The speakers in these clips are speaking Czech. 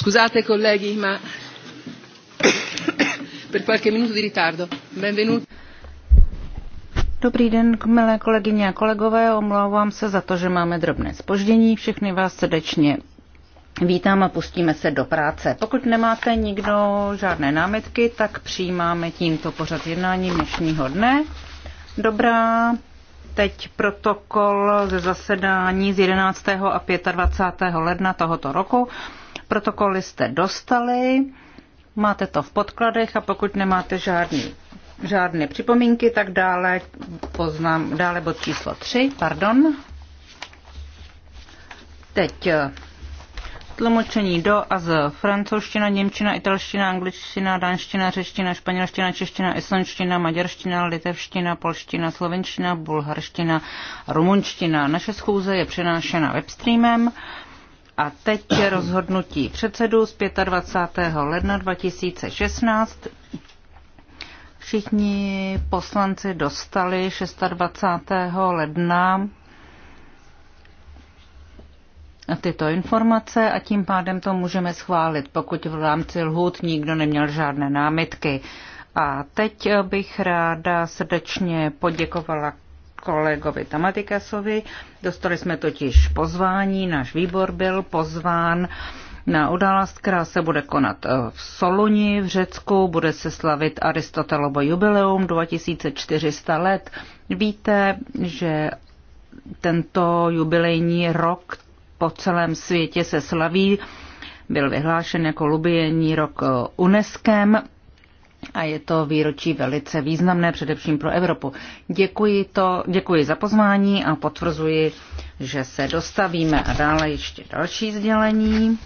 Scusate colleghi, ma per qualche minuto di ritardo. Benvenuti. Dobrý den, milé kolegyně a kolegové, omlouvám se za to, že máme drobné spoždění. Všechny vás srdečně vítám a pustíme se do práce. Pokud nemáte nikdo žádné námitky, tak přijímáme tímto pořad jednání dnešního dne. Dobrá, teď protokol ze zasedání z 11. a 25. ledna tohoto roku. Protokoly jste dostali, máte to v podkladech a pokud nemáte žádný, žádné připomínky, tak dále, poznám, dále bod číslo 3, pardon. Teď eh, tlumočení do a z francouzština, němčina, italština, angličtina, dánština, řeština, španělština, čeština, islandština, maďarština, litevština, polština, slovenština, bulharština, rumunština. Naše schůze je přenášena webstreamem. A teď je rozhodnutí předsedů z 25. ledna 2016. Všichni poslanci dostali 26. ledna tyto informace a tím pádem to můžeme schválit, pokud v rámci lhůt nikdo neměl žádné námitky. A teď bych ráda srdečně poděkovala kolegovi Tamatikasovi. Dostali jsme totiž pozvání, náš výbor byl pozván na událost, která se bude konat eh, v Soluni v Řecku, bude se slavit Aristotelovo jubileum 2400 let. Víte, že tento jubilejní rok po celém světě se slaví, byl vyhlášen jako jubilejní rok eh, UNESCO a je to výročí velice významné, především pro Evropu. Děkuji, to, děkuji za pozvání a potvrzuji, že se dostavíme a dále ještě další sdělení.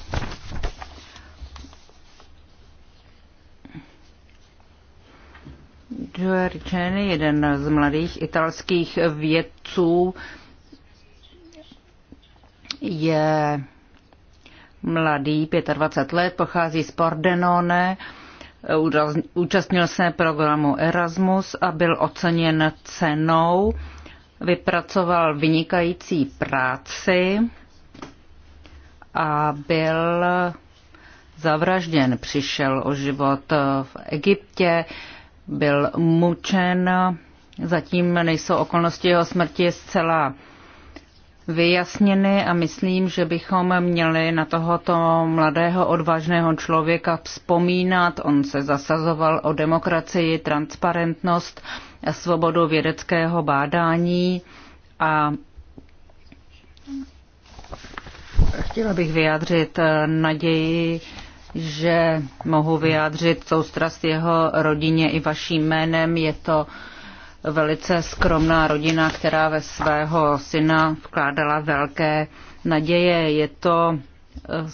Giorgiani, jeden z mladých italských vědců, je mladý, 25 let, pochází z Pordenone, Účastnil se programu Erasmus a byl oceněn cenou. Vypracoval vynikající práci a byl zavražděn. Přišel o život v Egyptě, byl mučen. Zatím nejsou okolnosti jeho smrti zcela vyjasněny a myslím, že bychom měli na tohoto mladého odvážného člověka vzpomínat. On se zasazoval o demokracii, transparentnost a svobodu vědeckého bádání a chtěla bych vyjádřit naději, že mohu vyjádřit soustrast jeho rodině i vaším jménem. Je to uh, velice skromná rodina, která ve svého syna vkládala velké naděje. Je to eh,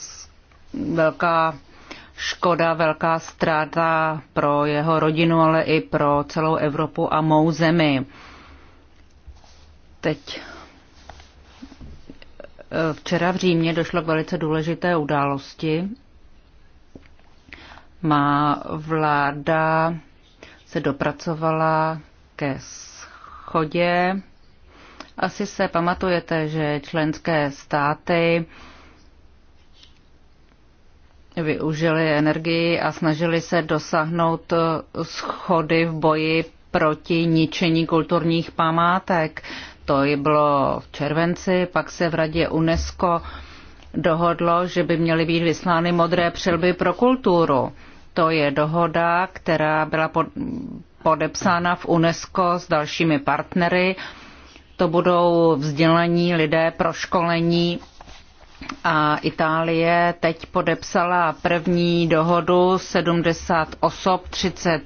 velká škoda, velká ztráta pro jeho rodinu, ale i pro celou Evropu a mou zemi. Teď eh, včera v Římě došlo k velice důležité události. Má vláda se dopracovala ke schodě. Asi se pamatujete, že členské státy využili energii a snažili se dosáhnout schody v boji proti ničení kulturních památek. To je bylo v červenci, pak se v radě UNESCO dohodlo, že by měly být vyslány modré přelby pro kulturu. To je dohoda, která byla podepsána v UNESCO s dalšími partnery. To budou vzdělaní lidé pro školení a Itálie teď podepsala první dohodu 70 osob, 30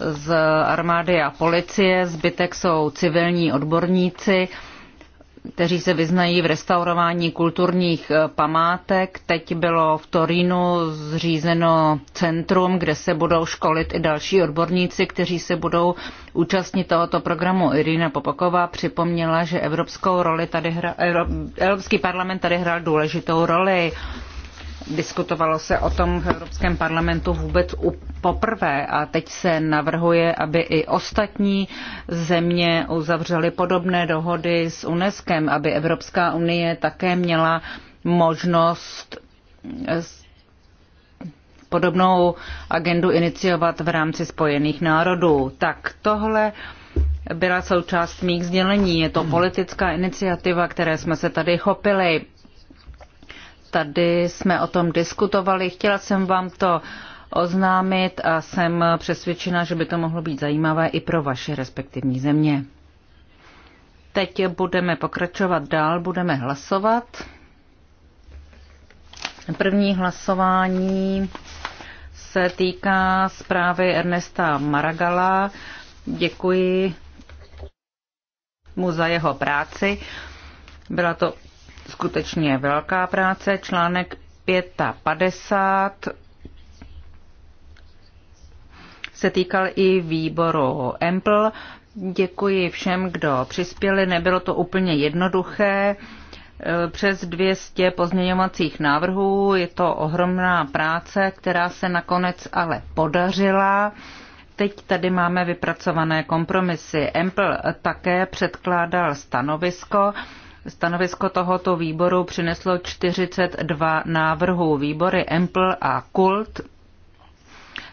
z armády a policie, zbytek jsou civilní odborníci kteří se vyznají v restaurování kulturních eh, památek. Teď bylo v Torínu zřízeno centrum, kde se budou školit i další odborníci, kteří se budou účastnit tohoto programu. Irina Popoková připomněla, že evropskou roli tady hra, Evropský parlament tady hrál důležitou roli. Diskutovalo se o tom v Evropském parlamentu vůbec poprvé a teď se navrhuje, aby i ostatní země uzavřely podobné dohody s UNESCO, aby Evropská unie také měla možnost eh, podobnou agendu iniciovat v rámci Spojených národů. Tak tohle byla součást mých sdělení. Je to politická iniciativa, které jsme se tady chopili. Tady jsme o tom diskutovali. Chtěla jsem vám to oznámit a jsem přesvědčena, že by to mohlo být zajímavé i pro vaše respektivní země. Teď budeme pokračovat dál, budeme hlasovat. První hlasování se týká zprávy Ernesta Maragala. Děkuji mu za jeho práci. Byla to skutečně velká práce. Článek 55 se týkal i výboru EMPL. Děkuji všem, kdo přispěli. Nebylo to úplně jednoduché. Přes 200 pozměňovacích návrhů. Je to ohromná práce, která se nakonec ale podařila. Teď tady máme vypracované kompromisy. EMPL také předkládal stanovisko. Stanovisko tohoto výboru přineslo 42 návrhů. Výbory EMPL a KULT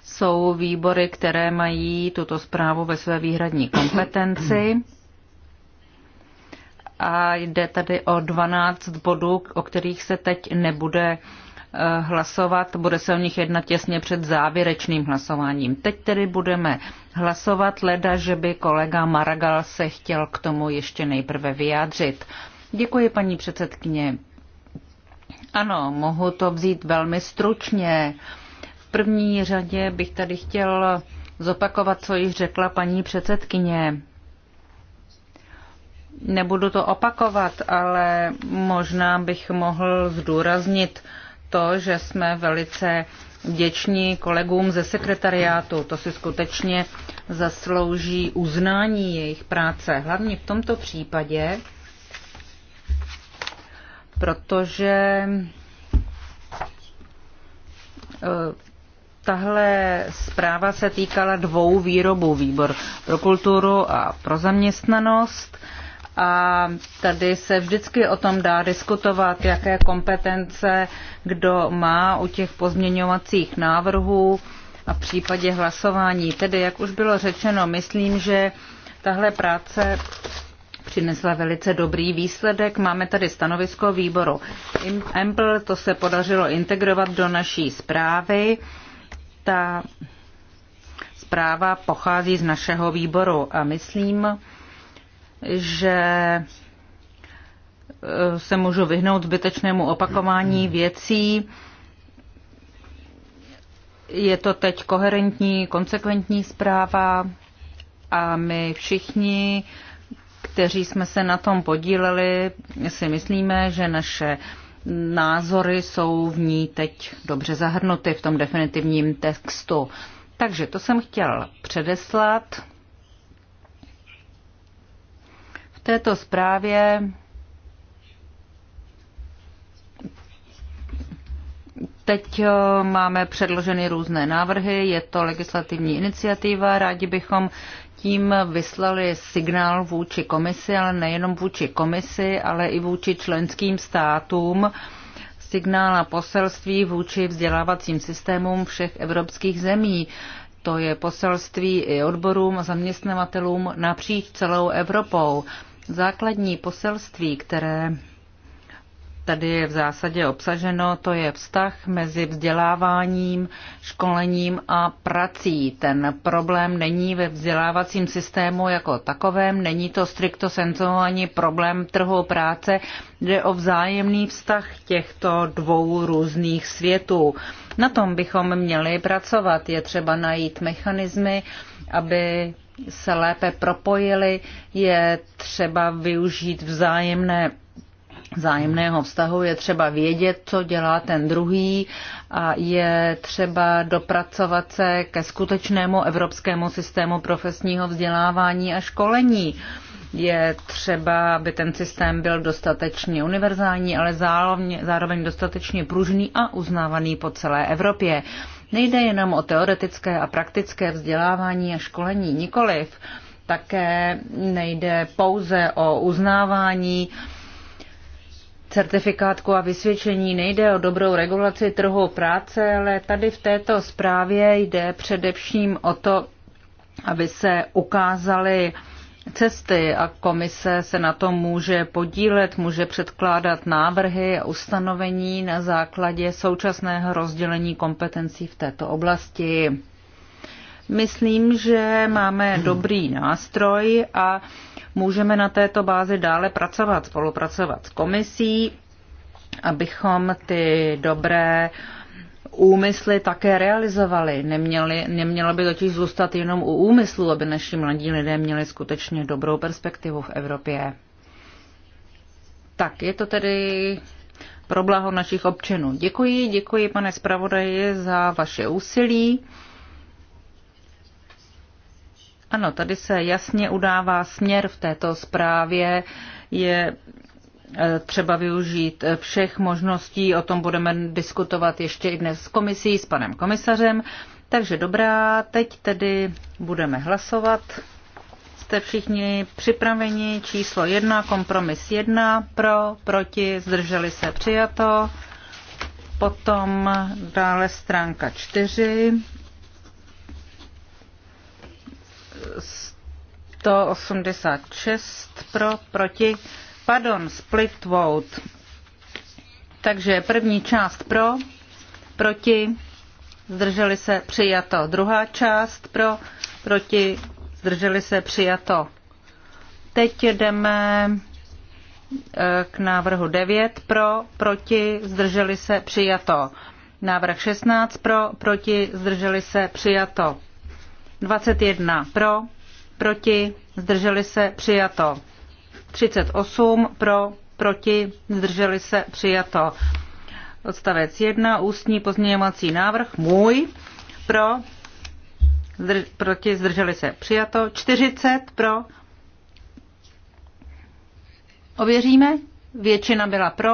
jsou výbory, které mají tuto zprávu ve své výhradní kompetenci. A jde tady o 12 bodů, o kterých se teď nebude eh, hlasovat. Bude se o nich jednat těsně před závěrečným hlasováním. Teď tedy budeme hlasovat, leda, že by kolega Maragal se chtěl k tomu ještě nejprve vyjádřit. Děkuji, paní předsedkyně. Ano, mohu to vzít velmi stručně. V první řadě bych tady chtěl zopakovat, co již řekla paní předsedkyně. Nebudu to opakovat, ale možná bych mohl zdůraznit to, že jsme velice vděční kolegům ze sekretariátu. To si skutečně zaslouží uznání jejich práce. Hlavně v tomto případě, protože eh, tahle zpráva se týkala dvou výrobů. Výbor pro kulturu a pro zaměstnanost. A tady se vždycky o tom dá diskutovat, jaké kompetence kdo má u těch pozměňovacích návrhů a v případě hlasování. Tedy, jak už bylo řečeno, myslím, že tahle práce přinesla velice dobrý výsledek. Máme tady stanovisko výboru Ample, to se podařilo integrovat do naší zprávy. Ta zpráva pochází z našeho výboru a myslím, že eh, se můžu vyhnout zbytečnému opakování věcí. Je to teď koherentní, konsekventní zpráva a my všichni uh, kteří jsme se na tom podíleli, si myslíme, že naše názory jsou v ní teď dobře zahrnuty v tom definitivním textu. Takže to jsem chtěl předeslat. V této zprávě Teď eh, máme předloženy různé návrhy, je to legislativní iniciativa, rádi bychom tím vyslali signál vůči komisi, ale nejenom vůči komisi, ale i vůči členským státům, signál a poselství vůči vzdělávacím systémům všech evropských zemí. To je poselství i odborům a zaměstnavatelům napříč celou Evropou. Základní poselství, které tady je v zásadě obsaženo, to je vztah mezi vzděláváním, školením a prací. Ten problém není ve vzdělávacím systému jako takovém, není to strikto senzování ani problém trhu práce, jde o vzájemný vztah těchto dvou různých světů. Na tom bychom měli pracovat. Je třeba najít mechanismy, aby se lépe propojili, je třeba využít vzájemné zájemného vztahu je třeba vědět, co dělá ten druhý a je třeba dopracovat se ke skutečnému evropskému systému profesního vzdělávání a školení. Je třeba, aby ten systém byl dostatečně univerzální, ale zároveň, dostatečně pružný a uznávaný po celé Evropě. Nejde jenom o teoretické a praktické vzdělávání a školení, nikoliv. Také nejde pouze o uznávání certifikátku a vysvědčení nejde o dobrou regulaci trhu práce, ale tady v této zprávě jde především o to, aby se ukázaly cesty a komise se na tom může podílet, může předkládat návrhy a ustanovení na základě současného rozdělení kompetencí v této oblasti. Myslím, že máme dobrý nástroj a Můžeme na této bázi dále pracovat, spolupracovat s komisí, abychom ty dobré úmysly také realizovali. Neměli, nemělo by totiž zůstat jenom u úmyslu, aby naši mladí lidé měli skutečně dobrou perspektivu v Evropě. Tak, je to tedy pro blaho našich občanů. Děkuji, děkuji pane zpravodaji za vaše úsilí. Ano, tady se jasně udává směr v této zprávě. Je eh, třeba využít eh, všech možností, o tom budeme diskutovat ještě i dnes s komisí, s panem komisařem. Takže dobrá, teď tedy budeme hlasovat. Jste všichni připraveni? Číslo jedna, kompromis jedna, pro, proti, zdrželi se, přijato. Potom dále stránka čtyři, 186 pro, proti. Pardon, split vote. Takže první část pro, proti, zdrželi se přijato. Druhá část pro, proti, zdrželi se přijato. Teď jdeme eh, k návrhu 9 pro, proti, zdrželi se přijato. Návrh 16 pro, proti, zdrželi se přijato. 21 pro, proti, zdrželi se, přijato. 38 pro, proti, zdrželi se, přijato. Odstavec 1, ústní pozměňovací návrh, můj, pro, zdrž, proti, zdrželi se, přijato. 40 pro, ověříme, většina byla pro.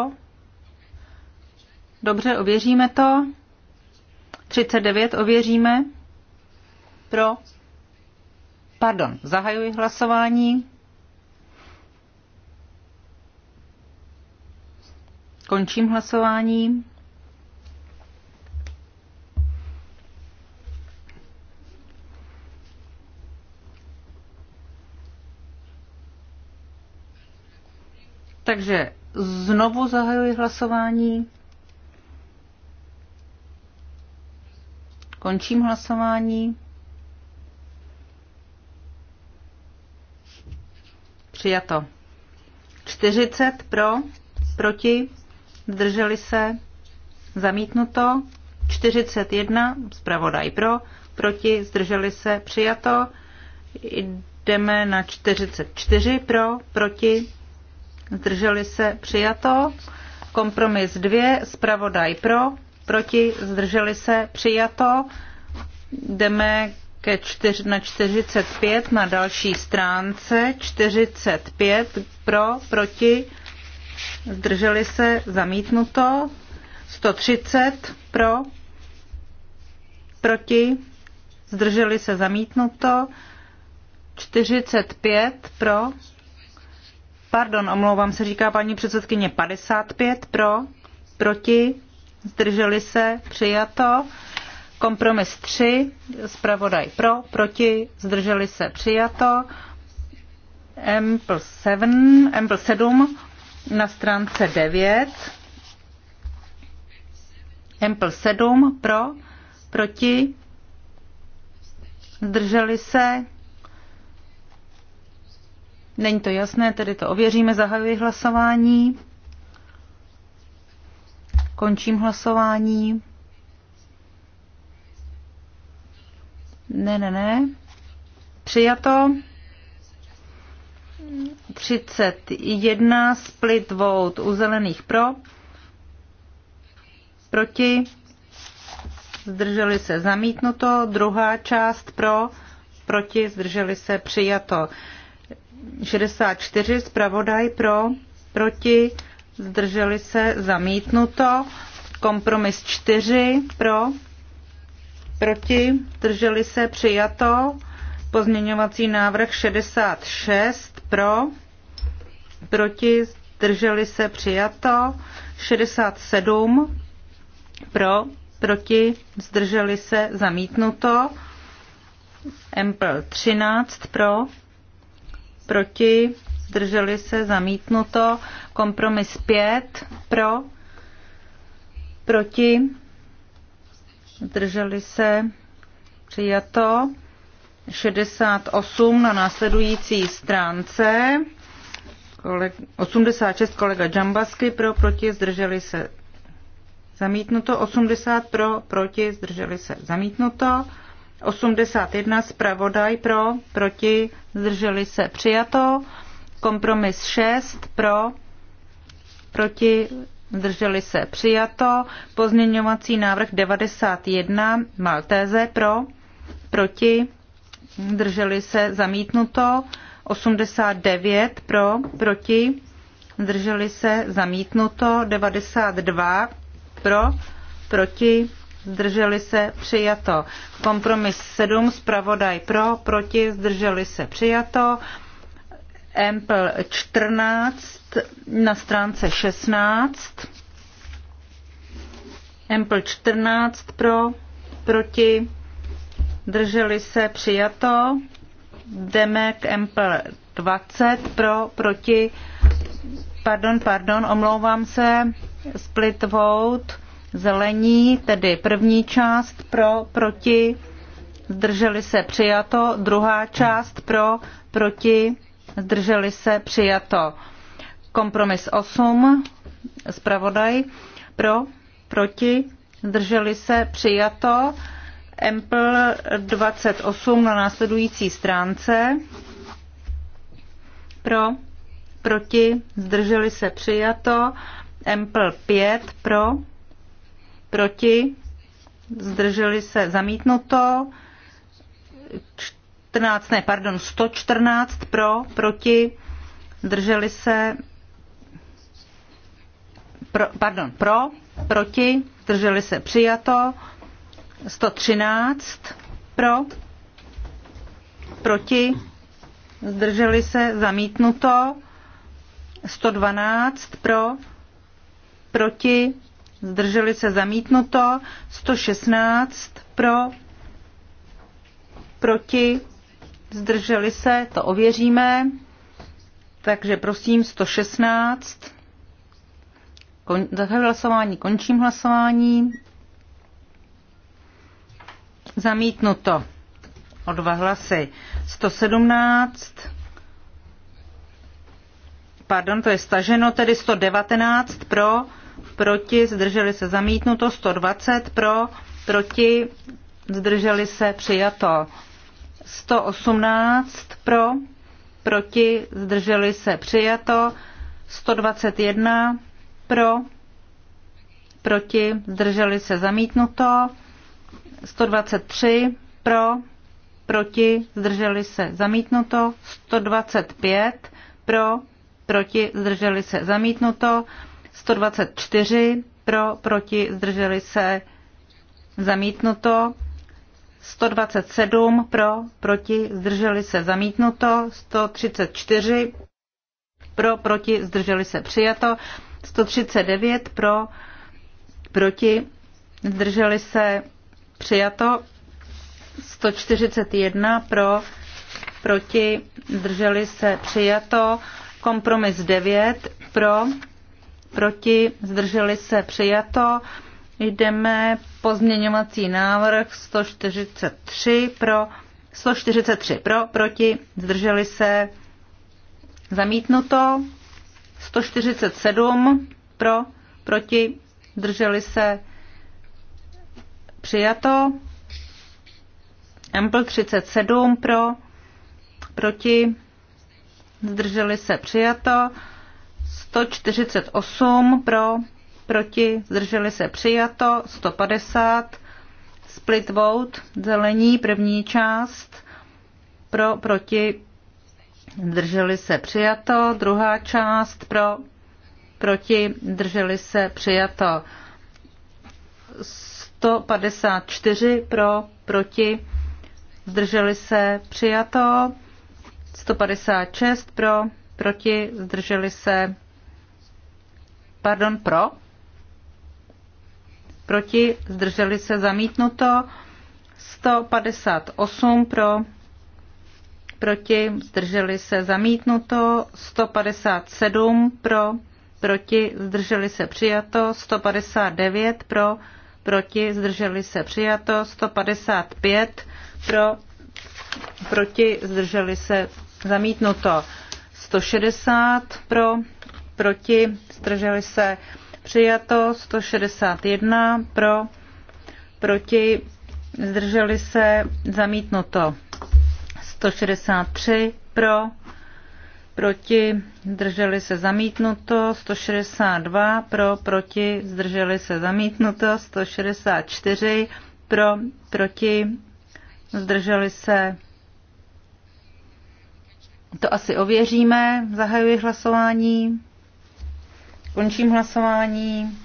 Dobře, ověříme to. 39 ověříme. Pro. Pardon, zahajuji hlasování. Končím hlasování. Takže znovu zahajuji hlasování. Končím hlasování. Přijato. 40 pro, proti, zdrželi se, zamítnuto. 41, zpravodaj pro, proti, zdrželi se, přijato. Jdeme na 44 pro, proti, zdrželi se, přijato. Kompromis 2, zpravodaj pro, proti, zdrželi se, přijato. Jdeme ke čtyř, na 45 na další stránce, 45 pro, proti, zdrželi se, zamítnuto, 130 pro, proti, zdrželi se, zamítnuto, 45 pro, pardon, omlouvám se, říká paní předsedkyně, 55 pro, proti, zdrželi se, přijato, Kompromis 3, zpravodaj pro, proti, zdrželi se přijato. M plus 7, M plus 7 na stránce 9. M plus 7 pro, proti, zdrželi se. Není to jasné, tedy to ověříme, zahajuji hlasování. Končím hlasování. Ne, ne, ne. Přijato. 31 split vote u zelených pro. Proti. Zdrželi se zamítnuto. Druhá část pro. Proti. Zdrželi se přijato. 64 zpravodaj pro. Proti. Zdrželi se zamítnuto. Kompromis 4 pro proti, drželi se, přijato. Pozměňovací návrh 66 pro, proti, drželi se, přijato. 67 pro, proti, zdrželi se, zamítnuto. Empl 13 pro, proti, zdrželi se, zamítnuto. Kompromis 5 pro, proti, Zdrželi se? Přijato. 68 na následující stránce. 86 kolega Džambasky pro, proti, zdrželi se zamítnuto. 80 pro, proti, zdrželi se zamítnuto. 81 zpravodaj pro, proti, zdrželi se přijato. Kompromis 6 pro, proti, zdrželi se přijato. Pozměňovací návrh 91 Maltéze pro, proti, zdrželi se zamítnuto. 89 pro, proti, zdrželi se zamítnuto. 92 pro, proti, zdrželi se přijato. Kompromis 7, zpravodaj pro, proti, zdrželi se přijato. Empl 14 na stránce 16. Empl 14 pro, proti, drželi se přijato. Demek Empl 20 pro, proti, pardon, pardon, omlouvám se, split vote, zelení, tedy první část pro, proti, zdrželi se přijato, druhá část pro, proti, zdrželi se, přijato. Kompromis 8, zpravodaj, pro, proti, zdrželi se, přijato. Empl 28 na následující stránce. Pro, proti, zdrželi se, přijato. Empl 5 pro, proti, zdrželi se, zamítnuto. 114, ne, pardon, 114 pro, proti, drželi se, pro, pardon, pro, proti, drželi se přijato, 113 pro, proti, zdrželi se, zamítnuto, 112 pro, proti, zdrželi se, zamítnuto, 116 pro, proti, zdrželi se, to ověříme. Takže prosím 116. Kon- Zahajuji hlasování, končím hlasování. Zamítnuto o dva hlasy. 117. Pardon, to je staženo, tedy 119 pro, proti, zdrželi se zamítnuto, 120 pro, proti, zdrželi se přijato. 118 pro, proti, zdrželi se přijato, 121 pro, proti, zdrželi se zamítnuto, 123 pro, proti, zdrželi se zamítnuto, 125 pro, proti, zdrželi se zamítnuto, 124 pro, proti, zdrželi se zamítnuto, 127 pro, proti, zdrželi se zamítnuto, 134 pro, proti, zdrželi se přijato, 139 pro, proti, zdrželi se přijato, 141 pro, proti, zdrželi se přijato, kompromis 9 pro, proti, zdrželi se přijato, Jdeme pozměňovací návrh 143 pro, 143 pro, proti, zdrželi se, zamítnuto, 147 pro, proti, zdrželi se, přijato, ampl 37 pro, proti, zdrželi se, přijato, 148 pro, proti, zdrželi se přijato, 150, split vote, zelení, první část, pro, proti, zdrželi se přijato, druhá část, pro, proti, zdrželi se přijato, 154 pro, proti, zdrželi se přijato, 156 pro, proti, zdrželi se, pardon, pro, proti, zdrželi se zamítnuto, 158 pro, proti, zdrželi se zamítnuto, 157 pro, proti, zdrželi se přijato, 159 pro, proti, zdrželi se přijato, 155 pro, proti, zdrželi se zamítnuto, 160 pro, proti, zdrželi se Přijato 161 pro, proti, zdrželi se, zamítnuto 163 pro, proti, zdrželi se zamítnuto, 162 pro, proti, zdrželi se zamítnuto, 164 pro, proti, zdrželi se. To asi ověříme, zahajuji hlasování. Končím hlasování.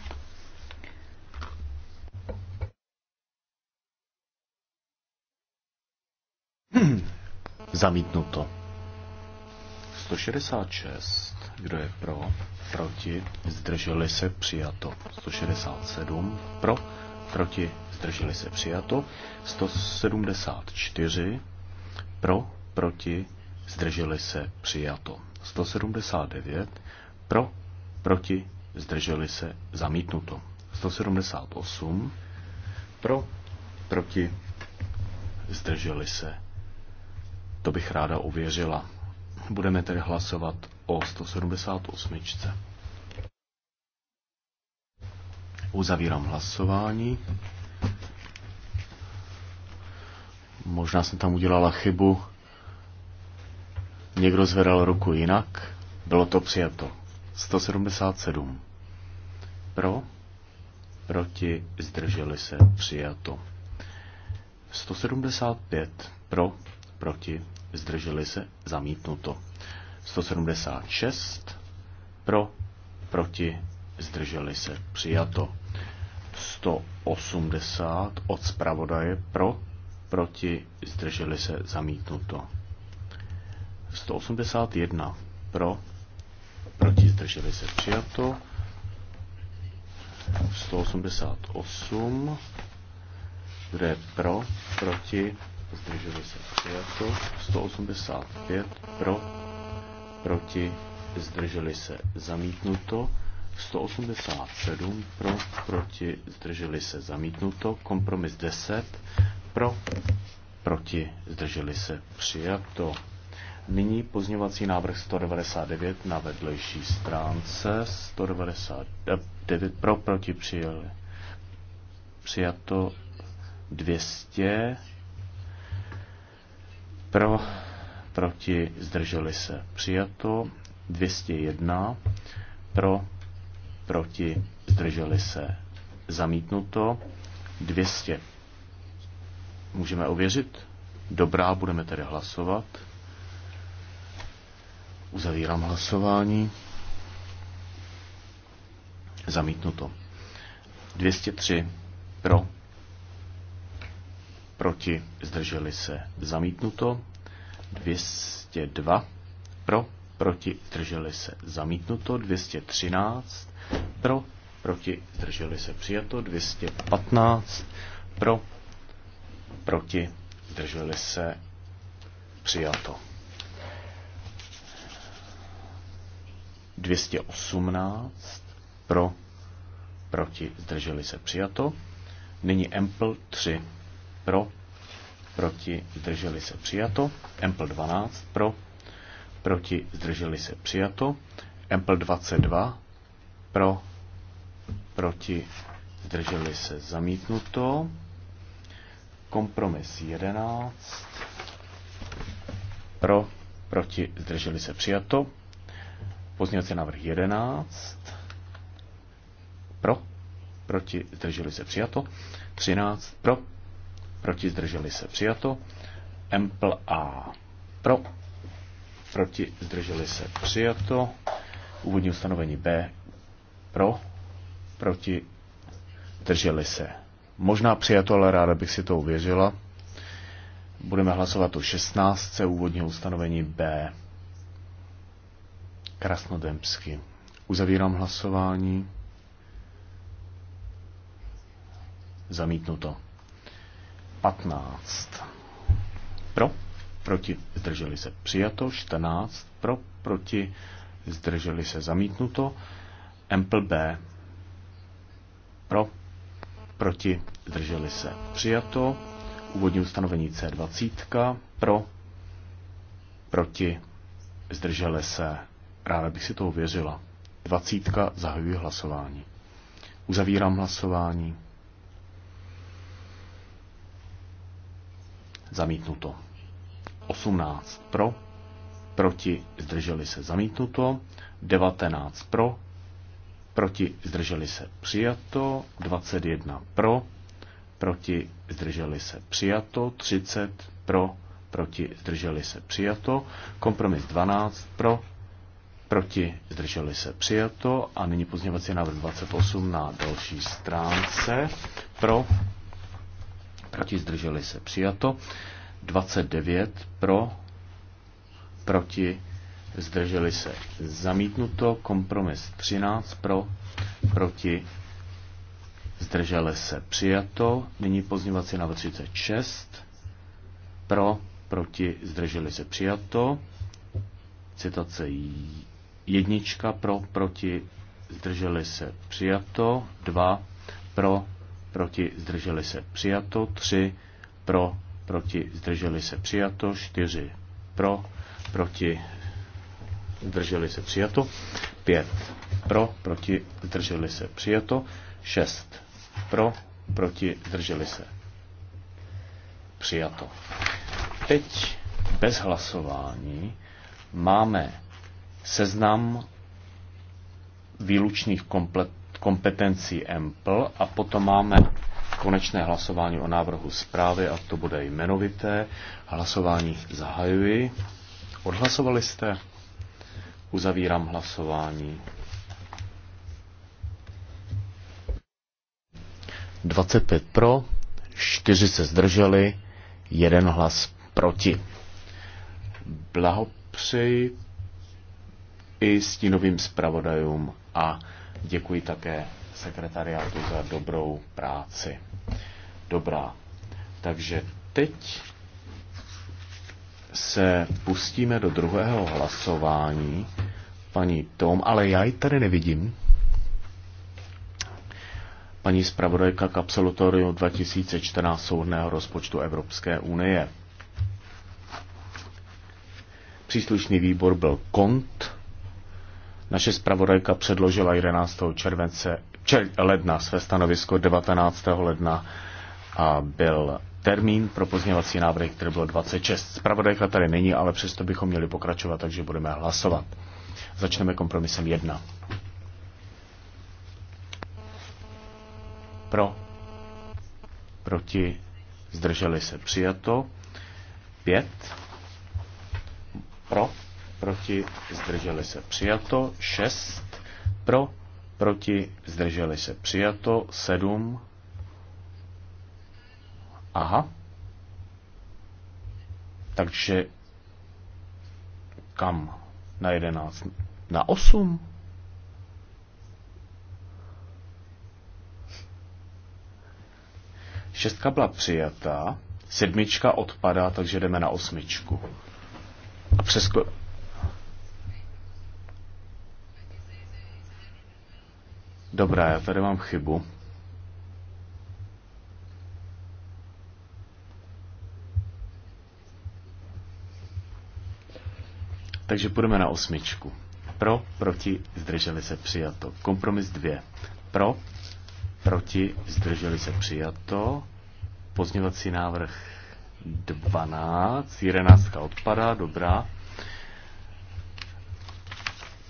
Hmm. Zamítnuto. 166. Kdo je pro? Proti? Zdrželi se? Přijato. 167. Pro? Proti? Zdrželi se? Přijato. 174. Pro? Proti? Zdrželi se? Přijato. 179. Pro? proti, zdrželi se, zamítnuto. 178 pro, proti, zdrželi se. To bych ráda uvěřila. Budeme tedy hlasovat o 178. Uzavírám hlasování. Možná jsem tam udělala chybu. Někdo zvedal ruku jinak. Bylo to přijato. 177. Pro, proti, zdrželi se, přijato. 175. Pro, proti, zdrželi se, zamítnuto. 176. Pro, proti, zdrželi se, přijato. 180 od zpravodaje pro, proti, zdrželi se, zamítnuto. 181 pro, proti zdrželi se přijato. 188, Kdo je pro, proti, zdrželi se přijato. 185, pro, proti, zdrželi se zamítnuto. 187 pro, proti, zdrželi se zamítnuto. Kompromis 10 pro, proti, zdrželi se přijato. Nyní pozněvací návrh 199 na vedlejší stránce. 199 pro, proti přijeli. Přijato 200 pro, proti zdrželi se. Přijato 201 pro, proti zdrželi se. Zamítnuto 200. Můžeme ověřit? Dobrá, budeme tedy hlasovat. Uzavírám hlasování. Zamítnuto. 203 pro. Proti zdrželi se. Zamítnuto. 202 pro. Proti zdrželi se. Zamítnuto. 213 pro. Proti zdrželi se. Přijato. 215 pro. Proti zdrželi se. Přijato. 218 pro, proti, zdrželi se přijato. Nyní Ample 3 pro, proti, zdrželi se přijato. Ample 12 pro, proti, zdrželi se přijato. Ample 22 pro, proti, zdrželi se zamítnuto. Kompromis 11 pro, proti, zdrželi se přijato. Pozměňovací návrh 11. Pro. Proti. Zdrželi se přijato. 13. Pro. Proti. Zdrželi se přijato. Ample A. Pro. Proti. Zdrželi se přijato. Úvodní ustanovení B. Pro. Proti. Zdrželi se. Možná přijato, ale ráda bych si to uvěřila. Budeme hlasovat o 16. úvodního ustanovení B. Krasnodemsky. Uzavírám hlasování. Zamítnuto. 15. Pro, proti, zdrželi se přijato. 14. Pro, proti, zdrželi se zamítnuto. Empl B. Pro, proti, zdrželi se přijato. Úvodní ustanovení C20. Pro, proti, zdrželi se Ráda bych si to věřila. Dvacítka zahajuje hlasování. Uzavírám hlasování. Zamítnuto. 18 pro, proti zdrželi se zamítnuto, 19 pro, proti zdrželi se přijato, 21 pro, proti zdrželi se přijato, 30 pro, proti zdrželi se přijato, kompromis 12 pro, proti, zdrželi se, přijato. A nyní pozměňovací návrh 28 na další stránce, pro, proti, zdrželi se, přijato. 29 pro, proti, zdrželi se, zamítnuto. Kompromis 13 pro, proti, zdrželi se, přijato. Nyní pozměňovací návrh 36 pro, proti, zdrželi se, přijato. Citace Jednička pro, proti, zdrželi se přijato. Dva pro, proti, zdrželi se přijato. Tři pro, proti, zdrželi se přijato. Čtyři pro, proti, zdrželi se přijato. Pět pro, proti, zdrželi se přijato. Šest pro, proti, zdrželi se přijato. Teď bez hlasování máme seznam výlučných kompetencí EMPL a potom máme konečné hlasování o návrhu zprávy a to bude jmenovité. Hlasování zahajuji. Odhlasovali jste? Uzavírám hlasování. 25 pro, 4 se zdrželi, 1 hlas proti. Blahopřeji i stínovým zpravodajům a děkuji také sekretariátu za dobrou práci. Dobrá. Takže teď se pustíme do druhého hlasování. Paní Tom, ale já ji tady nevidím. Paní zpravodajka k absolutoriu 2014 soudného rozpočtu Evropské unie. Příslušný výbor byl KONT, naše zpravodajka předložila 11. července, čer, ledna své stanovisko 19. ledna a byl termín pro pozměňovací návrh, který byl 26. Zpravodajka tady není, ale přesto bychom měli pokračovat, takže budeme hlasovat. Začneme kompromisem 1. Pro. Proti. Zdrželi se. Přijato. 5. Pro proti, zdrželi se přijato, 6 pro, proti, zdrželi se přijato, 7 aha, takže kam? Na 11? Na 8? Šestka byla přijatá, sedmička odpadá, takže jdeme na osmičku. A přesko- Dobrá, já tady mám chybu. Takže půjdeme na osmičku. Pro, proti, zdrželi se přijato. Kompromis dvě. Pro, proti, zdrželi se přijato. Pozměňovací návrh 12, 11 odpadá, dobrá.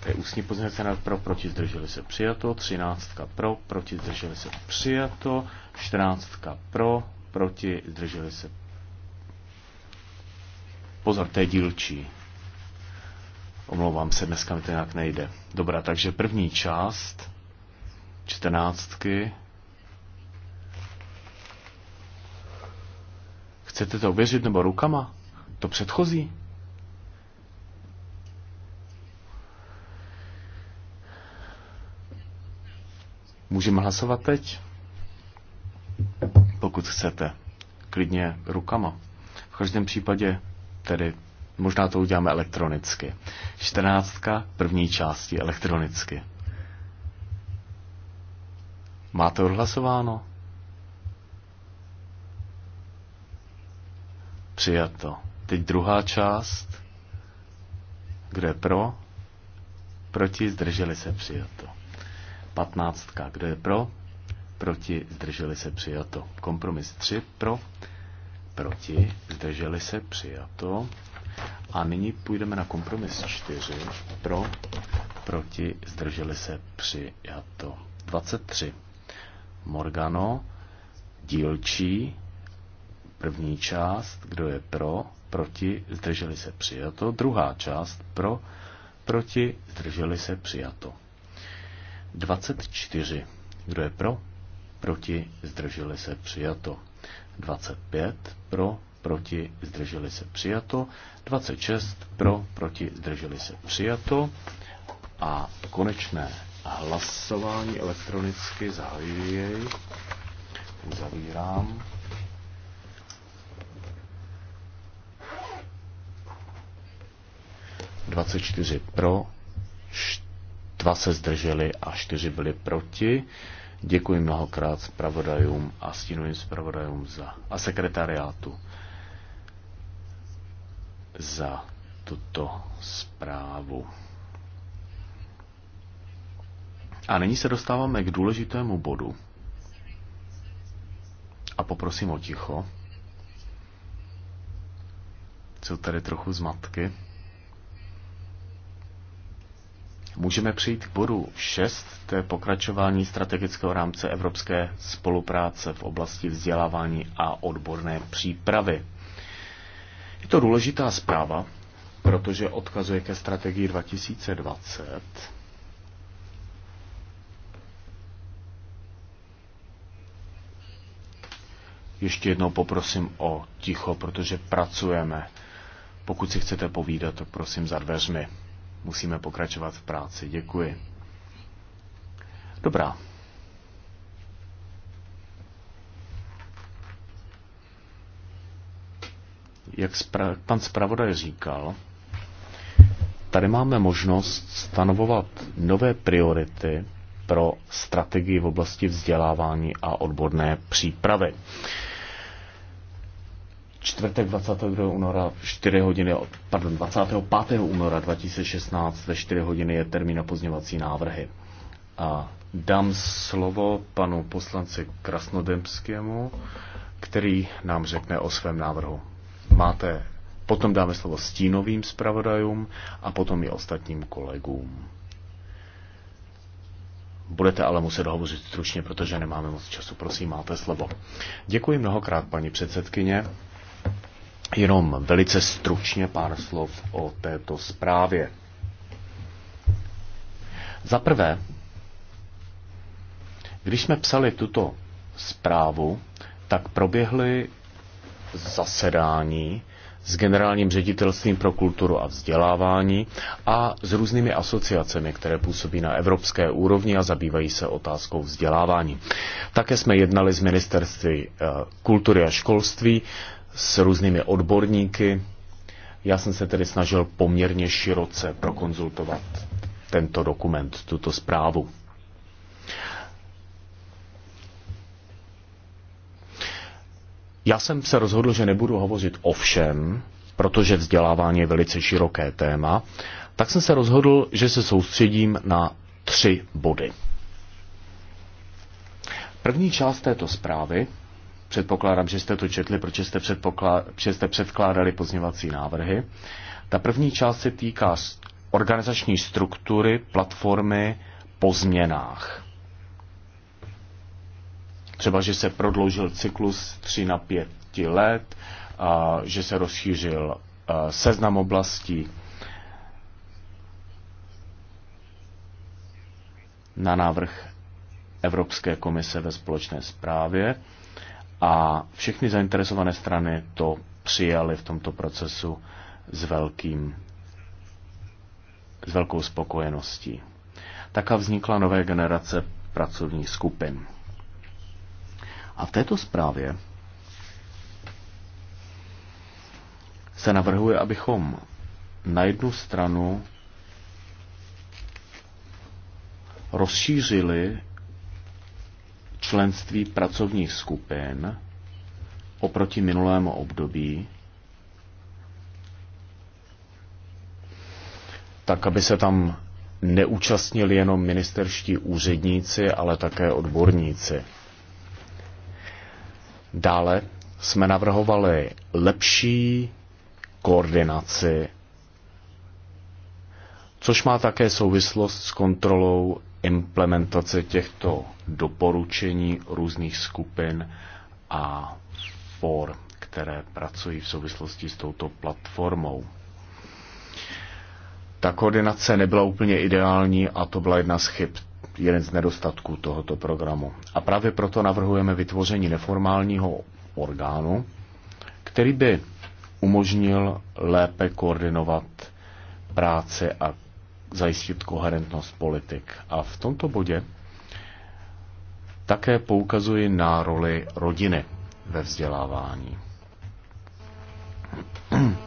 To je ústní pozměňovací návrh pro, proti zdrželi se přijato, Třináctka pro, proti zdrželi se přijato, čtrnáctka pro, proti zdrželi se. Pozor, to je dílčí. Omlouvám se, dneska mi to nějak nejde. Dobrá, takže první část čtrnáctky. Chcete to ověřit nebo rukama? To předchozí? Můžeme hlasovat teď? Pokud chcete. Klidně rukama. V každém případě tedy možná to uděláme elektronicky. Čtrnáctka první části elektronicky. Máte odhlasováno? Přijato. Teď druhá část. Kdo je pro? Proti zdrželi se přijato. 15. Kdo je pro? Proti zdrželi se přijato. Kompromis 3 pro. Proti zdrželi se přijato. A nyní půjdeme na kompromis 4 pro. Proti zdrželi se přijato. 23. Morgano dílčí první část, kdo je pro, proti, zdrželi se přijato. Druhá část pro, proti, zdrželi se přijato. 24. Kdo je pro? Proti? Zdrželi se? Přijato. 25. Pro? Proti? Zdrželi se? Přijato. 26. Pro? Proti? Zdrželi se? Přijato. A konečné hlasování elektronicky zahajuji Zavírám. Dvacet čtyři pro, Dva se zdrželi a čtyři byli proti. Děkuji mnohokrát zpravodajům a stínovým zpravodajům za, a sekretariátu za tuto zprávu. A nyní se dostáváme k důležitému bodu. A poprosím o ticho. Jsou tady trochu zmatky. Můžeme přijít k bodu 6, to je pokračování strategického rámce evropské spolupráce v oblasti vzdělávání a odborné přípravy. Je to důležitá zpráva, protože odkazuje ke strategii 2020. Ještě jednou poprosím o ticho, protože pracujeme. Pokud si chcete povídat, tak prosím za dveřmi musíme pokračovat v práci. Děkuji. Dobrá. Jak spra- pan zpravodaj říkal, tady máme možnost stanovovat nové priority pro strategii v oblasti vzdělávání a odborné přípravy čtvrtek 22. února 4 hodiny, pardon, 25. února 2016 ve 4 hodiny je termín na pozněvací návrhy. A dám slovo panu poslanci Krasnodemskému, který nám řekne o svém návrhu. Máte, potom dáme slovo stínovým zpravodajům a potom i ostatním kolegům. Budete ale muset hovořit stručně, protože nemáme moc času. Prosím, máte slovo. Děkuji mnohokrát, paní předsedkyně. Jenom velice stručně pár slov o této zprávě. Za prvé, když jsme psali tuto zprávu, tak proběhly zasedání s generálním ředitelstvím pro kulturu a vzdělávání a s různými asociacemi, které působí na evropské úrovni a zabývají se otázkou vzdělávání. Také jsme jednali s ministerství eh, kultury a školství, s různými odborníky. Já jsem se tedy snažil poměrně široce prokonzultovat tento dokument, tuto zprávu. Já jsem se rozhodl, že nebudu hovořit o všem, protože vzdělávání je velice široké téma, tak jsem se rozhodl, že se soustředím na tři body. První část této zprávy Předpokládám, že jste to četli, proč jste, protože jste předkládali pozněvací návrhy. Ta první část se týká organizační struktury platformy po změnách. Třeba, že se prodloužil cyklus 3 na 5 let, a že se rozšířil seznam oblastí na návrh Evropské komise ve společné zprávě a všechny zainteresované strany to přijali v tomto procesu s, velkým, s velkou spokojeností. Tak a vznikla nové generace pracovních skupin. A v této zprávě se navrhuje, abychom na jednu stranu rozšířili členství pracovních skupin oproti minulému období, tak aby se tam neúčastnili jenom ministerští úředníci, ale také odborníci. Dále jsme navrhovali lepší koordinaci, což má také souvislost s kontrolou implementace těchto doporučení různých skupin a for, které pracují v souvislosti s touto platformou. Ta koordinace nebyla úplně ideální a to byla jedna z chyb, jeden z nedostatků tohoto programu. A právě proto navrhujeme vytvoření neformálního orgánu, který by umožnil lépe koordinovat práci a zajistit koherentnost politik. A v tomto bodě také poukazuji na roli rodiny ve vzdělávání.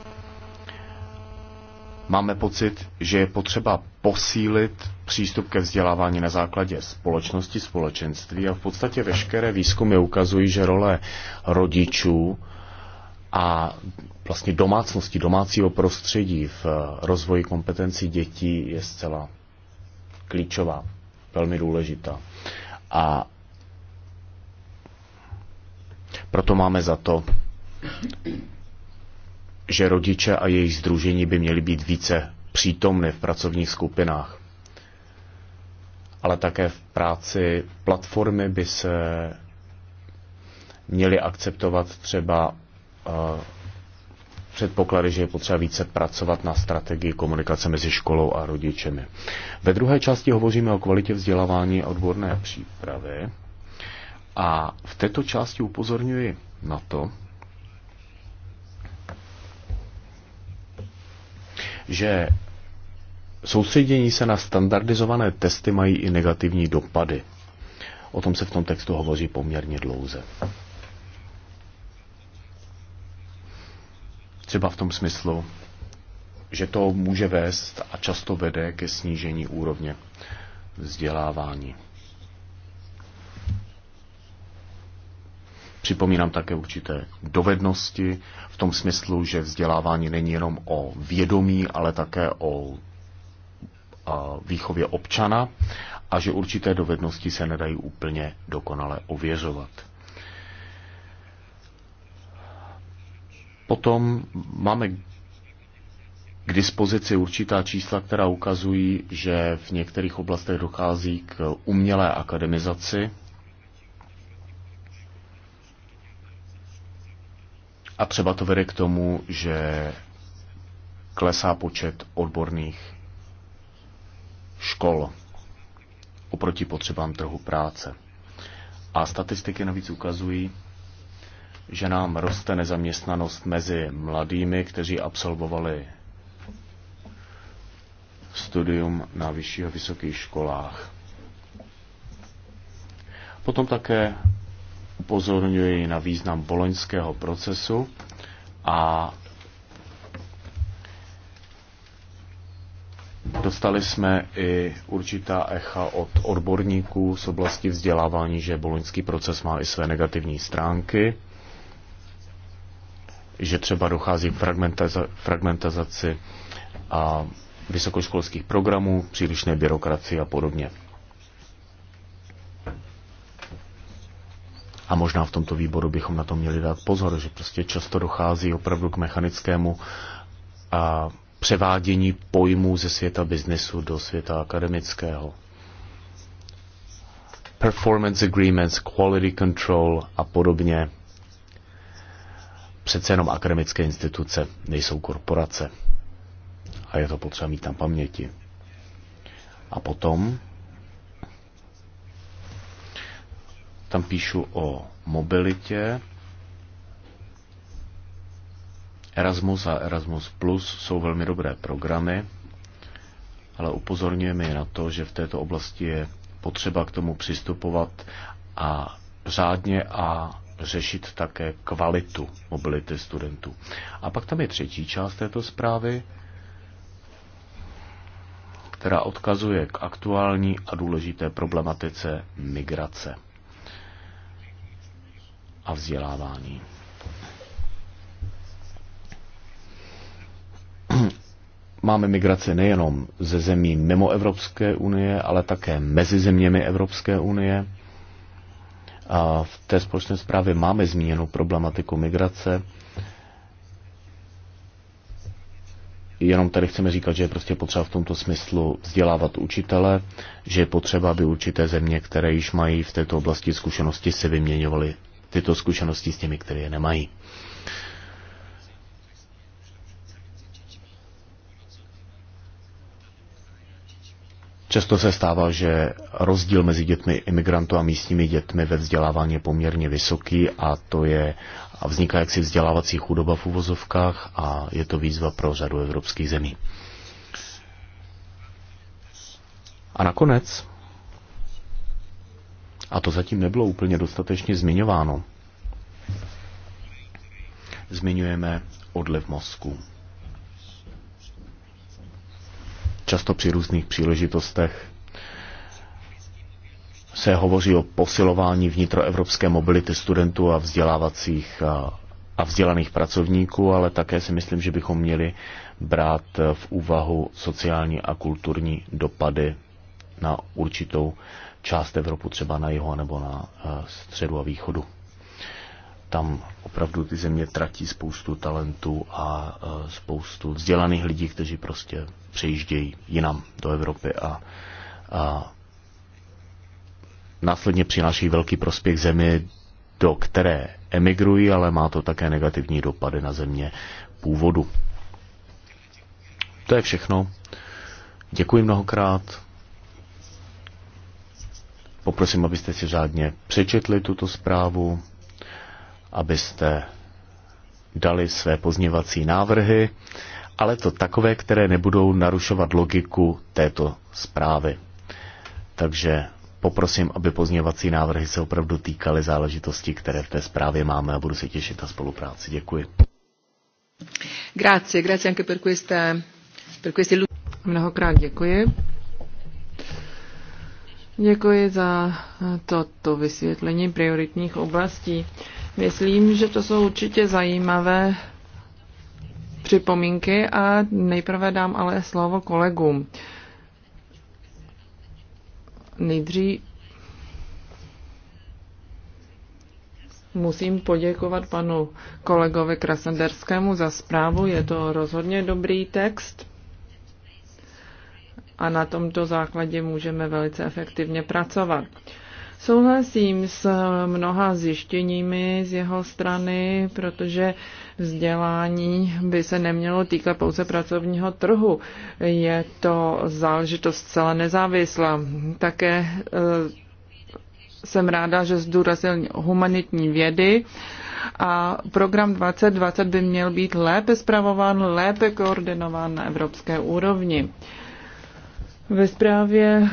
Máme pocit, že je potřeba posílit přístup ke vzdělávání na základě společnosti, společenství a v podstatě veškeré výzkumy ukazují, že role rodičů a vlastně domácnosti, domácího prostředí v eh, rozvoji kompetencí dětí je zcela klíčová, velmi důležitá. A proto máme za to, že rodiče a jejich združení by měly být více přítomny v pracovních skupinách. Ale také v práci platformy by se měly akceptovat třeba předpoklady, že je potřeba více pracovat na strategii komunikace mezi školou a rodičemi. Ve druhé části hovoříme o kvalitě vzdělávání a odborné přípravy. A v této části upozorňuji na to, že soustředění se na standardizované testy mají i negativní dopady. O tom se v tom textu hovoří poměrně dlouze. Třeba v tom smyslu, že to může vést a často vede ke snížení úrovně vzdělávání. Připomínám také určité dovednosti v tom smyslu, že vzdělávání není jenom o vědomí, ale také o výchově občana a že určité dovednosti se nedají úplně dokonale ověřovat. Potom máme k dispozici určitá čísla, která ukazují, že v některých oblastech dochází k umělé akademizaci. A třeba to vede k tomu, že klesá počet odborných škol oproti potřebám trhu práce. A statistiky navíc ukazují, že nám roste nezaměstnanost mezi mladými, kteří absolvovali studium na vyšších a vysokých školách. Potom také upozorňuji na význam boloňského procesu a Dostali jsme i určitá echa od odborníků z oblasti vzdělávání, že boloňský proces má i své negativní stránky že třeba dochází k fragmentaza, fragmentazaci a vysokoškolských programů, přílišné byrokracie a podobně. A možná v tomto výboru bychom na to měli dát pozor, že prostě často dochází opravdu k mechanickému a převádění pojmů ze světa biznesu do světa akademického. Performance agreements, quality control a podobně přece jenom akademické instituce, nejsou korporace. A je to potřeba mít na paměti. A potom tam píšu o mobilitě. Erasmus a Erasmus Plus jsou velmi dobré programy, ale upozorňujeme je na to, že v této oblasti je potřeba k tomu přistupovat a řádně a řešit také kvalitu mobility studentů. A pak tam je třetí část této zprávy, která odkazuje k aktuální a důležité problematice migrace a vzdělávání. Máme migraci nejenom ze zemí mimo Evropské unie, ale také mezi zeměmi Evropské unie a v té společné zprávě máme zmíněnou problematiku migrace. Jenom tady chceme říkat, že je prostě potřeba v tomto smyslu vzdělávat učitele, že je potřeba, aby určité země, které již mají v této oblasti zkušenosti, si vyměňovaly tyto zkušenosti s těmi, které je nemají. Přesto se stává, že rozdíl mezi dětmi imigrantů a místními dětmi ve vzdělávání je poměrně vysoký a to je a vzniká jaksi vzdělávací chudoba v uvozovkách a je to výzva pro řadu evropských zemí. A nakonec, a to zatím nebylo úplně dostatečně zmiňováno, zmiňujeme odliv mozku. často při různých příležitostech se hovoří o posilování vnitroevropské mobility studentů a vzdělávacích a vzdělaných pracovníků, ale také si myslím, že bychom měli brát v úvahu sociální a kulturní dopady na určitou část Evropu, třeba na jihu nebo na středu a východu tam opravdu ty země tratí spoustu talentů a e, spoustu vzdělaných lidí, kteří prostě přejíždějí jinam do Evropy a, a následně přináší velký prospěch zemi, do které emigrují, ale má to také negativní dopady na země původu. To je všechno. Děkuji mnohokrát. Poprosím, abyste si řádně přečetli tuto zprávu abyste dali své pozněvací návrhy, ale to takové, které nebudou narušovat logiku této zprávy. Takže poprosím, aby pozněvací návrhy se opravdu týkaly záležitostí, které v té zprávě máme a budu se těšit na spolupráci. Děkuji. Grazie, grazie anche per questa, per queste... Mnohokrát děkuji. Děkuji za toto vysvětlení prioritních oblastí. Myslím, že to jsou určitě zajímavé připomínky a nejprve dám ale slovo kolegům. Nejdřív musím poděkovat panu kolegovi Krasenderskému za zprávu. Je to rozhodně dobrý text a na tomto základě můžeme velice efektivně pracovat. Souhlasím s eh, mnoha zjištěními z jeho strany, protože vzdělání by se nemělo týkat pouze pracovního trhu. Je to záležitost zcela nezávislá. Také eh, jsem ráda, že zdůrazil humanitní vědy a program 2020 by měl být lépe zpravován, lépe koordinován na evropské úrovni. Ve zprávě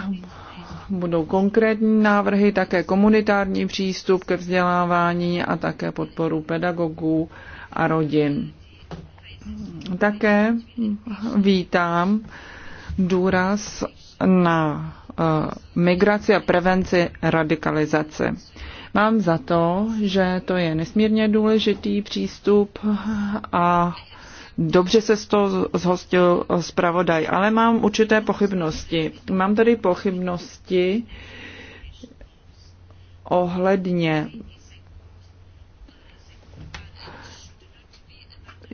budou konkrétní návrhy, také komunitární přístup ke vzdělávání a také podporu pedagogů a rodin. Také vítám důraz na eh, migraci a prevenci radikalizace. Mám za to, že to je nesmírně důležitý přístup a Dobře se z toho zhostil zpravodaj, ale mám určité pochybnosti. Mám tady pochybnosti ohledně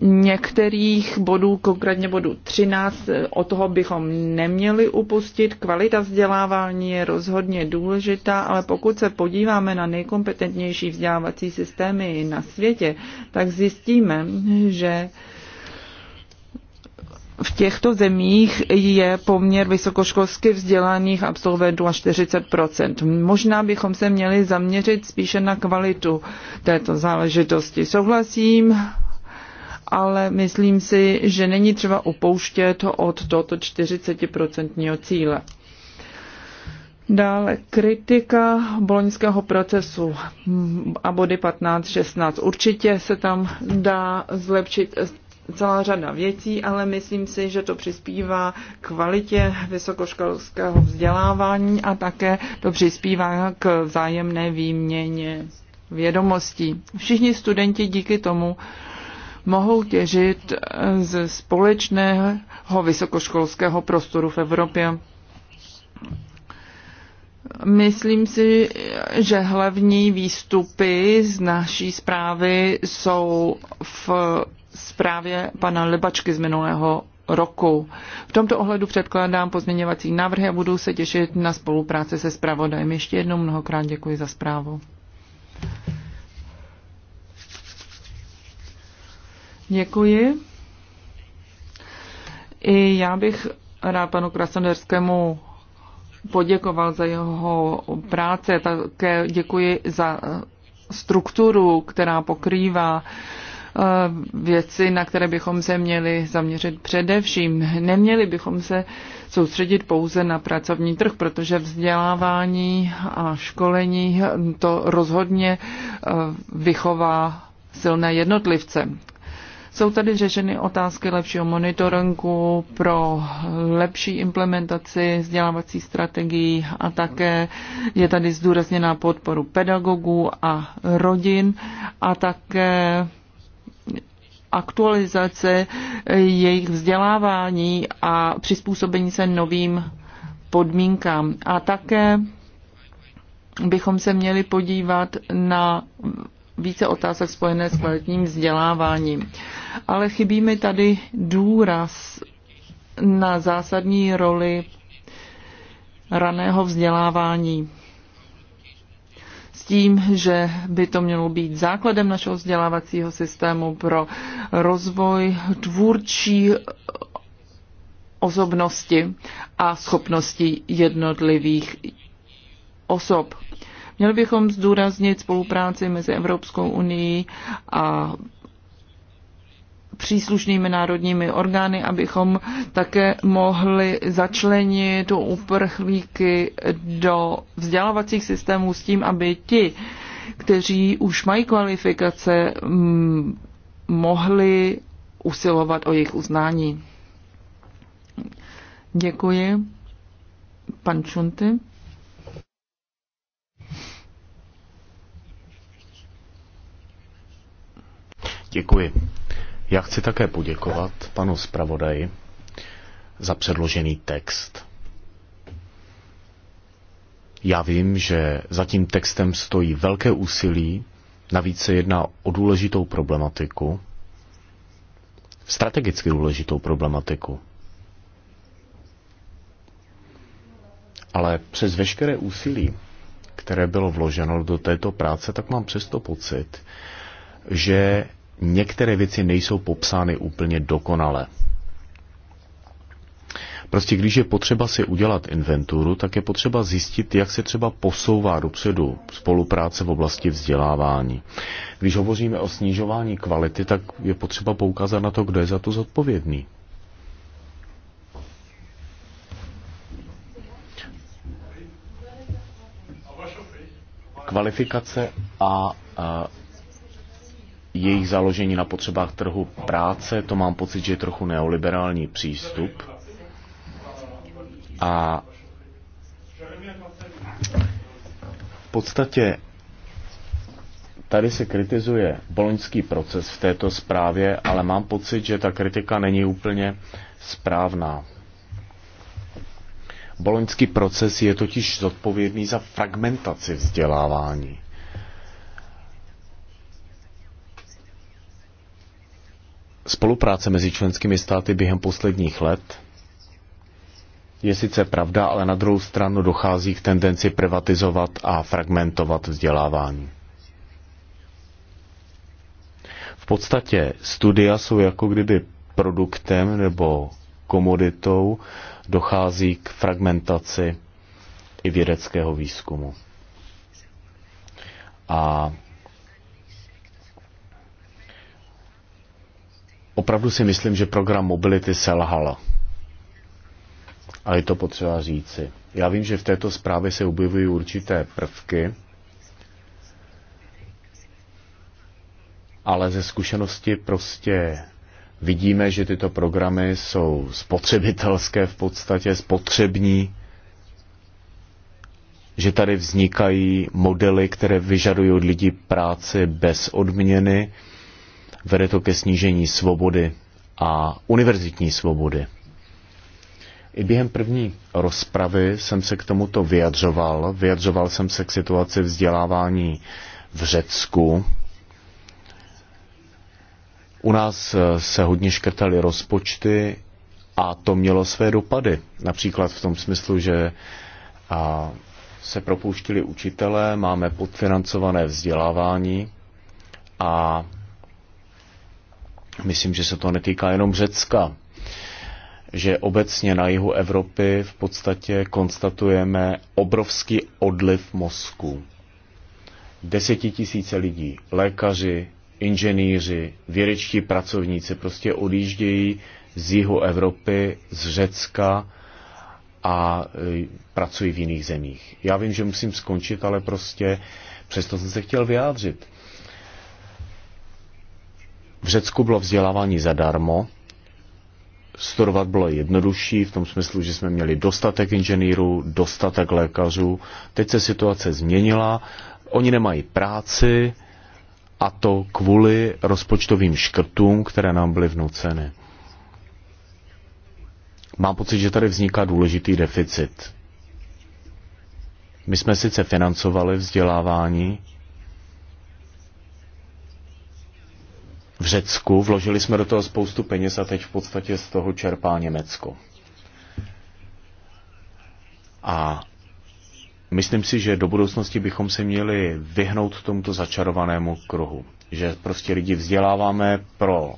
některých bodů, konkrétně bodu 13, o toho bychom neměli upustit. Kvalita vzdělávání je rozhodně důležitá, ale pokud se podíváme na nejkompetentnější vzdělávací systémy na světě, tak zjistíme, že v těchto zemích je poměr vysokoškolsky vzdělaných absolventů a 40 Možná bychom se měli zaměřit spíše na kvalitu této záležitosti. Souhlasím, ale myslím si, že není třeba upouštět od tohoto 40% cíle. Dále kritika boloňského procesu a body 15-16. Určitě se tam dá zlepšit celá řada věcí, ale myslím si, že to přispívá kvalitě vysokoškolského vzdělávání a také to přispívá k vzájemné výměně vědomostí. Všichni studenti díky tomu mohou těžit ze společného vysokoškolského prostoru v Evropě. Myslím si, že hlavní výstupy z naší zprávy jsou v zprávě pana Lebačky z minulého roku. V tomto ohledu předkládám pozměňovací návrhy a budu se těšit na spolupráci se zpravodajem. Ještě jednou mnohokrát děkuji za zprávu. Děkuji. I já bych rád panu Krasnoderskému poděkoval za jeho práci. Také děkuji za strukturu, která pokrývá uh, věci, na které bychom se měli zaměřit především. Neměli bychom se soustředit pouze na pracovní trh, protože vzdělávání a školení to rozhodně e, vychová silné jednotlivce. Jsou tady řešeny otázky lepšího monitoringu pro lepší implementaci vzdělávací strategií a také je tady zdůrazněná podporu pedagogů a rodin a také aktualizace eh, jejich vzdělávání a přizpůsobení se novým podmínkám. A také bychom se měli podívat na více otázek spojené s kvalitním vzděláváním. Ale chybí mi tady důraz na zásadní roli raného vzdělávání tím, že by to mělo být základem našeho vzdělávacího systému pro rozvoj tvůrčí osobnosti a schopnosti jednotlivých osob. Měli bychom zdůraznit spolupráci mezi Evropskou unii a příslušnými národními orgány, abychom také mohli začlenit uprchlíky do vzdělávacích systémů s tím, aby ti, kteří už mají kvalifikace, mohli usilovat o jejich uznání. Děkuji. Pan Čunty. Děkuji. Já chci také poděkovat panu zpravodaji za předložený text. Já vím, že za tím textem stojí velké úsilí, navíc se jedná o důležitou problematiku, strategicky důležitou problematiku. Ale přes veškeré úsilí, které bylo vloženo do této práce, tak mám přesto pocit, že některé věci nejsou popsány úplně dokonale. Prostě když je potřeba si udělat inventuru, tak je potřeba zjistit, jak se třeba posouvá dopředu spolupráce v oblasti vzdělávání. Když hovoříme o snižování kvality, tak je potřeba poukázat na to, kdo je za to zodpovědný. Kvalifikace a, a jejich založení na potřebách trhu práce, to mám pocit, že je trochu neoliberální přístup. A v podstatě tady se kritizuje boloňský proces v této zprávě, ale mám pocit, že ta kritika není úplně správná. Boloňský proces je totiž zodpovědný za fragmentaci vzdělávání. spolupráce mezi členskými státy během posledních let je sice pravda, ale na druhou stranu dochází k tendenci privatizovat a fragmentovat vzdělávání. V podstatě studia jsou jako kdyby produktem nebo komoditou, dochází k fragmentaci i vědeckého výzkumu. A opravdu si myslím, že program mobility selhala. A je to potřeba říci. Já vím, že v této zprávě se objevují určité prvky, ale ze zkušenosti prostě vidíme, že tyto programy jsou spotřebitelské v podstatě, spotřební, že tady vznikají modely, které vyžadují od lidí práci bez odměny, Vede to ke snížení svobody a univerzitní svobody. I během první rozpravy jsem se k tomuto vyjadřoval. Vyjadřoval jsem se k situaci vzdělávání v Řecku. U nás eh, se hodně škrtaly rozpočty a to mělo své dopady. Například v tom smyslu, že se propouštili učitelé, máme podfinancované vzdělávání a Myslím, že se to netýká jenom Řecka, že obecně na jihu Evropy v podstatě konstatujeme obrovský odliv mozku. Desetitisíce lidí, lékaři, inženýři, vědečtí pracovníci prostě odjíždějí z jihu Evropy, z Řecka a e, pracují v jiných zemích. Já vím, že musím skončit, ale prostě přesto jsem se chtěl vyjádřit. V Řecku bylo vzdělávání zadarmo, studovat bylo jednodušší v tom smyslu, že jsme měli dostatek inženýrů, dostatek lékařů. Teď se situace změnila, oni nemají práci a to kvůli rozpočtovým škrtům, které nám byly vnuceny. Mám pocit, že tady vzniká důležitý deficit. My jsme sice financovali vzdělávání, v Řecku. Vložili jsme do toho spoustu peněz a teď v podstatě z toho čerpá Německo. A myslím si, že do budoucnosti bychom se měli vyhnout tomuto začarovanému kruhu. Že prostě lidi vzděláváme pro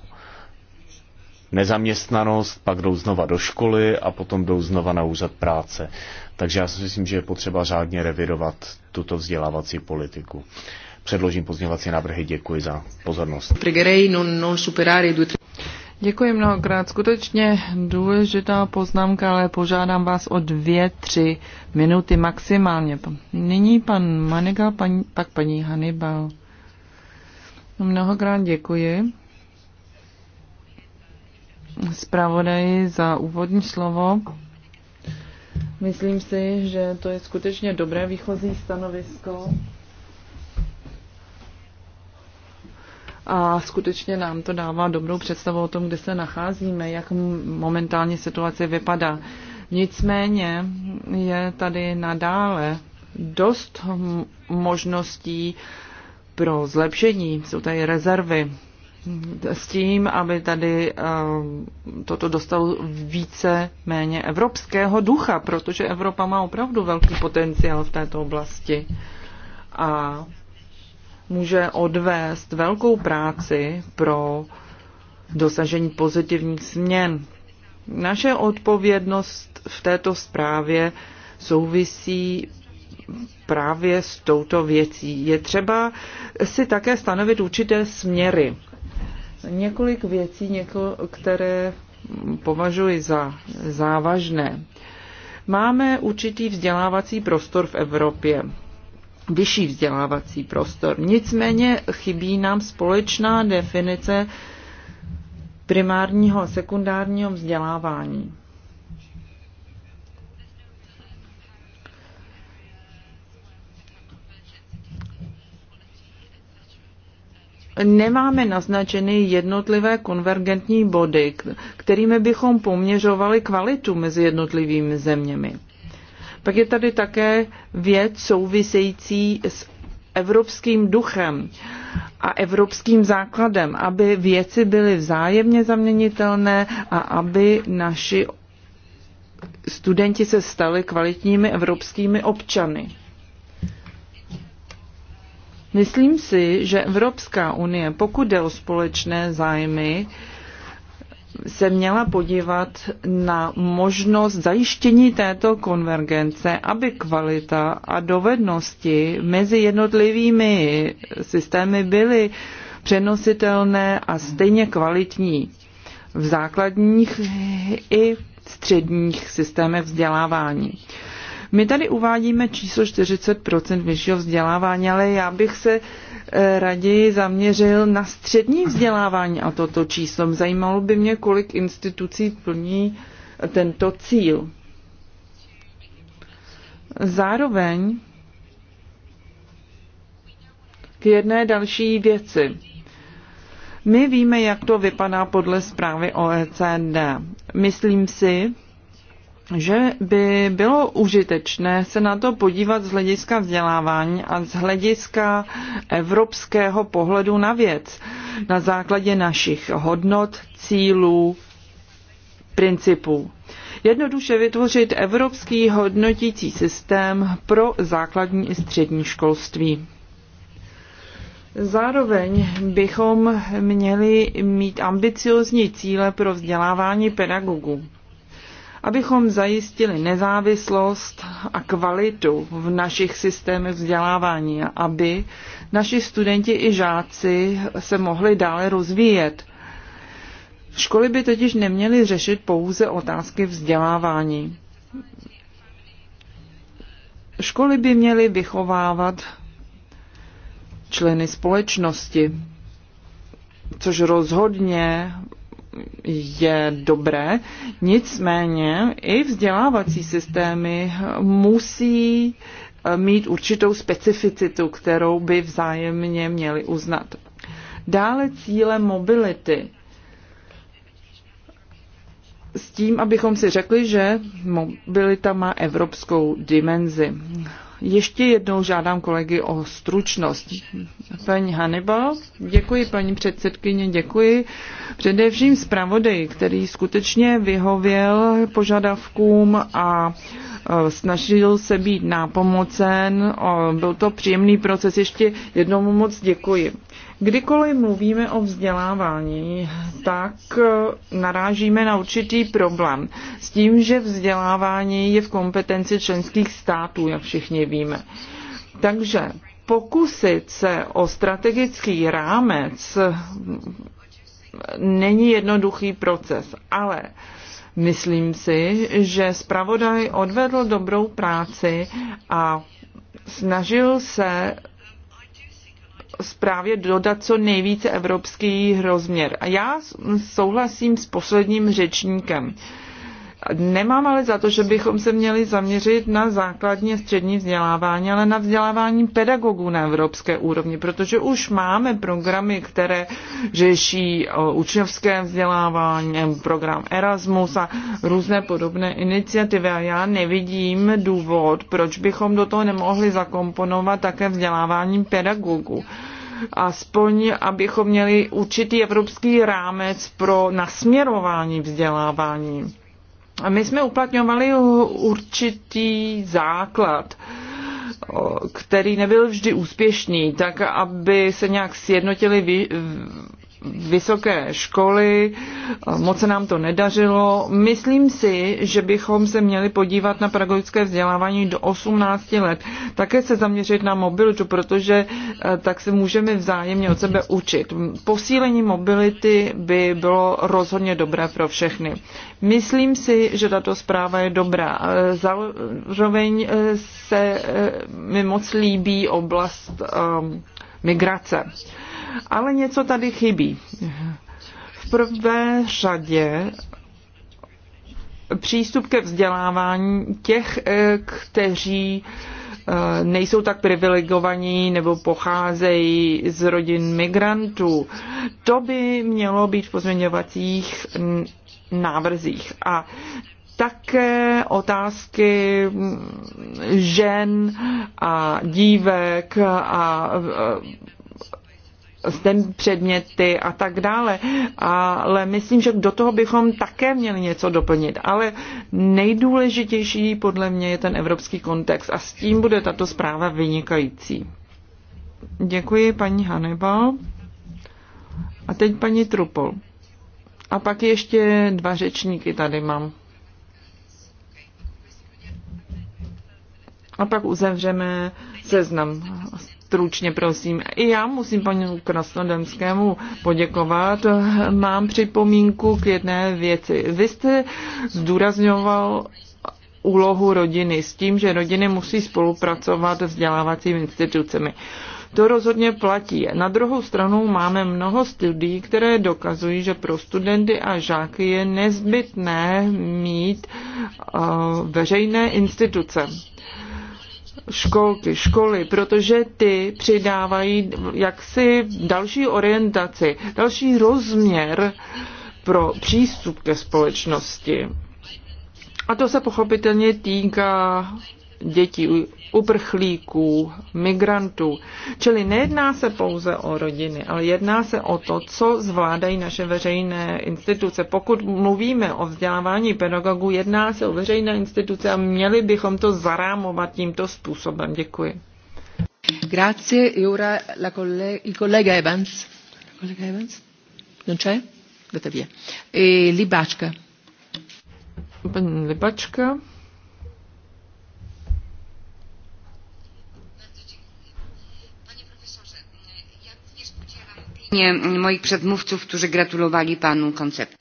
nezaměstnanost, pak jdou znova do školy a potom jdou znova na úřad práce. Takže já si myslím, že je potřeba řádně revidovat tuto vzdělávací politiku předložím pozměňovací návrhy. Děkuji za pozornost. Děkuji mnohokrát. Skutečně důležitá poznámka, ale požádám vás o dvě, tři minuty maximálně. Nyní pan Manigal, paní, pak paní Hannibal. Mnohokrát děkuji zpravodaji za úvodní slovo. Myslím si, že to je skutečně dobré výchozí stanovisko a skutečně nám to dává dobrou představu o tom, kde se nacházíme, jak momentálně situace vypadá. Nicméně je tady nadále dost možností pro zlepšení. Jsou tady rezervy s tím, aby tady eh, toto dostalo více méně evropského ducha, protože Evropa má opravdu velký potenciál v této oblasti. A může odvést velkou práci pro dosažení pozitivních změn. Naše odpovědnost v této zprávě souvisí právě s touto věcí. Je třeba si také stanovit určité směry. Několik věcí, něko, které považuji za závažné. Máme určitý vzdělávací prostor v Evropě vyšší vzdělávací prostor. Nicméně chybí nám společná definice primárního a sekundárního vzdělávání. nemáme naznačeny jednotlivé konvergentní body, kterými bychom poměřovali kvalitu mezi jednotlivými zeměmi. Pak je tady také věc související s evropským duchem a evropským základem, aby věci byly vzájemně zaměnitelné a aby naši studenti se stali kvalitními evropskými občany. Myslím si, že Evropská unie, pokud jde o společné zájmy, se měla podívat na možnost zajištění této konvergence, aby kvalita a dovednosti mezi jednotlivými systémy byly přenositelné a stejně kvalitní v základních i středních systémech vzdělávání. My tady uvádíme číslo 40 vyššího vzdělávání, ale já bych se raději zaměřil na střední vzdělávání a toto číslo. Zajímalo by mě, kolik institucí plní tento cíl. Zároveň k jedné další věci. My víme, jak to vypadá podle zprávy OECD. Myslím si, že by bylo užitečné se na to podívat z hlediska vzdělávání a z hlediska evropského pohledu na věc na základě našich hodnot, cílů, principů. Jednoduše vytvořit evropský hodnotící systém pro základní i střední školství. Zároveň bychom měli mít ambiciozní cíle pro vzdělávání pedagogů abychom zajistili nezávislost a kvalitu v našich systémech vzdělávání, aby naši studenti i žáci se mohli dále rozvíjet. Školy by totiž neměly řešit pouze otázky vzdělávání. Školy by měly vychovávat členy společnosti, což rozhodně je dobré. Nicméně i vzdělávací systémy musí eh, mít určitou specificitu, kterou by vzájemně měli uznat. Dále cíle mobility. S tím, abychom si řekli, že mobilita má evropskou dimenzi ještě jednou žádám kolegy o stručnost. Paní Hannibal, děkuji paní předsedkyně, děkuji především zpravodej, který skutečně vyhověl požadavkům a e, snažil se být nápomocen. Byl to příjemný proces. Ještě jednou moc děkuji. Kdykoliv mluvíme o vzdělávání, tak eh, narážíme na určitý problém s tím, že vzdělávání je v kompetenci členských států, jak všichni víme. Takže pokusit se o strategický rámec mm, není jednoduchý proces, ale myslím si, že zpravodaj odvedl dobrou práci a snažil se zprávě dodat co nejvíce evropský rozměr. A já souhlasím s posledním řečníkem. Nemám ale za to, že bychom se měli zaměřit na základně střední vzdělávání, ale na vzdělávání pedagogů na evropské úrovni, protože už máme programy, které řeší učňovské vzdělávání, program Erasmus a různé podobné iniciativy. A já nevidím důvod, proč bychom do toho nemohli zakomponovat také vzdělávání pedagogů aspoň abychom měli určitý evropský rámec pro nasměrování vzdělávání. A my jsme uplatňovali určitý základ, který nebyl vždy úspěšný, tak aby se nějak sjednotili vysoké školy, moc se nám to nedařilo. Myslím si, že bychom se měli podívat na pedagogické vzdělávání do 18 let, také se zaměřit na mobilitu, protože eh, tak se můžeme vzájemně od sebe učit. Posílení mobility by bylo rozhodně dobré pro všechny. Myslím si, že tato zpráva je dobrá. Eh, zároveň eh, se mi moc líbí oblast migrace. Ale něco tady chybí. V prvé řadě přístup ke vzdělávání těch, eh, kteří eh, nejsou tak privilegovaní nebo pocházejí z rodin migrantů. To by mělo být v pozměňovacích návrzích. A také otázky žen a dívek a STEM předměty a tak dále. Ale myslím, že do toho bychom také měli něco doplnit. Ale nejdůležitější podle mě je ten evropský kontext a s tím bude tato zpráva vynikající. Děkuji paní Hannibal. A teď paní Trupol. A pak ještě dva řečníky tady mám. A pak uzavřeme seznam stručně, prosím. I já musím panu Krasnodemskému poděkovat. Mám připomínku k jedné věci. Vy jste zdůrazňoval úlohu rodiny s tím, že rodiny musí spolupracovat s vzdělávacími institucemi. To rozhodně platí. Na druhou stranu máme mnoho studií, které dokazují, že pro studenty a žáky je nezbytné mít uh, veřejné instituce. Uh, školky, školy, protože ty přidávají jaksi další orientaci, další rozměr pro přístup ke společnosti. A to se pochopitelně týká dětí, uprchlíků, migrantů. Čili nejedná se pouze o rodiny, ale jedná se o to, co zvládají naše veřejné instituce. Pokud mluvíme o vzdělávání pedagogů, jedná se o veřejné instituce a měli bychom to zarámovat tímto způsobem. Děkuji. Grazie, Jura, e la collega, il collega Evans. Collega Evans? Non c'è? Vete via. E Libacca. Libacca. mojich předmluvců, kteří gratulovali panu koncept.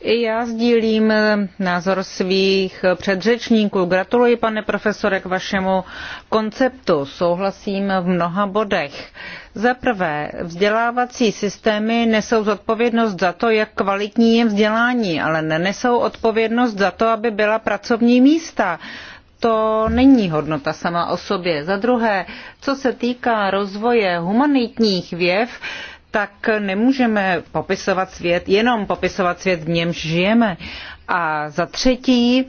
I já sdílím eh, názor svých předřečníků. Gratuluji, pane profesore, k vašemu konceptu. Souhlasím v mnoha bodech. Za prvé, vzdělávací systémy nesou zodpovědnost za to, jak kvalitní je vzdělání, ale nenesou odpovědnost za to, aby byla pracovní místa to není hodnota sama o sobě. Za druhé, co se týká rozvoje humanitních věv, tak nemůžeme popisovat svět, jenom popisovat svět, v němž žijeme. A za třetí,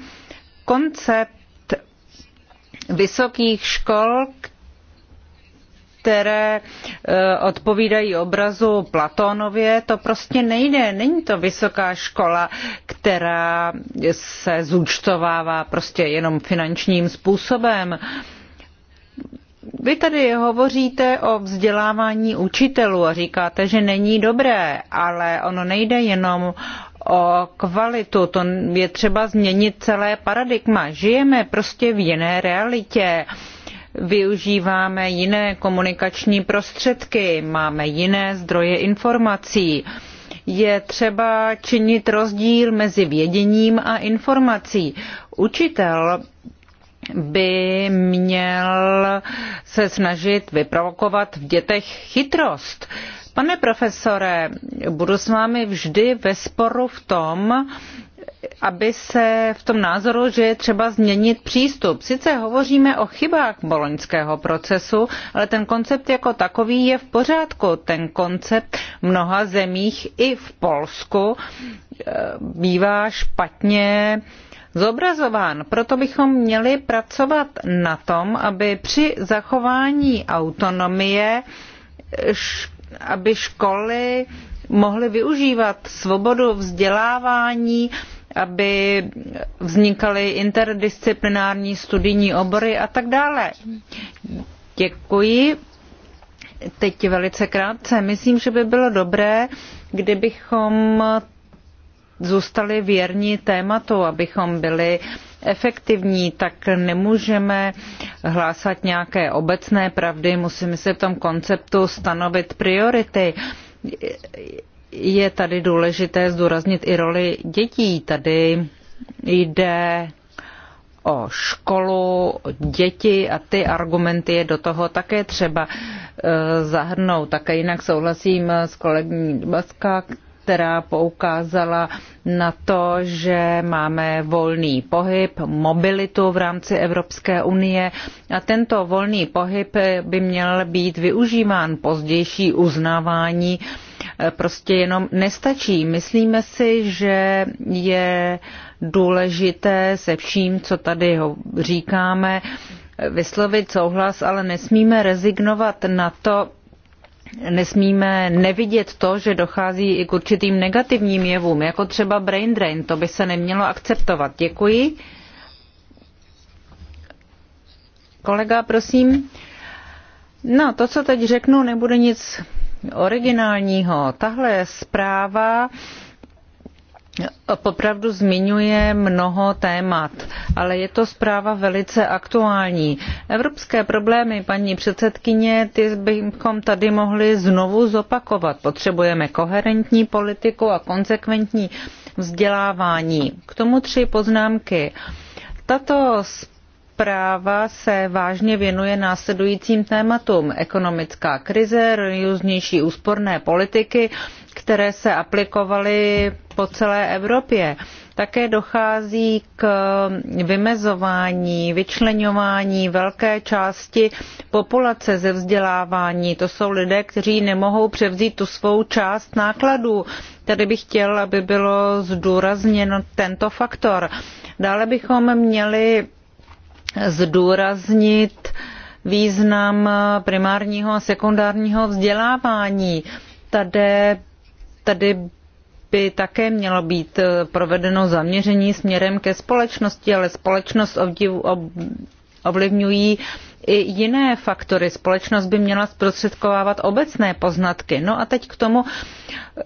koncept vysokých škol, které eh, odpovídají obrazu Platónově, to prostě nejde. Není to vysoká škola, která se zúčtovává prostě jenom finančním způsobem. Vy tady hovoříte o vzdělávání učitelů a říkáte, že není dobré, ale ono nejde jenom o kvalitu, to je třeba změnit celé paradigma. Žijeme prostě v jiné realitě, využíváme jiné komunikační prostředky, máme jiné zdroje informací. Je třeba činit rozdíl mezi věděním a informací. Učitel by měl se snažit vyprovokovat v dětech chytrost. Pane profesore, budu s vámi vždy ve sporu v tom, aby se v tom názoru, že je třeba změnit přístup. Sice hovoříme o chybách boloňského procesu, ale ten koncept jako takový je v pořádku. Ten koncept v mnoha zemích i v Polsku eh, bývá špatně zobrazován. Proto bychom měli pracovat na tom, aby při zachování autonomie, aby školy mohly využívat svobodu vzdělávání, aby vznikaly interdisciplinární studijní obory a tak dále. Děkuji. Teď velice krátce. Myslím, že by bylo dobré, kdybychom zůstali věrní tématu, abychom byli efektivní, tak nemůžeme hlásat nějaké obecné pravdy, musíme se v tom konceptu stanovit priority. Je tady důležité zdůraznit i roli dětí. Tady jde o školu, o děti a ty argumenty je do toho také třeba eh, zahrnout. Také jinak souhlasím s kolegní Baska, která poukázala na to, že máme volný pohyb, mobilitu v rámci Evropské unie a tento volný pohyb by měl být využíván pozdější uznávání prostě jenom nestačí. Myslíme si, že je důležité se vším, co tady říkáme, vyslovit souhlas, ale nesmíme rezignovat na to, nesmíme nevidět to, že dochází i k určitým negativním jevům, jako třeba brain drain. To by se nemělo akceptovat. Děkuji. Kolega, prosím. No, to, co teď řeknu, nebude nic originálního. Tahle zpráva uh, opravdu zmiňuje mnoho témat, ale je to zpráva velice aktuální. Evropské problémy, paní předsedkyně, ty bychom tady mohli znovu zopakovat. Potřebujeme koherentní politiku a konsekventní vzdělávání. K tomu tři poznámky. Tato zpráva zpráva se vážně věnuje následujícím tématům. Ekonomická krize, různější úsporné politiky, které se aplikovaly po celé Evropě. Také dochází k vymezování, vyčleňování velké části populace ze vzdělávání. To jsou lidé, kteří nemohou převzít tu svou část nákladů. Tady bych chtěl, aby bylo zdůrazněno tento faktor. Dále bychom měli zdůraznit význam primárního a sekundárního vzdělávání. Tady, tady by také mělo být provedeno zaměření směrem ke společnosti, ale společnost ovdiv, ovlivňují i jiné faktory. Společnost by měla zprostředkovávat obecné poznatky. No a teď k tomu,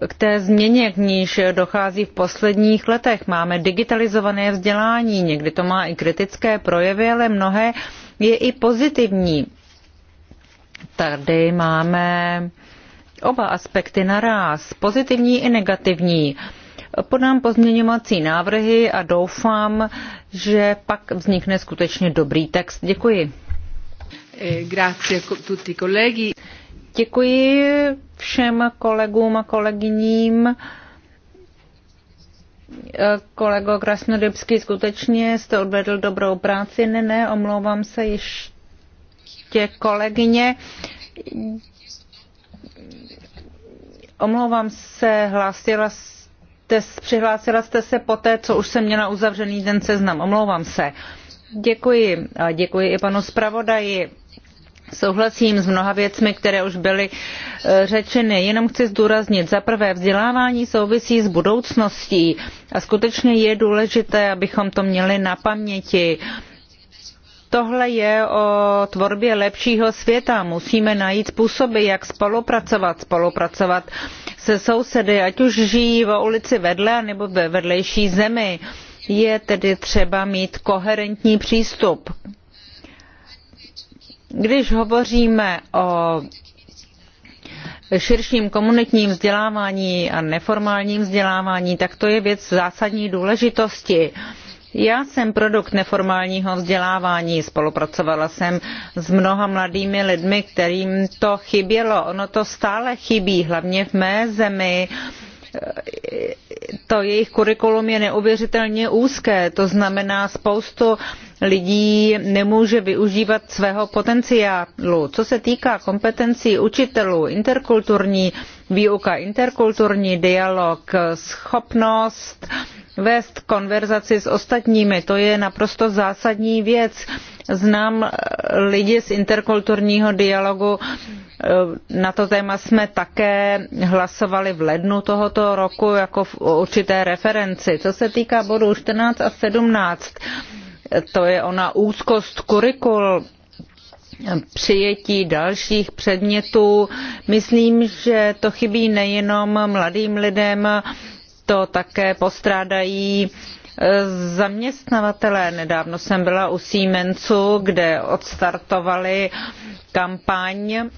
k té změně, k níž dochází v posledních letech. Máme digitalizované vzdělání, někdy to má i kritické projevy, ale mnohé je i pozitivní. Tady máme oba aspekty naraz, pozitivní i negativní. Podám pozměňovací návrhy a doufám, že pak vznikne skutečně dobrý text. Děkuji. E, děkuji všem kolegům a kolegyním. E, kolego Krasnodebský, skutečně jste odvedl dobrou práci. Ne, ne, omlouvám se ještě kolegyně. Omlouvám se, hlásila jste, přihlásila jste se poté, co už jsem měla uzavřený den seznam. Omlouvám se. Děkuji. A děkuji i panu zpravodaji. Souhlasím s mnoha věcmi, které už byly eh, řečeny. Jenom chci zdůraznit, za prvé vzdělávání souvisí s budoucností a skutečně je důležité, abychom to měli na paměti. Tohle je o tvorbě lepšího světa. Musíme najít způsoby, jak spolupracovat, spolupracovat se sousedy, ať už žijí v ulici vedle nebo ve vedlejší zemi. Je tedy třeba mít koherentní přístup když hovoříme o širším komunitním vzdělávání a neformálním vzdělávání, tak to je věc zásadní důležitosti. Já jsem produkt neformálního vzdělávání, spolupracovala jsem s mnoha mladými lidmi, kterým to chybělo. Ono to stále chybí, hlavně v mé zemi to jejich kurikulum je neuvěřitelně úzké, to znamená spoustu lidí nemůže využívat svého potenciálu. Co se týká kompetencí učitelů, interkulturní výuka, interkulturní dialog, schopnost vést konverzaci s ostatními, to je naprosto zásadní věc Znám eh, lidi z interkulturního dialogu, eh, na to téma jsme také hlasovali v lednu tohoto roku jako v určité referenci. Co se týká bodů 14 a 17, to je ona úzkost kurikul, přijetí dalších předmětů. Myslím, že to chybí nejenom mladým lidem, to také postrádají uh, Eh, zaměstnavatelé. Nedávno jsem byla u Siemensu, kde odstartovali kampaň eh,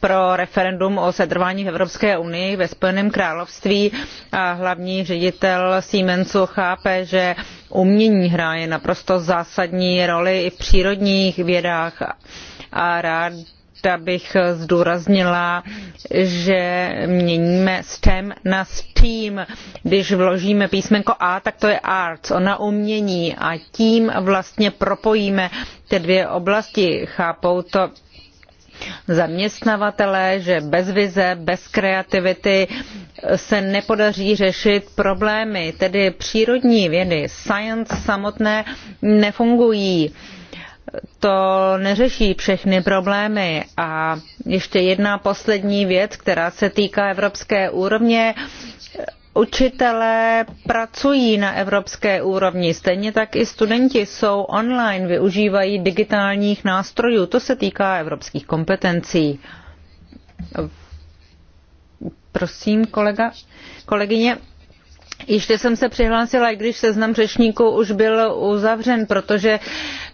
pro referendum o setrvání v Evropské unii ve Spojeném království a hlavní ředitel Siemensu chápe, že umění hraje naprosto zásadní roli i v přírodních vědách a rád ráda bych zdůraznila, že měníme STEM na STEAM. Když vložíme písmenko A, tak to je arts, ona umění a tím vlastně propojíme ty dvě oblasti. Chápou to zaměstnavatelé, že bez vize, bez kreativity se nepodaří řešit problémy. Tedy přírodní vědy, science samotné nefungují to neřeší všechny problémy. A ještě jedna poslední věc, která se týká evropské úrovně. Učitelé pracují na evropské úrovni, stejně tak i studenti jsou online, využívají digitálních nástrojů. To se týká evropských kompetencí. Prosím, kolega, kolegyně. Ještě jsem se přihlásila, i když seznam řečníků už byl uzavřen, protože uh,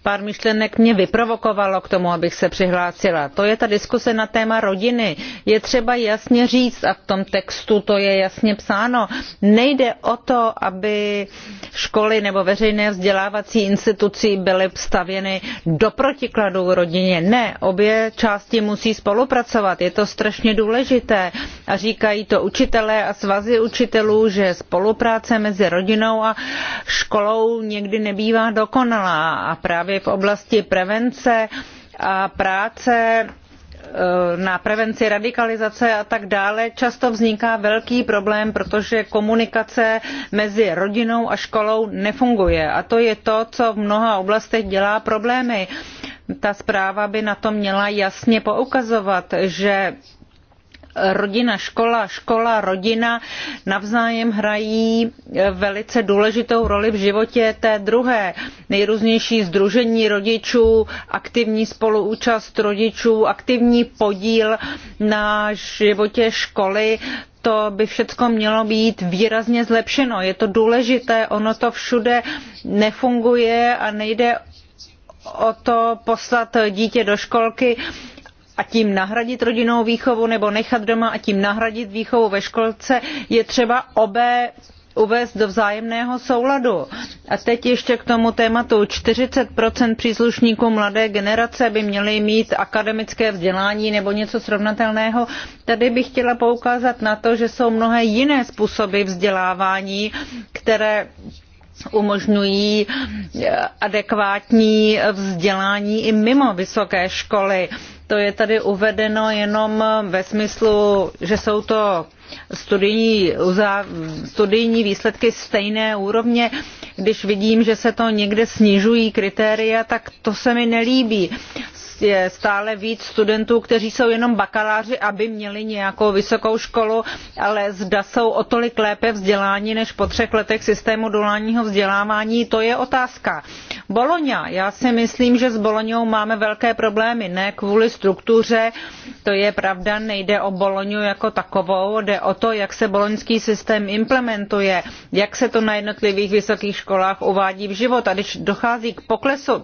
pár myšlenek mě vyprovokovalo k tomu, abych se přihlásila. To je ta diskuse na téma rodiny. Je třeba jasně říct, a v tom textu to je jasně psáno, nejde o to, aby školy nebo veřejné vzdělávací instituce byly stavěny do protikladu rodině. Ne, obě části musí spolupracovat. Je to strašně důležité. A říkají to učitelé a svazy učitelů, že spolupráce mezi rodinou a školou někdy nebývá dokonalá. A právě iniciativy v oblasti prevence a práce eh, na prevenci radikalizace a tak dále často vzniká velký problém protože komunikace mezi rodinou a školou nefunguje a to je to co v mnoha oblastech dělá problémy. ta zpráva by na to měla jasně poukazovat že rodina, škola, škola, rodina navzájem hrají eh, velice důležitou roli v životě té druhé. Nejrůznější združení rodičů, aktivní spoluúčast rodičů, aktivní podíl na životě školy, to by všechno mělo být výrazně zlepšeno. Je to důležité, ono to všude nefunguje a nejde o to poslat dítě do školky a tím nahradit rodinnou výchovu nebo nechat doma a tím nahradit výchovu ve školce, je třeba obé uvést do vzájemného souladu. A teď ještě k tomu tématu. 40 příslušníků mladé generace by měli mít akademické vzdělání nebo něco srovnatelného. Tady bych chtěla poukázat na to, že jsou mnohé jiné způsoby vzdělávání, které umožňují eh, adekvátní vzdělání i mimo vysoké školy to je tady uvedeno jenom ve smyslu, že jsou to studijní, studijní výsledky stejné úrovně, když vidím, že se to někde snižují kritéria, tak to se mi nelíbí. Je stále víc studentů, kteří jsou jenom bakaláři, aby měli nějakou vysokou školu, ale zda jsou o tolik lépe vzděláni než po třech letech systému duálního vzdělávání, to je otázka. Boloňa. Já si myslím, že s Boloňou máme velké problémy, ne kvůli struktuře, to je pravda, nejde o Boloňu jako takovou, jde o to, jak se boloňský systém implementuje, jak se to na jednotlivých vysokých školách uvádí v život. A když dochází k poklesu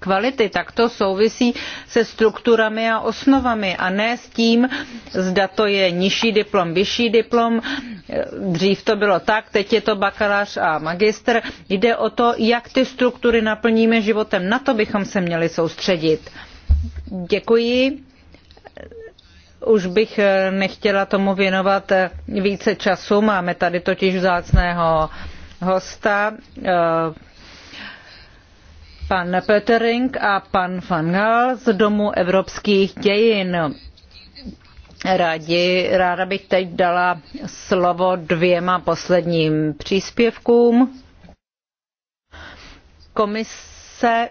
kvality, tak to souvisí se strukturami a osnovami a ne s tím, zda to je nižší diplom, vyšší diplom. Dřív to bylo tak, teď je to bakalář a magistr. Jde o to, jak ty struktury naplníme životem. Na to bychom se měli soustředit. Děkuji. Už bych eh, nechtěla tomu věnovat eh, více času, máme tady totiž vzácného hosta, eh, pan Petering a pan Van Gaal z Domu evropských dějin. Rádi, ráda bych teď dala slovo dvěma posledním příspěvkům. Komise,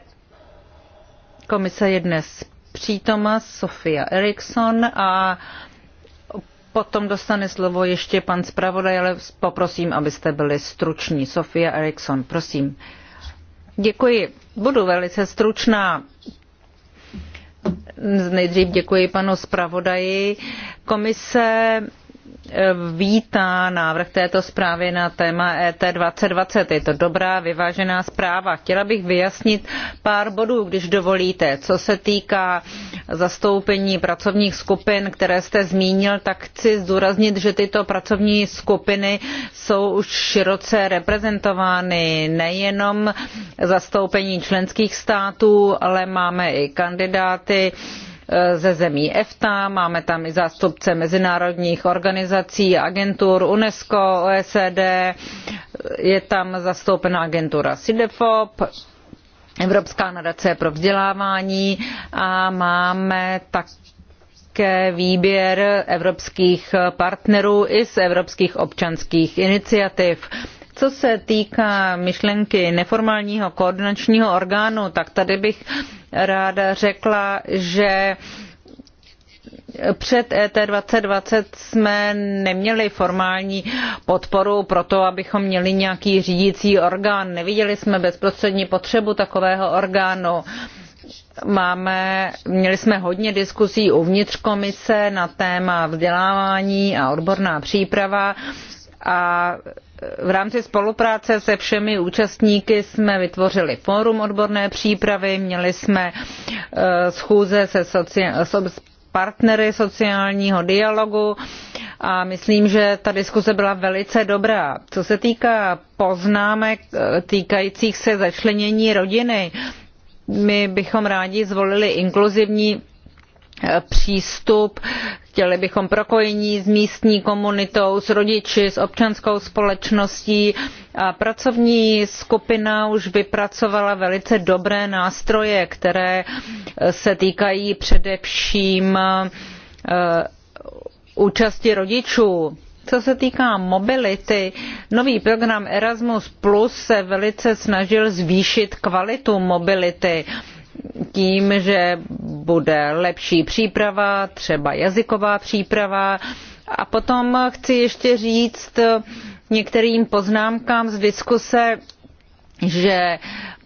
komise je dnes přítoma Sofia Eriksson a potom dostane slovo ještě pan zpravodaj, ale poprosím, abyste byli struční. Sofia Eriksson, prosím. Děkuji. Budu velice stručná. Nejdřív děkuji panu zpravodaji. Komise vítá návrh této zprávy na téma e ET 2020. Je to dobrá, vyvážená zpráva. Chtěla bych vyjasnit pár bodů, když dovolíte. Co se týká zastoupení pracovních skupin, které jste zmínil, tak chci zdůraznit, že tyto pracovní skupiny jsou už široce reprezentovány nejenom zastoupení členských států, ale máme i kandidáty Eh, ze zemí EFTA, máme tam i zástupce mezinárodních organizací, agentur UNESCO, OECD, je tam zastoupena agentura SIDEFOP, Evropská nadace pro vzdělávání a máme také výběr evropských partnerů i z evropských občanských iniciativ co se týká myšlenky neformálního koordinačního orgánu, tak tady bych ráda řekla, že před e ET 2020 jsme neměli formální podporu pro to, abychom měli nějaký řídící orgán. Neviděli jsme bezprostřední potřebu takového orgánu. Máme, měli jsme hodně diskusí uvnitř komise na téma vzdělávání a odborná příprava a v rámci spolupráce se všemi účastníky jsme vytvořili fórum odborné přípravy, měli jsme e, schůze se partnery sociálního dialogu a myslím, že ta diskuse byla velice dobrá. Co se týká poznámek e, týkajících se začlenění rodiny, my bychom rádi zvolili inkluzivní Eh, přístup. Chtěli bychom propojení s místní komunitou, s rodiči, s občanskou společností. A pracovní skupina už vypracovala velice dobré nástroje, které eh, se týkají především eh, účasti rodičů. Co se týká mobility, nový program Erasmus Plus se velice snažil zvýšit kvalitu mobility tím, že bude lepší příprava, třeba jazyková příprava. A potom chci ještě říct některým poznámkám z diskuse, že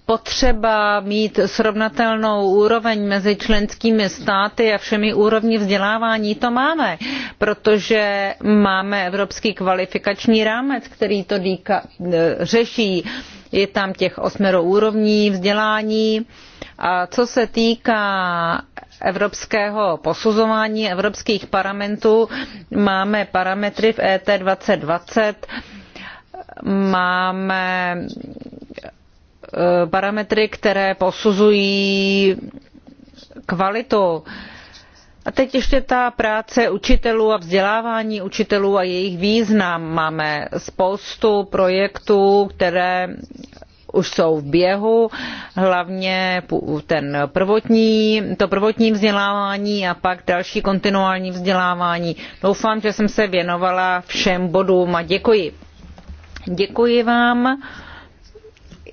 potřeba mít srovnatelnou úroveň mezi členskými státy a všemi úrovni vzdělávání to máme, protože máme evropský kvalifikační rámec, který to díka, e, řeší. Je tam těch osmero úrovní vzdělání. A co se týká evropského posuzování evropských parlamentů, máme parametry v e ET 2020, máme e, parametry, které posuzují kvalitu. A teď ještě ta práce učitelů a vzdělávání učitelů a jejich význam. Máme spoustu projektů, které už jsou v běhu, hlavně ten prvotní, to prvotní vzdělávání a pak další kontinuální vzdělávání. Doufám, že jsem se věnovala všem bodům a děkuji. Děkuji vám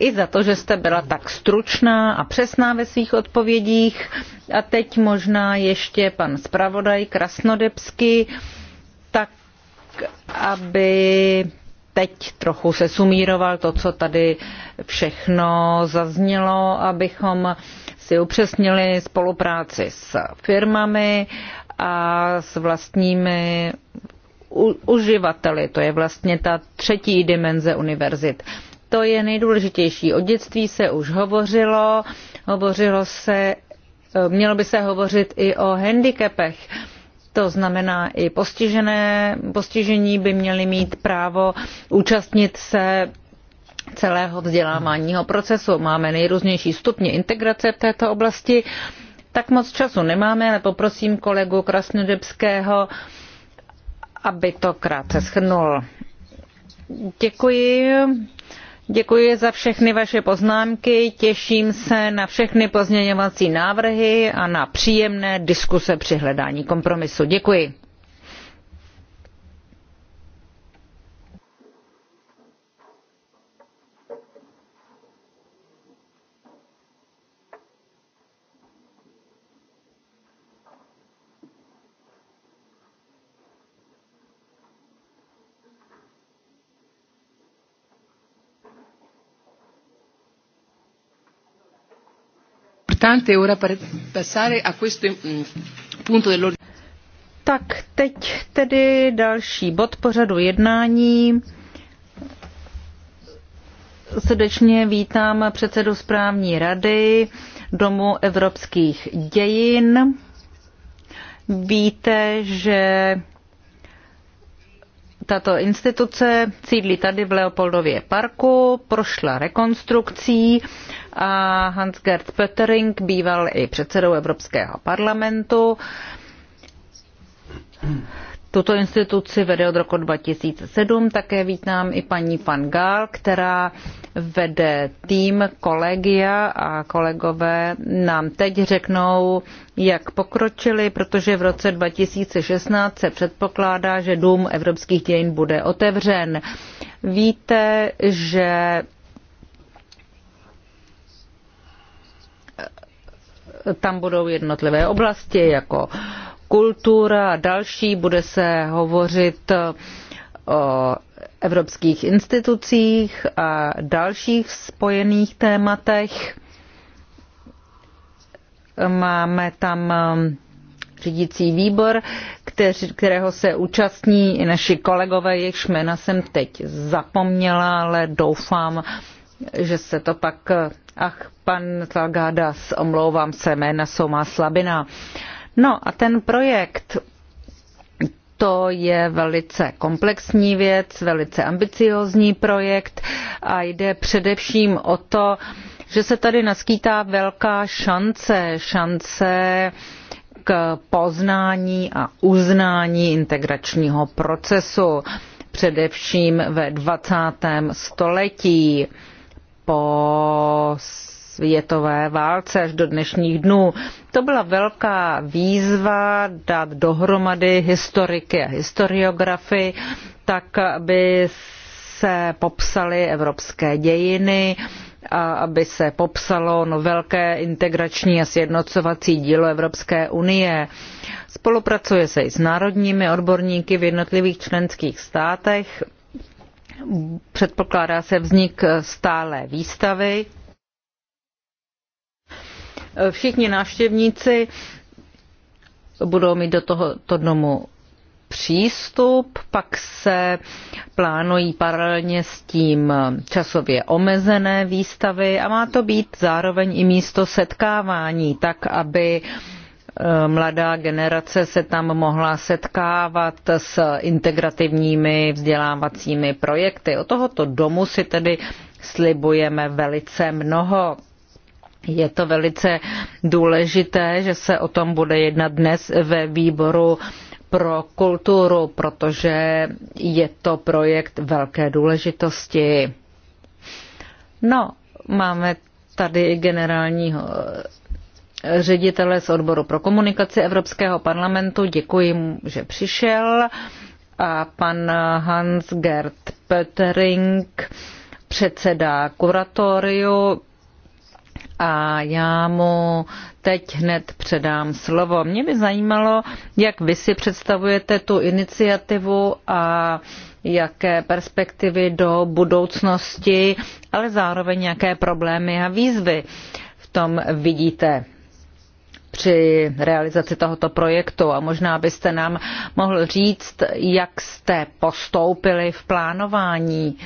i za to, že jste byla tak stručná a přesná ve svých odpovědích. A teď možná ještě pan zpravodaj Krasnodebsky, tak aby teď trochu se to, co tady všechno zaznělo, abychom si upřesnili spolupráci s firmami a s vlastními uživateli. To je vlastně ta třetí dimenze univerzit. To je nejdůležitější. O dětství se už hovořilo, hovořilo se, mělo by se hovořit i o handicapech to znamená, i postižené, postižení by měli mít právo účastnit se celého vzděláváního procesu. Máme nejrůznější stupně integrace v této oblasti. Tak moc času nemáme, ale poprosím kolegu Krasnodebského, aby to krátce schrnul. Děkuji. Děkuji za všechny vaše poznámky, těším se na všechny pozměňovací návrhy a na příjemné diskuse při hledání kompromisu. Děkuji. importante ora passare a questo mm, punto dell'ordine. Tak teď tedy další bod pořadu jednání. Srdečně vítám předsedu správní rady Domu evropských dějin. Víte, že tato instituce sídlí tady v Leopoldově parku, prošla rekonstrukcí a Hans-Gerd Pöttering býval i předsedou Evropského parlamentu tuto instituci vede od roku 2007. Také vítám i paní Van Gaal, která vede tým kolegia a kolegové nám teď řeknou, jak pokročili, protože v roce 2016 se předpokládá, že Dům evropských dějin bude otevřen. Víte, že tam budou jednotlivé oblasti, jako uh, kultura a další. Bude se hovořit eh, o evropských institucích a dalších spojených tématech. Máme tam eh, řídící výbor, kterého se účastní i naši kolegové, jejichž jména jsem teď zapomněla, ale doufám, že se to pak... Eh, ach, pan Talgádas, omlouvám se, jména jsou má slabina. Uh, No a ten projekt, to je velice komplexní věc, velice ambiciozní projekt a jde především o to, že se tady naskýtá velká šance, šance k poznání a uznání integračního procesu, především ve 20. století po světové válce až do dnešních dnů. To byla velká výzva dát dohromady historiky a historiografy, tak aby se popsaly evropské dějiny, a aby se popsalo no velké integrační a sjednocovací dílo Evropské unie. Spolupracuje se i s národními odborníky v jednotlivých členských státech. Předpokládá se vznik stále výstavy všichni návštěvníci budou mít do tohoto domu přístup, pak se plánují paralelně s tím časově omezené výstavy a má to být zároveň i místo setkávání, tak aby eh, mladá generace se tam mohla setkávat s integrativními vzdělávacími projekty. O tohoto domu si tedy slibujeme velice mnoho. Je to velice důležité, že se o tom bude jednat dnes ve výboru pro kulturu, protože je to projekt velké důležitosti. No, máme tady generálního eh, ředitele z odboru pro komunikaci Evropského parlamentu. Děkuji mu, že přišel. A pan Hans-Gerd Pöttering, předseda kuratoriu a já mu teď hned předám slovo. Mě by zajímalo, jak vy si představujete tu iniciativu a jaké perspektivy do budoucnosti, ale zároveň jaké problémy a výzvy v tom vidíte při realizaci tohoto projektu a možná byste nám mohl říct, jak jste postoupili v plánování.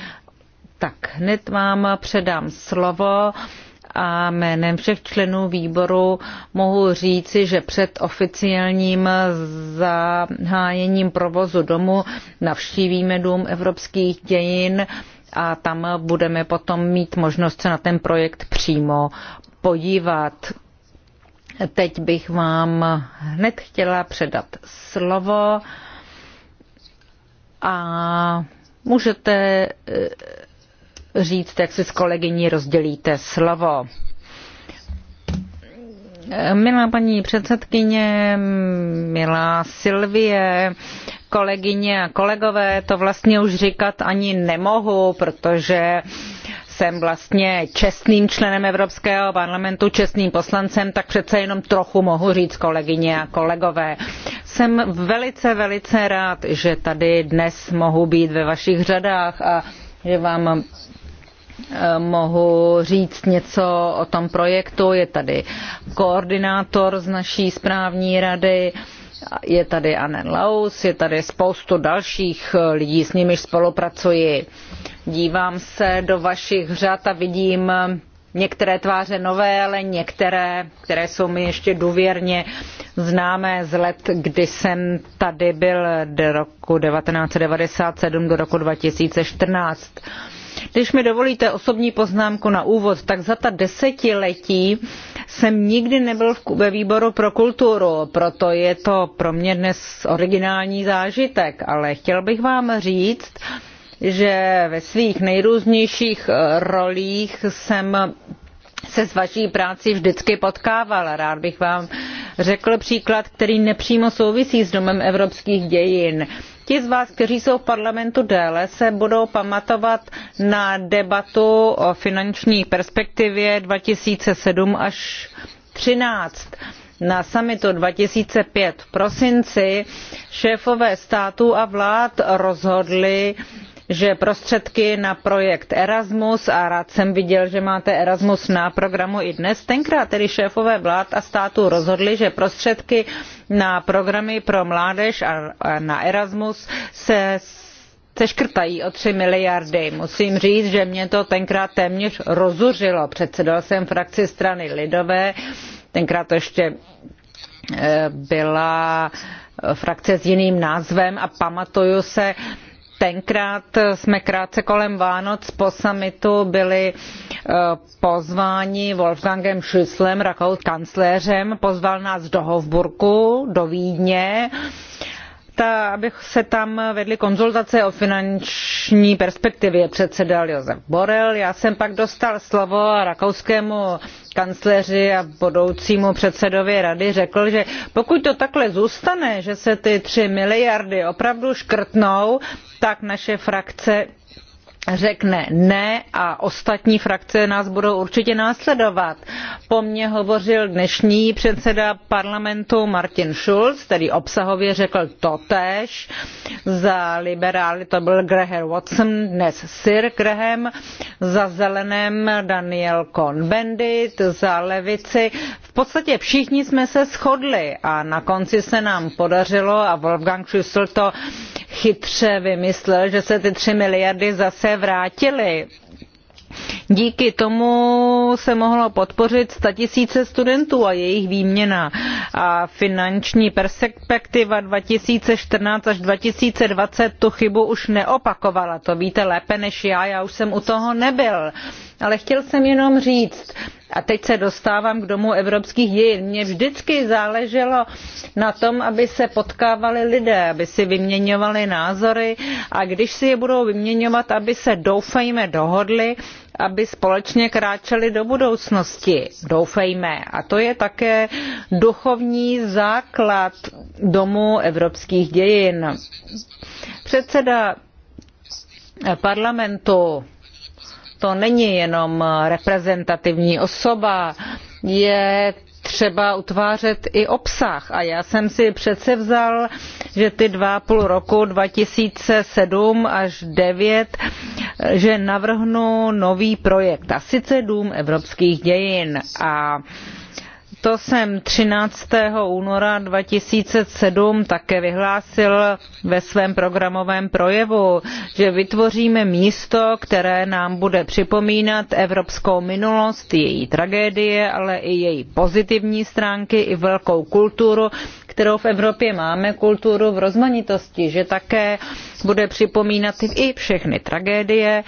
Tak hned vám předám slovo. Uh, a jménem všech členů výboru mohu říci, že před oficiálním zahájením provozu domu navštívíme Dům evropských dějin a tam budeme potom mít možnost se na ten projekt přímo podívat. Teď bych vám hned chtěla předat slovo a můžete říct, jak si s kolegyní rozdělíte slovo. Milá paní předsedkyně, milá Silvie, kolegyně a kolegové, to vlastně už říkat ani nemohu, protože jsem vlastně čestným členem Evropského parlamentu, čestným poslancem, tak přece jenom trochu mohu říct kolegyně a kolegové. Jsem velice, velice rád, že tady dnes mohu být ve vašich řadách a že vám mohu říct něco o tom projektu. Je tady koordinátor z naší správní rady, je tady Anne Laus, je tady spoustu dalších lidí, s nimiž spolupracuji. Dívám se do vašich řad a vidím některé tváře nové, ale některé, které jsou mi ještě důvěrně známé z let, kdy jsem tady byl do roku 1997 do roku 2014 když mi dovolíte osobní poznámku na úvod, tak za ta desetiletí jsem nikdy nebyl ve výboru pro kulturu, proto je to pro mě dnes originální zážitek, ale chtěl bych vám říct, že ve svých nejrůznějších eh, rolích jsem se s vaší práci vždycky potkával. Rád bych vám řekl příklad, který nepřímo souvisí s Domem evropských dějin. Ti z vás, kteří jsou v parlamentu déle, se budou pamatovat na debatu o finanční perspektivě 2007 až 2013 na summitu 2005 v prosinci šéfové států a vlád rozhodli, že prostředky na projekt Erasmus a rád jsem viděl, že máte Erasmus na programu i dnes. Tenkrát tedy šéfové vlád a států rozhodli, že prostředky na programy pro mládež a na Erasmus se seškrtají o tři miliardy. Musím říct, že mě to tenkrát téměř rozuřilo. Předsedal jsem frakci strany Lidové, tenkrát to ještě eh, byla eh, frakce s jiným názvem a pamatuju se, tenkrát jsme krátce kolem Vánoc po summitu byli eh, pozváni Wolfgangem Schüsslem, rakout kancléřem, pozval nás do Hofburku, do Vídně, ta, aby se tam vedly konzultace o finanční perspektivě předsedal Josef Borel. Já jsem pak dostal slovo rakouskému kancléři a budoucímu předsedovi rady řekl, že pokud to takhle zůstane, že se ty tři miliardy opravdu škrtnou, tak naše frakce řekne ne a ostatní frakce nás budou určitě následovat. Po mně hovořil dnešní předseda parlamentu Martin Schulz, který obsahově řekl totéž. Za liberály to byl Graham Watson, dnes Sir Graham, za zeleném Daniel Cohn-Bendit, za levici. V podstatě všichni jsme se shodli a na konci se nám podařilo a Wolfgang Schüssel to chytře vymyslel, že se ty tři miliardy zase vrátily. Díky tomu se mohlo podpořit statisíce studentů a jejich výměna. A finanční perspektiva 2014 až 2020 tu chybu už neopakovala. To víte lépe než já, já už jsem u toho nebyl. Uh, ale chtěl jsem jenom říct, a teď se dostávám k domu evropských dějin. Mně vždycky záleželo na tom, aby se potkávali lidé, aby si vyměňovali názory a když si je budou vyměňovat, aby se doufejme dohodli, aby společně kráčeli do budoucnosti. Doufejme. A to je také duchovní základ domu evropských dějin. Předseda parlamentu to není jenom reprezentativní osoba, je třeba utvářet i obsah. A já jsem si přece vzal, že ty dva půl roku 2007 až 9, že navrhnu nový projekt, a sice Dům evropských dějin. A to jsem 13. února 2007 také vyhlásil ve svém programovém projevu, že vytvoříme místo, které nám bude připomínat evropskou minulost, její tragédie, ale i její pozitivní stránky, i velkou kulturu, kterou v Evropě máme, kulturu v rozmanitosti, že také bude připomínat i všechny tragédie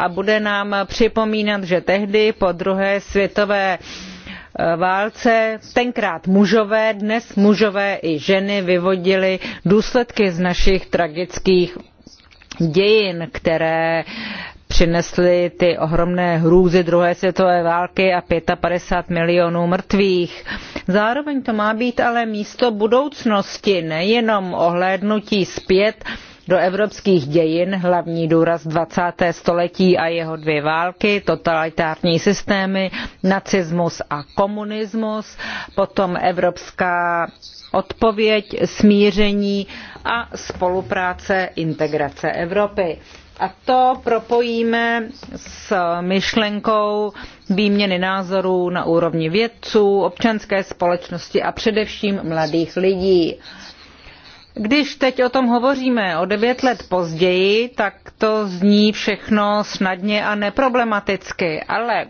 a bude nám připomínat, že tehdy po druhé světové válce tenkrát mužové dnes mužové i ženy vyvodili důsledky z našich tragických dějin které přinesly ty ohromné hrůzy druhé světové války a 55 milionů mrtvých. Zároveň to má být ale místo budoucnosti, nejenom ohlédnutí zpět, do evropských dějin, hlavní důraz 20. století a jeho dvě války, totalitární systémy, nacismus a komunismus, potom evropská odpověď, smíření a spolupráce integrace Evropy. A to propojíme s myšlenkou výměny názorů na úrovni vědců, občanské společnosti a především mladých lidí. Když teď o tom hovoříme o devět let později, tak to zní všechno snadně a neproblematicky, ale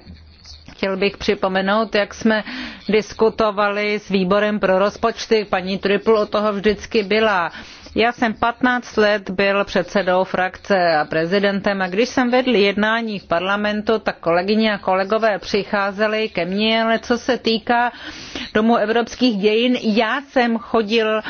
chtěl bych připomenout, jak jsme diskutovali s výborem pro rozpočty, paní Triple o toho vždycky byla. Uh, já jsem 15 let byl předsedou frakce a prezidentem a když jsem vedl jednání v parlamentu, tak kolegyně a kolegové přicházeli ke mně, ale co se týká Domu evropských dějin, já jsem chodil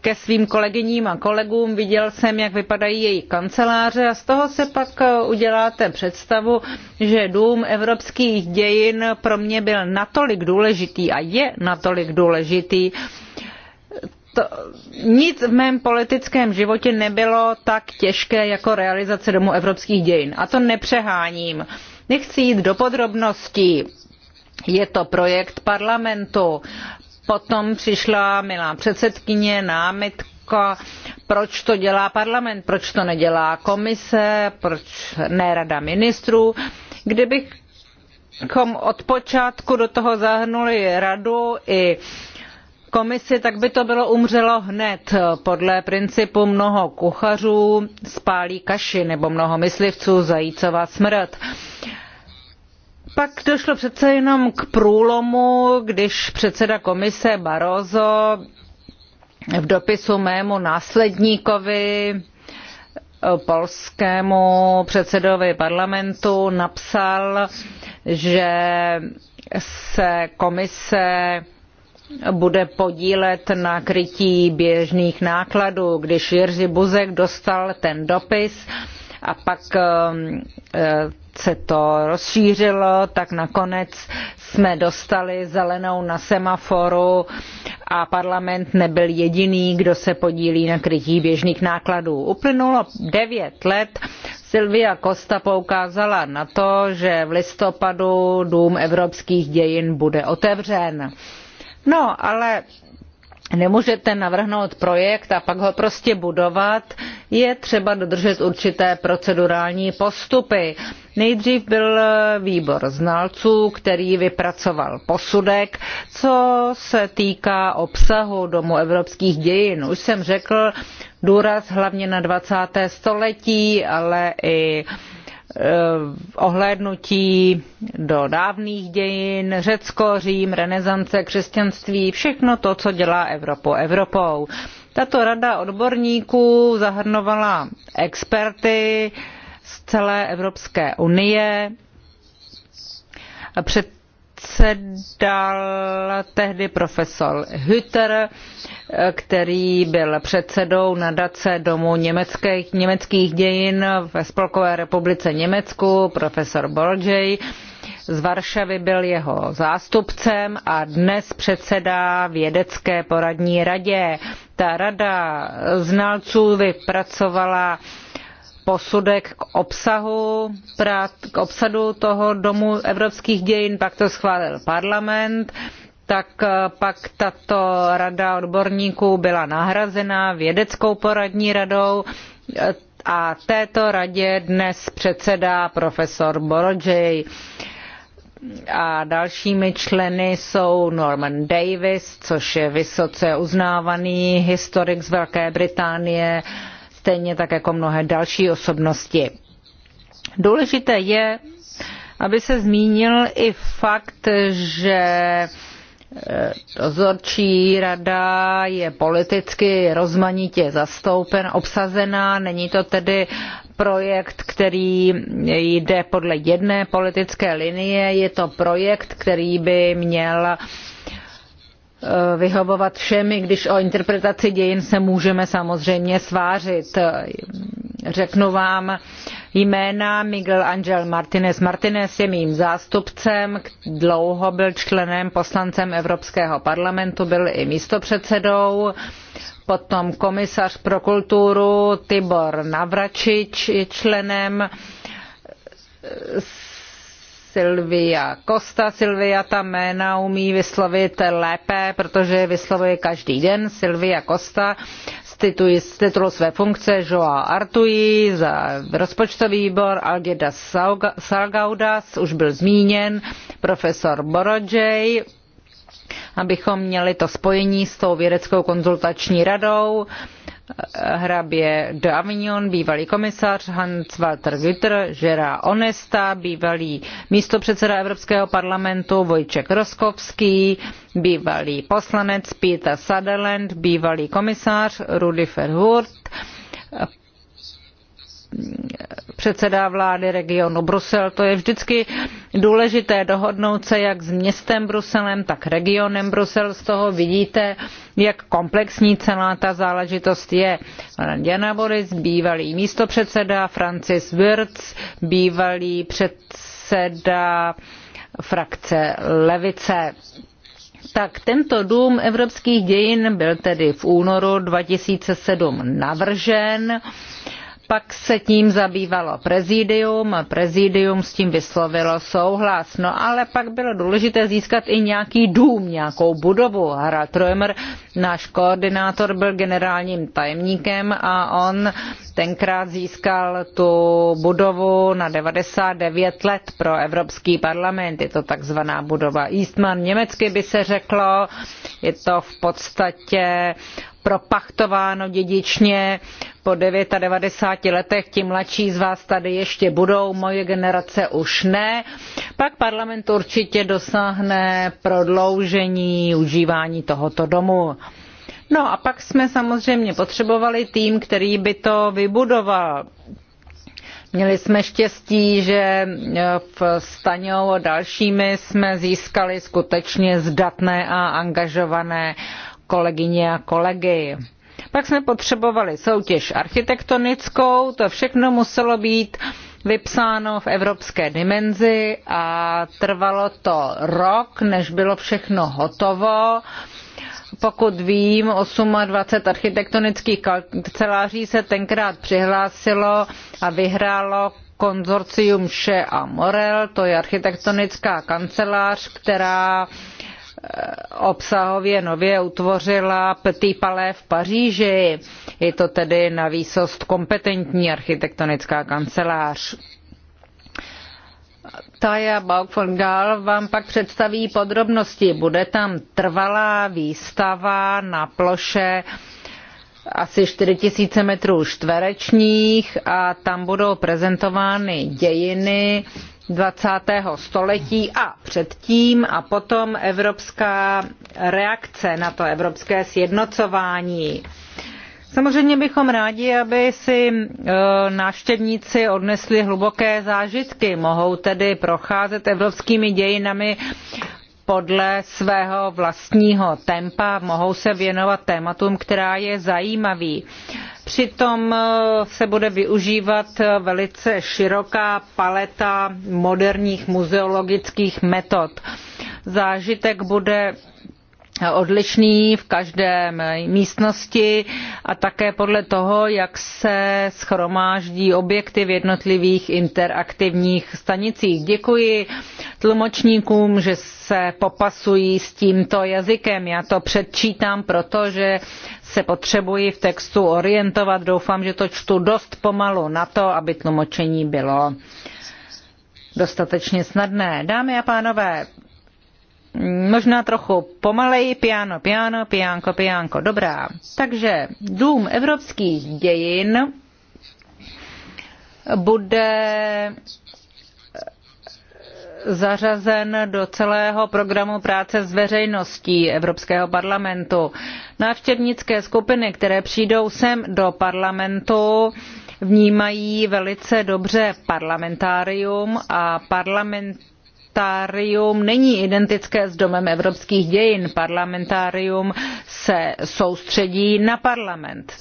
ke svým kolegyním a kolegům, viděl jsem, jak vypadají její kanceláře a z toho se pak uděláte představu, že Dům evropských dějin pro mě byl natolik důležitý a je natolik důležitý, to, nic v mém politickém životě nebylo tak těžké jako realizace Domu evropských dějin. A to nepřeháním. Nechci jít do podrobností. Je to projekt parlamentu. Potom přišla milá předsedkyně, námitka, proč to dělá parlament, proč to nedělá komise, proč ne rada ministrů. Kdybychom bychom od počátku do toho zahrnuli radu i komisi tak by to bylo umřelo hned podle principu mnoho kuchařů spálí kaši nebo mnoho myslivců zajícová smrt. Pak došlo přece jenom k průlomu, když předseda komise Barroso v dopisu mému následníkovi polskému předsedovi parlamentu napsal, že se komise bude podílet na krytí běžných nákladů. Když Jiří Buzek dostal ten dopis a pak eh, eh, se to rozšířilo, tak nakonec jsme dostali zelenou na semaforu a parlament nebyl jediný, kdo se podílí na krytí běžných nákladů. Uplynulo devět let, Silvia Costa poukázala na to, že v listopadu Dům evropských dějin bude otevřen. No, ale nemůžete navrhnout projekt a pak ho prostě budovat, je třeba dodržet určité procedurální postupy. Nejdřív byl výbor znalců, který vypracoval posudek, co se týká obsahu Domu evropských dějin. Už jsem řekl, důraz hlavně na 20. století, ale i Eh, ohlédnutí do dávných dějin, Řecko, Řím, renesance, křesťanství, všechno to, co dělá Evropu Evropou. Tato rada odborníků zahrnovala experty z celé Evropské unie. Před předsedal tehdy profesor Hütter, který byl předsedou nadace Domu německých, německých dějin ve Spolkové republice Německu, profesor Borjej. Z Varšavy byl jeho zástupcem a dnes předsedá vědecké poradní radě. Ta rada znalců vypracovala posudek k obsahu, k obsadu toho domu evropských dějin, pak to schválil parlament, tak eh, pak tato rada odborníků byla nahrazena vědeckou poradní radou eh, a této radě dnes předsedá profesor Borodžej a dalšími členy jsou Norman Davis, což je vysoce uznávaný historik z Velké Británie, stejně tak jako mnohé další osobnosti. Důležité je, aby se zmínil i fakt, že eh, dozorčí rada je politicky rozmanitě zastoupen, obsazená, není to tedy projekt, který jde podle jedné politické linie, je to projekt, který by měl uh, Eh, vyhovovat všemi, když o interpretaci dějin se můžeme samozřejmě svářit. Řeknu vám jména Miguel Angel Martinez. Martinez je mým zástupcem, dlouho byl členem poslancem Evropského parlamentu, byl i místopředsedou, potom komisař pro kulturu Tibor Navračič je členem Silvia Costa. Silvia ta jména umí vyslovit lépe, protože je vyslovuje každý den. Silvia Costa tituji, z titulu své funkce Joa Artui za rozpočtový výbor, Algeda Salgaudas, už byl zmíněn, profesor Borodžej, abychom měli to spojení s tou vědeckou konzultační radou hrabě Davignon, bývalý komisař Hans-Walter Güter, Žera Onesta, bývalý místopředseda Evropského parlamentu Vojček Roskovský, bývalý poslanec Peter Sutherland, bývalý komisař Rudy Ferhurt předsedá vlády regionu Brusel. To je vždycky důležité dohodnout se jak s městem Bruselem, tak regionem Brusel. Z toho vidíte, jak komplexní celá ta záležitost je. Jana Boris, bývalý místopředseda, Francis Wirtz, bývalý předseda frakce Levice. Tak tento dům evropských dějin byl tedy v únoru 2007 navržen. Pak se tím zabývalo prezidium a prezidium s tím vyslovilo souhlas. No ale pak bylo důležité získat i nějaký dům, nějakou budovu. Harald Römer, náš koordinátor, byl generálním tajemníkem a on tenkrát získal tu budovu na 99 let pro Evropský parlament. Je to takzvaná budova Eastman. Německy by se řeklo, je to v podstatě propachtováno dědičně po 99 letech, ti mladší z vás tady ještě budou, moje generace už ne. Pak parlament určitě dosáhne prodloužení užívání tohoto domu. No a pak jsme samozřejmě potřebovali tým, který by to vybudoval. Měli jsme štěstí, že e, v Staňou a dalšími jsme získali skutečně zdatné a angažované uh, kolegyně a kolegy. Pak jsme potřebovali soutěž architektonickou, to všechno muselo být vypsáno v evropské dimenzi a trvalo to rok, než bylo všechno hotovo. Pokud vím, 28 architektonických kanceláří se tenkrát přihlásilo a vyhrálo konzorcium Še a Morel, to je architektonická kancelář, která obsahově nově utvořila Petit Palais v Paříži. Je to tedy na výsost kompetentní architektonická kancelář. Taja Bauk von Gaal vám pak představí podrobnosti. Bude tam trvalá výstava na ploše asi 4000 metrů čtverečních a tam budou prezentovány dějiny 20. století a předtím a potom evropská reakce na to evropské sjednocování. Samozřejmě bychom rádi, aby si e, návštěvníci odnesli hluboké zážitky. Mohou tedy procházet evropskými dějinami podle svého vlastního tempa, mohou se věnovat tématům, která je zajímavý. Přitom eh, se bude využívat eh, velice široká paleta moderních muzeologických metod. Zážitek bude odlišný v každé místnosti a také podle toho, jak se schromáždí objekty v jednotlivých interaktivních stanicích. Děkuji tlumočníkům, že se popasují s tímto jazykem. Já to předčítám, protože se potřebuji v textu orientovat. Doufám, že to čtu dost pomalu na to, aby tlumočení bylo dostatečně snadné. Dámy a pánové, možná trochu pomaleji, piano, piano, pianko, pianko, dobrá. Takže Dům evropských dějin bude eh, zařazen do celého programu práce s veřejností Evropského parlamentu. Návštěvnické skupiny, které přijdou sem do parlamentu, vnímají velice dobře parlamentárium a parlament parlamentárium není identické s domem evropských dějin. Parlamentárium se soustředí na parlament.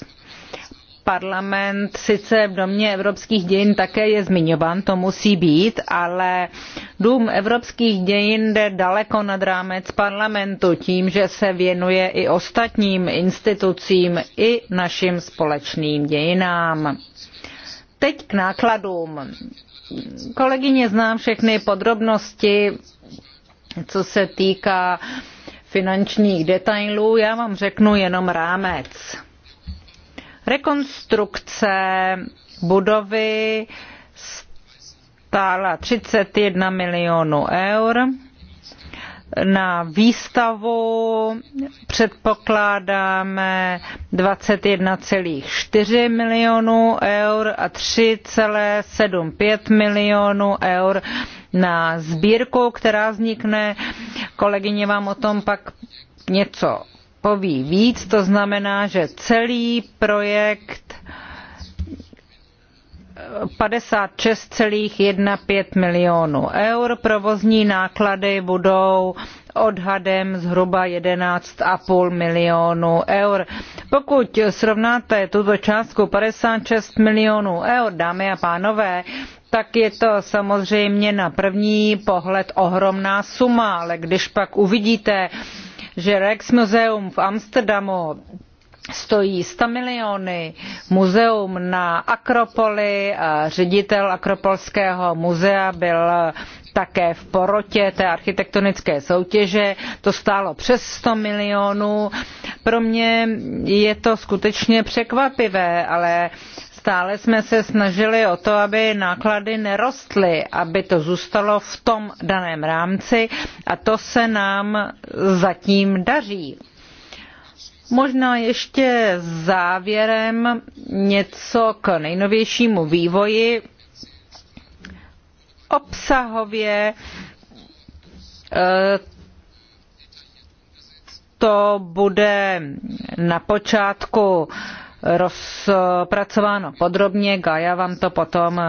Parlament sice v domě evropských dějin také je zmiňován, to musí být, ale dům evropských dějin jde daleko nad rámec parlamentu tím, že se věnuje i ostatním institucím, i našim společným dějinám. Teď k nákladům kolegyně znám všechny podrobnosti, co se týká finančních detailů. Já vám řeknu jenom rámec. Rekonstrukce budovy stála 31 milionů eur na výstavu předpokládáme 21,4 milionů eur a 3,75 milionů eur na sbírku, která vznikne. Kolegyně vám o tom pak něco poví víc, to znamená, že celý projekt 56,15 milionů eur. Provozní náklady budou odhadem zhruba 11,5 milionů eur. Pokud srovnáte tuto částku 56 milionů eur, dámy a pánové, tak je to samozřejmě na první pohled ohromná suma, ale když pak uvidíte, že Rex Museum v Amsterdamu stojí 100 miliony muzeum na Akropoli a eh, ředitel Akropolského muzea byl eh, také v porotě té architektonické soutěže. To stálo přes 100 milionů. Pro mě je to skutečně překvapivé, ale stále jsme se snažili o to, aby náklady nerostly, aby to zůstalo v tom daném rámci a to se nám zatím daří Možná ještě závěrem něco k nejnovějšímu vývoji. Obsahově eh, to bude na počátku rozpracováno podrobně, Gaja vám to potom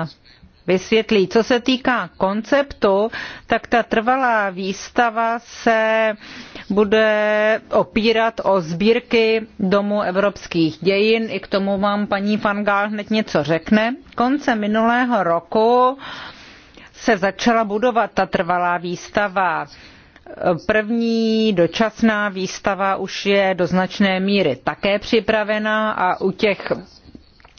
vysvětlí. Co se týká konceptu, tak ta trvalá výstava se bude opírat o sbírky Domu evropských dějin. I k tomu vám paní Fangál hned něco řekne. Konce minulého roku se začala budovat ta trvalá výstava. První dočasná výstava už je do značné míry také připravena a u těch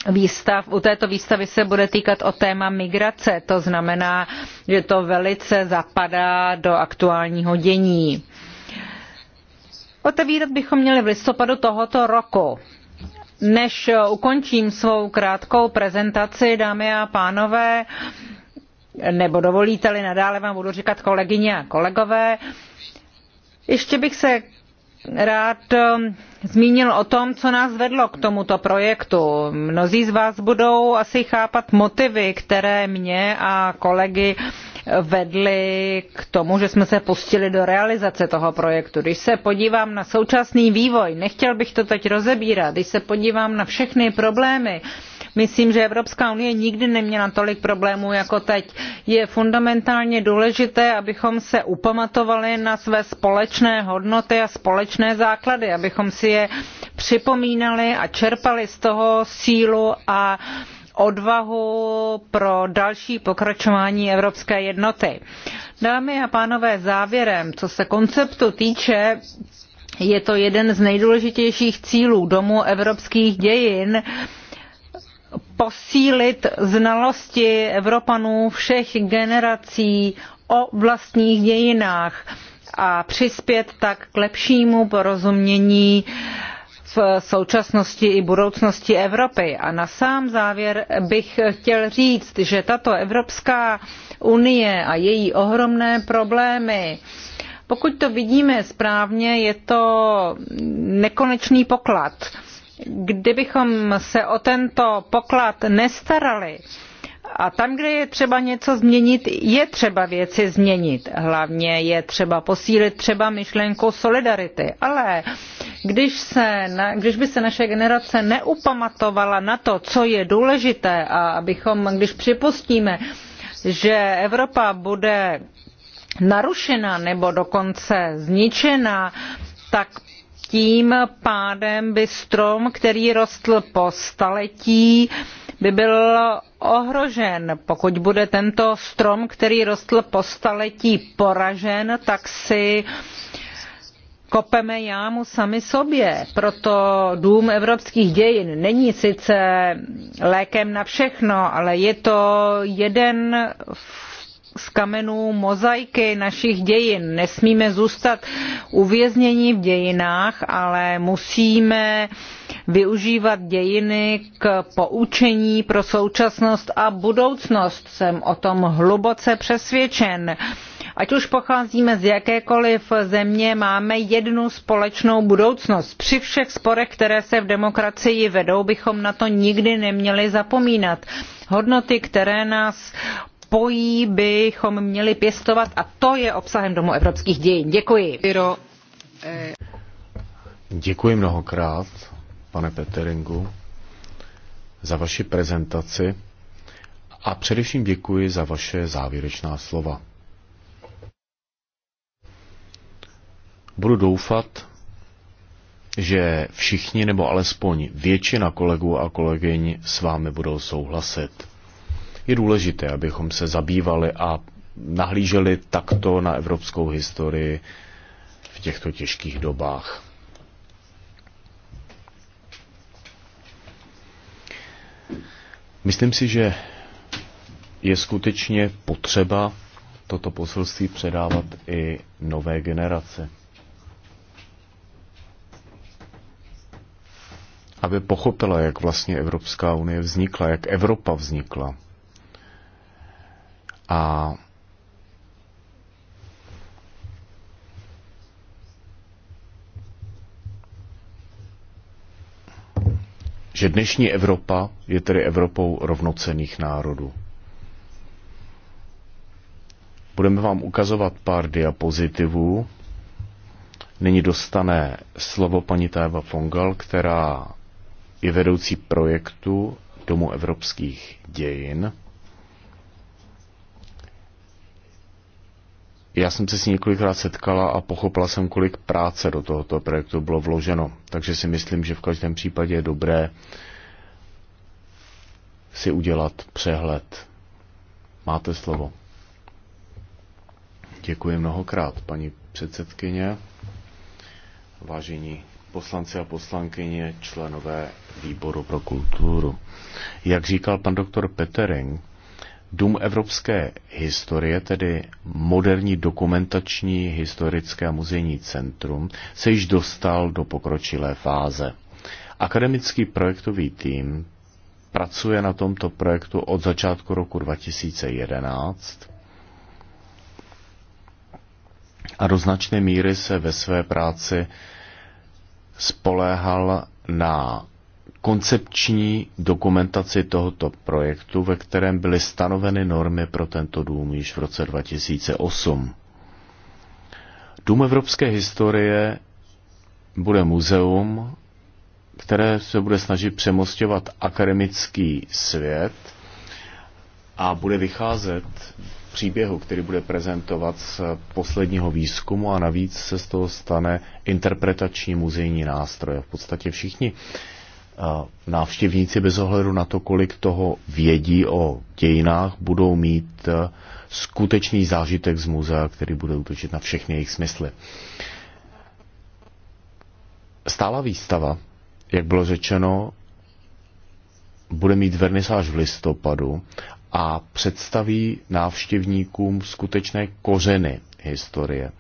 výstav, u této výstavy se bude týkat o téma migrace, to znamená, že to velice zapadá do aktuálního dění. Otevírat bychom měli v listopadu tohoto roku. Než ukončím svou krátkou prezentaci, dámy a pánové, nebo dovolíte-li, nadále vám budu říkat kolegyně a kolegové, ještě bych se rád um, zmínil o tom, co nás vedlo k tomuto projektu. Mnozí z vás budou asi chápat motivy, které mě a kolegy uh, vedly k tomu, že jsme se pustili do realizace toho projektu. Když se podívám na současný vývoj, nechtěl bych to teď rozebírat, když se podívám na všechny problémy, myslím, že Evropská unie nikdy neměla tolik problémů jako teď. Je fundamentálně důležité, abychom se upamatovali na své společné hodnoty a společné základy, abychom si je připomínali a čerpali z toho sílu a uh, odvahu pro další pokračování evropské jednoty. Dámy a pánové, závěrem, co se konceptu týče, je to jeden z nejdůležitějších cílů Domu evropských dějin, posílit znalosti Evropanů všech generací o vlastních dějinách a přispět tak k lepšímu porozumění uh, v současnosti i budoucnosti Evropy. A na sám závěr bych chtěl říct, že tato Evropská unie a její ohromné problémy, pokud to vidíme správně, je to nekonečný poklad. Kdybychom se o tento poklad nestarali, a tam, kde je třeba něco změnit, je třeba věci změnit. Hlavně je třeba posílit třeba myšlenku solidarity. Ale když, se, když by se naše generace neupamatovala na to, co je důležité a abychom, když připustíme, že Evropa bude narušena nebo dokonce zničena, tak tím pádem by strom, který rostl po staletí, by byl ohrožen. Pokud bude tento strom, který rostl po staletí, poražen, tak si uh, kopeme jámu sami sobě. Proto Dům evropských dějin není sice lékem na všechno, ale je to jeden z kamenů mozaiky našich dějin. Nesmíme zůstat uvězněni v dějinách, ale musíme využívat dějiny k poučení pro současnost a budoucnost. Jsem o tom hluboce přesvědčen. Ať už pocházíme z jakékoliv země, máme jednu společnou budoucnost. Při všech sporech, které se v demokracii vedou, bychom na to nikdy neměli zapomínat. Hodnoty, které nás pojí, bychom měli pěstovat a to je obsahem Domu evropských dějin. Děkuji. Eh, děkuji mnohokrát, pane Peteringu, za vaši prezentaci a především děkuji za vaše závěrečná slova. Budu doufat, že všichni nebo alespoň většina kolegů a kolegyň s vámi budou souhlasit. Je důležité, abychom se zabývali a nahlíželi takto na evropskou historii v těchto těžkých dobách. Myslím si, že je skutečně potřeba toto poselství předávat i nové generace. aby pochopila, jak vlastně Evropská unie vznikla, jak Evropa vznikla. A že dnešní Evropa je tedy Evropou rovnocených národů. Budeme vám ukazovat pár diapozitivů. Nyní dostane slovo paní Téva Fongal, která je vedoucí projektu Domu evropských dějin. Já jsem se s ní několikrát setkala a pochopila jsem, kolik práce do tohoto projektu bylo vloženo. Takže si myslím, že v každém případě je dobré si udělat přehled. Máte slovo. Děkuji mnohokrát, paní předsedkyně, vážení poslanci a poslankyně, členové výboru pro kulturu. Jak říkal pan doktor Petering, Dům evropské historie, tedy moderní dokumentační historické a muzejní centrum, se již dostal do pokročilé fáze. Akademický projektový tým pracuje na tomto projektu od začátku roku 2011 a do značné míry se ve své práci spoléhal na koncepční dokumentaci tohoto projektu, ve kterém byly stanoveny normy pro tento dům již v roce 2008. Dům evropské historie bude muzeum, které se bude snažit přemostěvat akademický svět a bude vycházet příběhu, který bude prezentovat z posledního výzkumu a navíc se z toho stane interpretační muzejní nástroj. V podstatě všichni eh, návštěvníci bez ohledu na to, kolik toho vědí o dějinách, budou mít eh, skutečný zážitek z muzea, který bude útočit na všechny jejich smysly. Stála výstava, jak bylo řečeno, bude mít vernisáž v listopadu a představí návštěvníkům skutečné kořeny historie.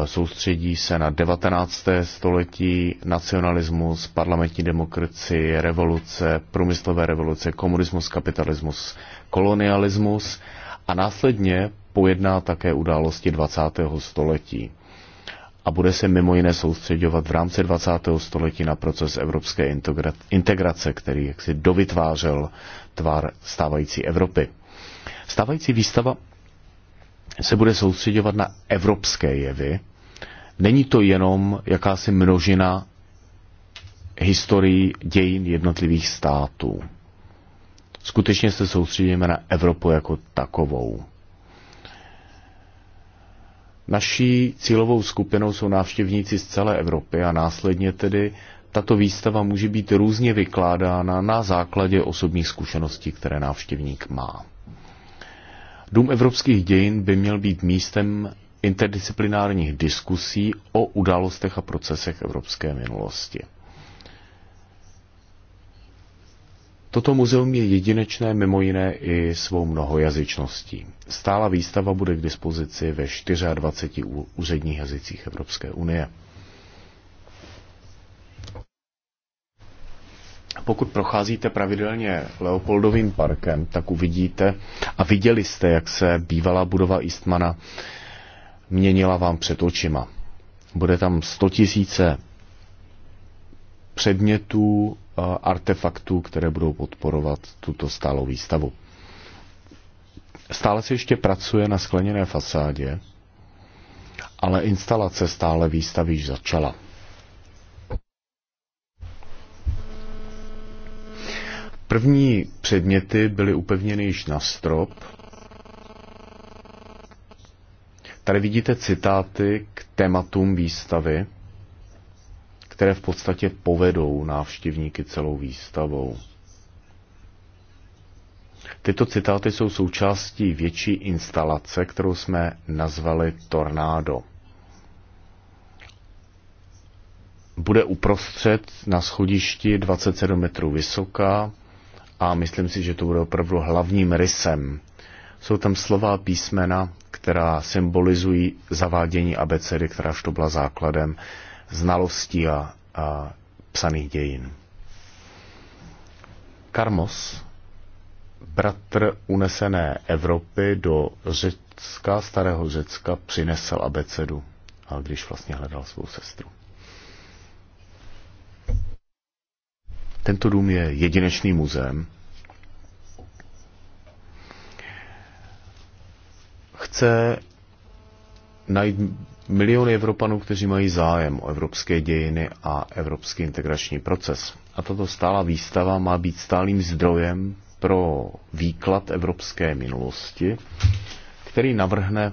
E, soustředí se na 19. století, nacionalismus, parlamentní demokracie, revoluce, průmyslové revoluce, komunismus, kapitalismus, kolonialismus a následně pojedná také události 20. století a bude se mimo jiné soustředovat v rámci 20. století na proces evropské integrace, který jaksi dovytvářel tvar stávající Evropy. Stávající výstava se bude soustředovat na evropské jevy. Není to jenom jakási množina historií dějin jednotlivých států. Skutečně se soustředíme na Evropu jako takovou. Naší cílovou skupinou jsou návštěvníci z celé Evropy a následně tedy tato výstava může být různě vykládána na základě osobních zkušeností, které návštěvník má. Dům evropských dějin by měl být místem interdisciplinárních diskusí o událostech a procesech evropské minulosti. Toto muzeum je jedinečné mimo jiné i svou mnohojazyčností. Stála výstava bude k dispozici ve 24 úředních jazycích Evropské unie. Pokud procházíte pravidelně Leopoldovým parkem, tak uvidíte a viděli jste, jak se bývalá budova Istmana měnila vám před očima. Bude tam 100 tisíce předmětů, artefaktů, které budou podporovat tuto stálou výstavu. Stále se ještě pracuje na skleněné fasádě, ale instalace stále výstavy již začala. První předměty byly upevněny již na strop. Tady vidíte citáty k tématům výstavy, které v podstatě povedou návštěvníky celou výstavou. Tyto citáty jsou součástí větší instalace, kterou jsme nazvali Tornádo. Bude uprostřed na schodišti 27 metrů vysoká, a myslím si, že to bude opravdu hlavním rysem. Jsou tam slova písmena, která symbolizují zavádění abecedy, která to byla základem znalostí a, a psaných dějin. Karmos, bratr unesené Evropy do Řecka, starého Řecka, přinesl abecedu, a když vlastně hledal svou sestru. Tento dům je jedinečným muzeem. Chce najít miliony Evropanů, kteří mají zájem o evropské dějiny a evropský integrační proces. A tato stála výstava má být stálým zdrojem pro výklad evropské minulosti, který navrhne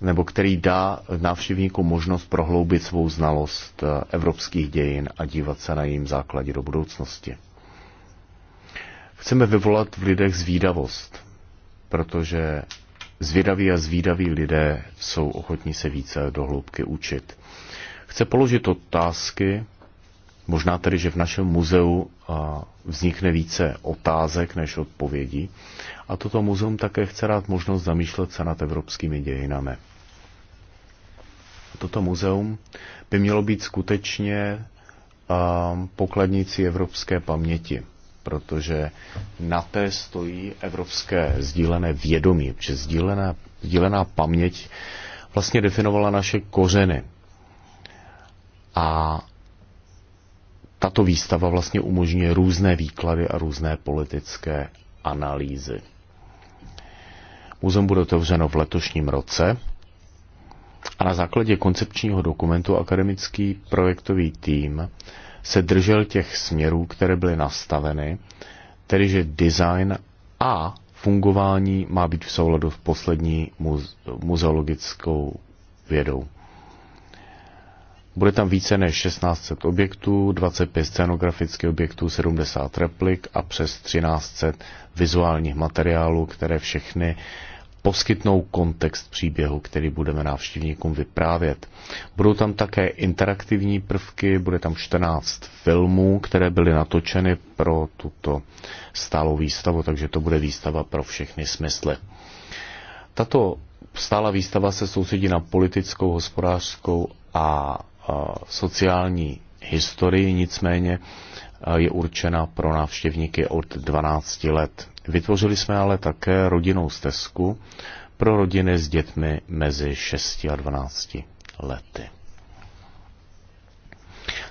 nebo který dá návštěvníku možnost prohloubit svou znalost eh, evropských dějin a dívat se na jejím základě do budoucnosti. Chceme vyvolat v lidech zvídavost, protože zvědaví a zvídaví lidé jsou ochotní se více do hloubky učit. Chce položit otázky, Možná tedy, že v našem muzeu vznikne více otázek než odpovědí. A toto muzeum také chce dát možnost zamýšlet se nad evropskými dějinami. Toto muzeum by mělo být skutečně pokladnici evropské paměti, protože na té stojí evropské sdílené vědomí, protože sdílená, sdílená paměť vlastně definovala naše kořeny. A tato výstava vlastně umožňuje různé výklady a různé politické analýzy. Muzeum bude otevřeno v letošním roce a na základě koncepčního dokumentu akademický projektový tým se držel těch směrů, které byly nastaveny, tedy že design a fungování má být v souladu s poslední muzeologickou vědou. Bude tam více než 1600 objektů, 25 scenografických objektů, 70 replik a přes 1300 vizuálních materiálů, které všechny poskytnou kontext příběhu, který budeme návštěvníkům vyprávět. Budou tam také interaktivní prvky, bude tam 14 filmů, které byly natočeny pro tuto stálou výstavu, takže to bude výstava pro všechny smysly. Tato stála výstava se soustředí na politickou, hospodářskou a sociální historii, nicméně e, je určena pro návštěvníky od 12 let. Vytvořili jsme ale také rodinnou stezku pro rodiny s dětmi mezi 6 a 12 lety.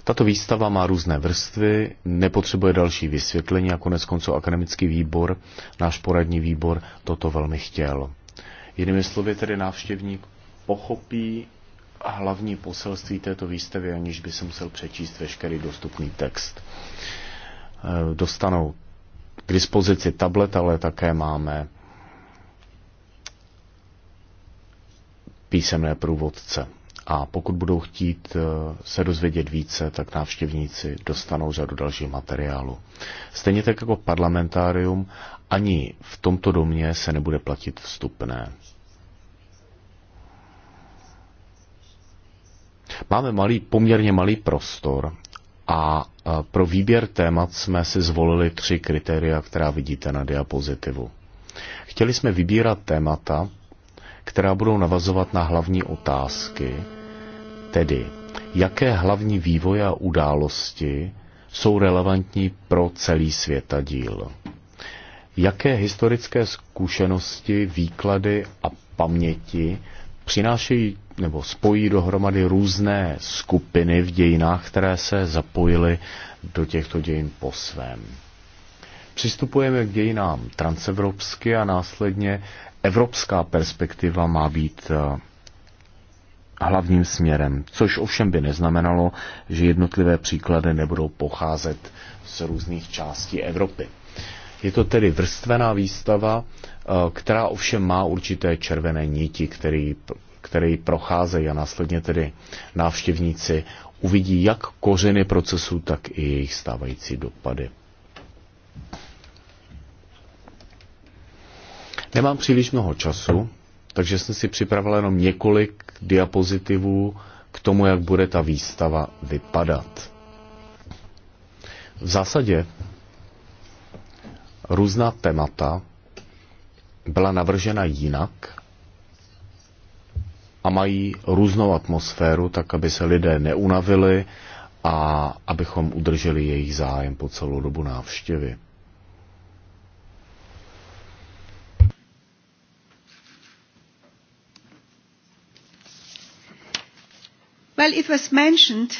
Tato výstava má různé vrstvy, nepotřebuje další vysvětlení a konec konců akademický výbor, náš poradní výbor, toto velmi chtěl. Jinými slovy tedy návštěvník pochopí hlavní poselství této výstavy, aniž by se musel přečíst veškerý dostupný text. Eh, dostanou k dispozici tablet, ale také máme písemné průvodce. A pokud budou chtít eh, se dozvědět více, tak návštěvníci dostanou řadu dalších materiálu. Stejně tak jako parlamentárium, ani v tomto domě se nebude platit vstupné. Máme malý, poměrně malý prostor a e, pro výběr témat jsme si zvolili tři kritéria, která vidíte na diapozitivu. Chtěli jsme vybírat témata, která budou navazovat na hlavní otázky, tedy jaké hlavní vývoje a události jsou relevantní pro celý světadíl. Jaké historické zkušenosti, výklady a paměti přinášejí nebo spojí dohromady různé skupiny v dějinách, které se zapojily do těchto dějin po svém. Přistupujeme k dějinám transevropsky a následně evropská perspektiva má být eh, hlavním směrem, což ovšem by neznamenalo, že jednotlivé příklady nebudou pocházet z různých částí Evropy. Je to tedy vrstvená výstava, eh, která ovšem má určité červené níti, který, který procházejí a následně tedy návštěvníci uvidí jak kořeny procesu, tak i jejich stávající dopady. Nemám příliš mnoho času, takže jsem si připravil jenom několik diapozitivů k tomu, jak bude ta výstava vypadat. V zásadě různá témata byla navržena jinak a mají různou atmosféru, tak aby se lidé neunavili a abychom udrželi jejich zájem po celou dobu návštěvy. Well, it was mentioned.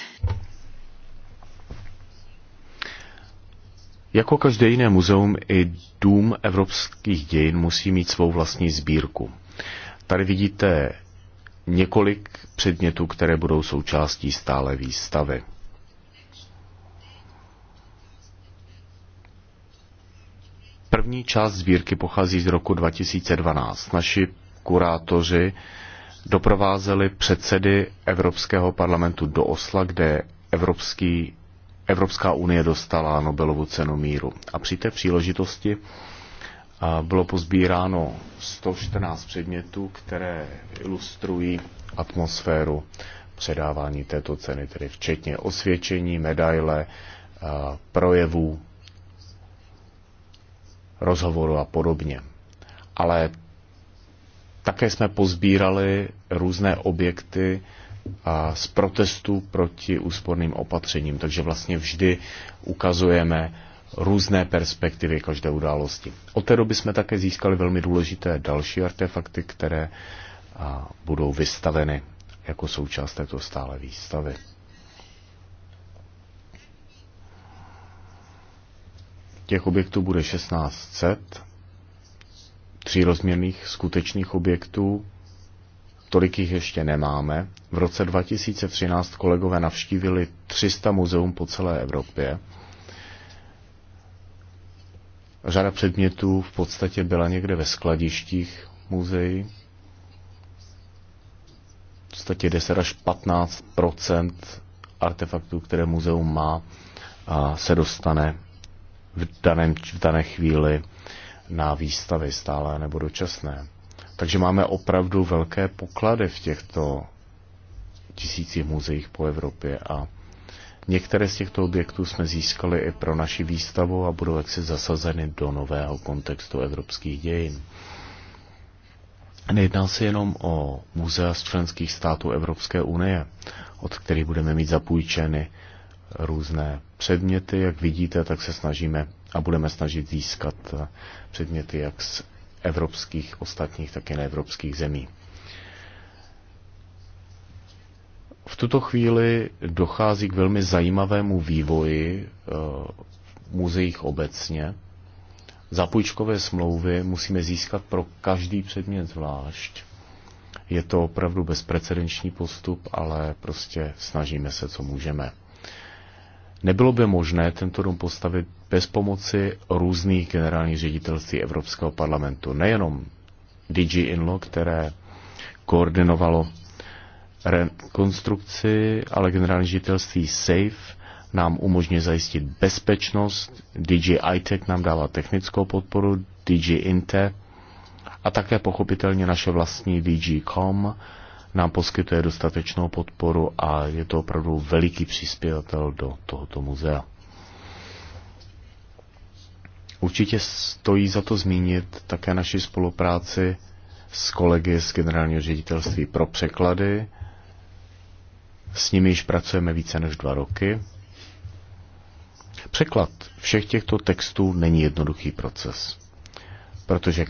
Jako každé jiné muzeum, i Dům evropských dějin musí mít svou vlastní sbírku. Tady vidíte několik předmětů, které budou součástí stále výstavy. První část sbírky pochází z roku 2012. Naši kurátoři doprovázeli předsedy Evropského parlamentu do Osla, kde Evropský Evropská unie dostala Nobelovu cenu míru. A při té příležitosti bylo pozbíráno 114 předmětů, které ilustrují atmosféru předávání této ceny, tedy včetně osvědčení, medaile, projevů, rozhovoru a podobně. Ale také jsme pozbírali různé objekty z protestu proti úsporným opatřením. Takže vlastně vždy ukazujeme různé perspektivy každé události. Od té doby jsme také získali velmi důležité další artefakty, které budou vystaveny jako součást této stále výstavy. Těch objektů bude 1600, třírozměrných skutečných objektů, tolik jich ještě nemáme. V roce 2013 kolegové navštívili 300 muzeum po celé Evropě. Řada předmětů v podstatě byla někde ve skladištích muzeí. V podstatě 10 až 15 artefaktů, které muzeum má, a se dostane v, daném, v dané chvíli na výstavy stále nebo dočasné. Takže máme opravdu velké poklady v těchto tisících muzeích po Evropě a některé z těchto objektů jsme získali i pro naši výstavu a budou jaksi zasazeny do nového kontextu evropských dějin. Nejedná se jenom o muzea z členských států Evropské unie, od kterých budeme mít zapůjčeny různé předměty. Jak vidíte, tak se snažíme a budeme snažit získat předměty jak z evropských, ostatních také neevropských zemí. V tuto chvíli dochází k velmi zajímavému vývoji eh, v muzeích obecně. Zapůjčkové smlouvy musíme získat pro každý předmět zvlášť. Je to opravdu bezprecedenční postup, ale prostě snažíme se, co můžeme. Nebylo by možné tento dom postavit bez pomoci různých generálních ředitelství Evropského parlamentu. Nejenom DG Inlo, které koordinovalo rekonstrukci, ale generální ředitelství SAFE nám umožňuje zajistit bezpečnost, DG ITEC nám dává technickou podporu, DG INTE a také pochopitelně naše vlastní DG COM nám poskytuje dostatečnou podporu a je to opravdu veliký přispěvatel do tohoto muzea. Určitě stojí za to zmínit také naši spolupráci s kolegy z Generálního ředitelství pro překlady. S nimi již pracujeme více než dva roky. Překlad všech těchto textů není jednoduchý proces, protože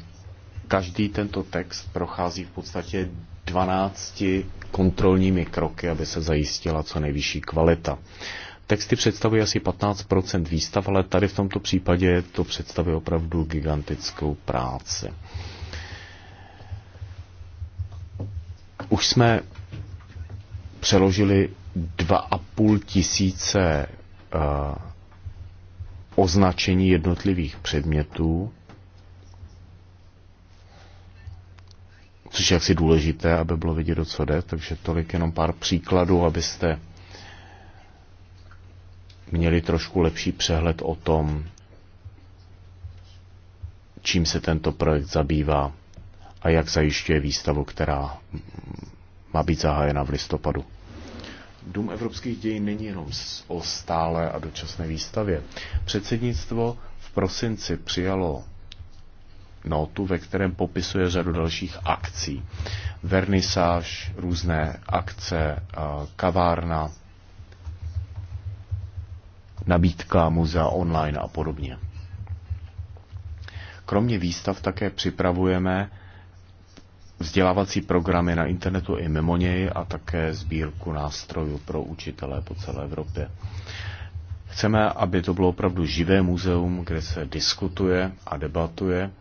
každý tento text prochází v podstatě 12 kontrolními kroky, aby se zajistila co nejvyšší kvalita. Texty představují asi 15 výstav, ale tady v tomto případě to představuje opravdu gigantickou práci. Už jsme přeložili 2,5 tisíce uh, označení jednotlivých předmětů, což je jaksi důležité, aby bylo vidět, do co jde, takže tolik jenom pár příkladů, abyste měli trošku lepší přehled o tom, čím se tento projekt zabývá a jak zajišťuje výstavu, která má být zahájena v listopadu. Dům evropských dějin není jenom o stále a dočasné výstavě. Předsednictvo v prosinci přijalo notu, ve kterém popisuje řadu dalších akcí. Vernisáž, různé akce, kavárna, nabídka muzea online a podobně. Kromě výstav také připravujeme vzdělávací programy na internetu i mimo něj a také sbírku nástrojů pro učitele po celé Evropě. Chceme, aby to bylo opravdu živé muzeum, kde se diskutuje a debatuje,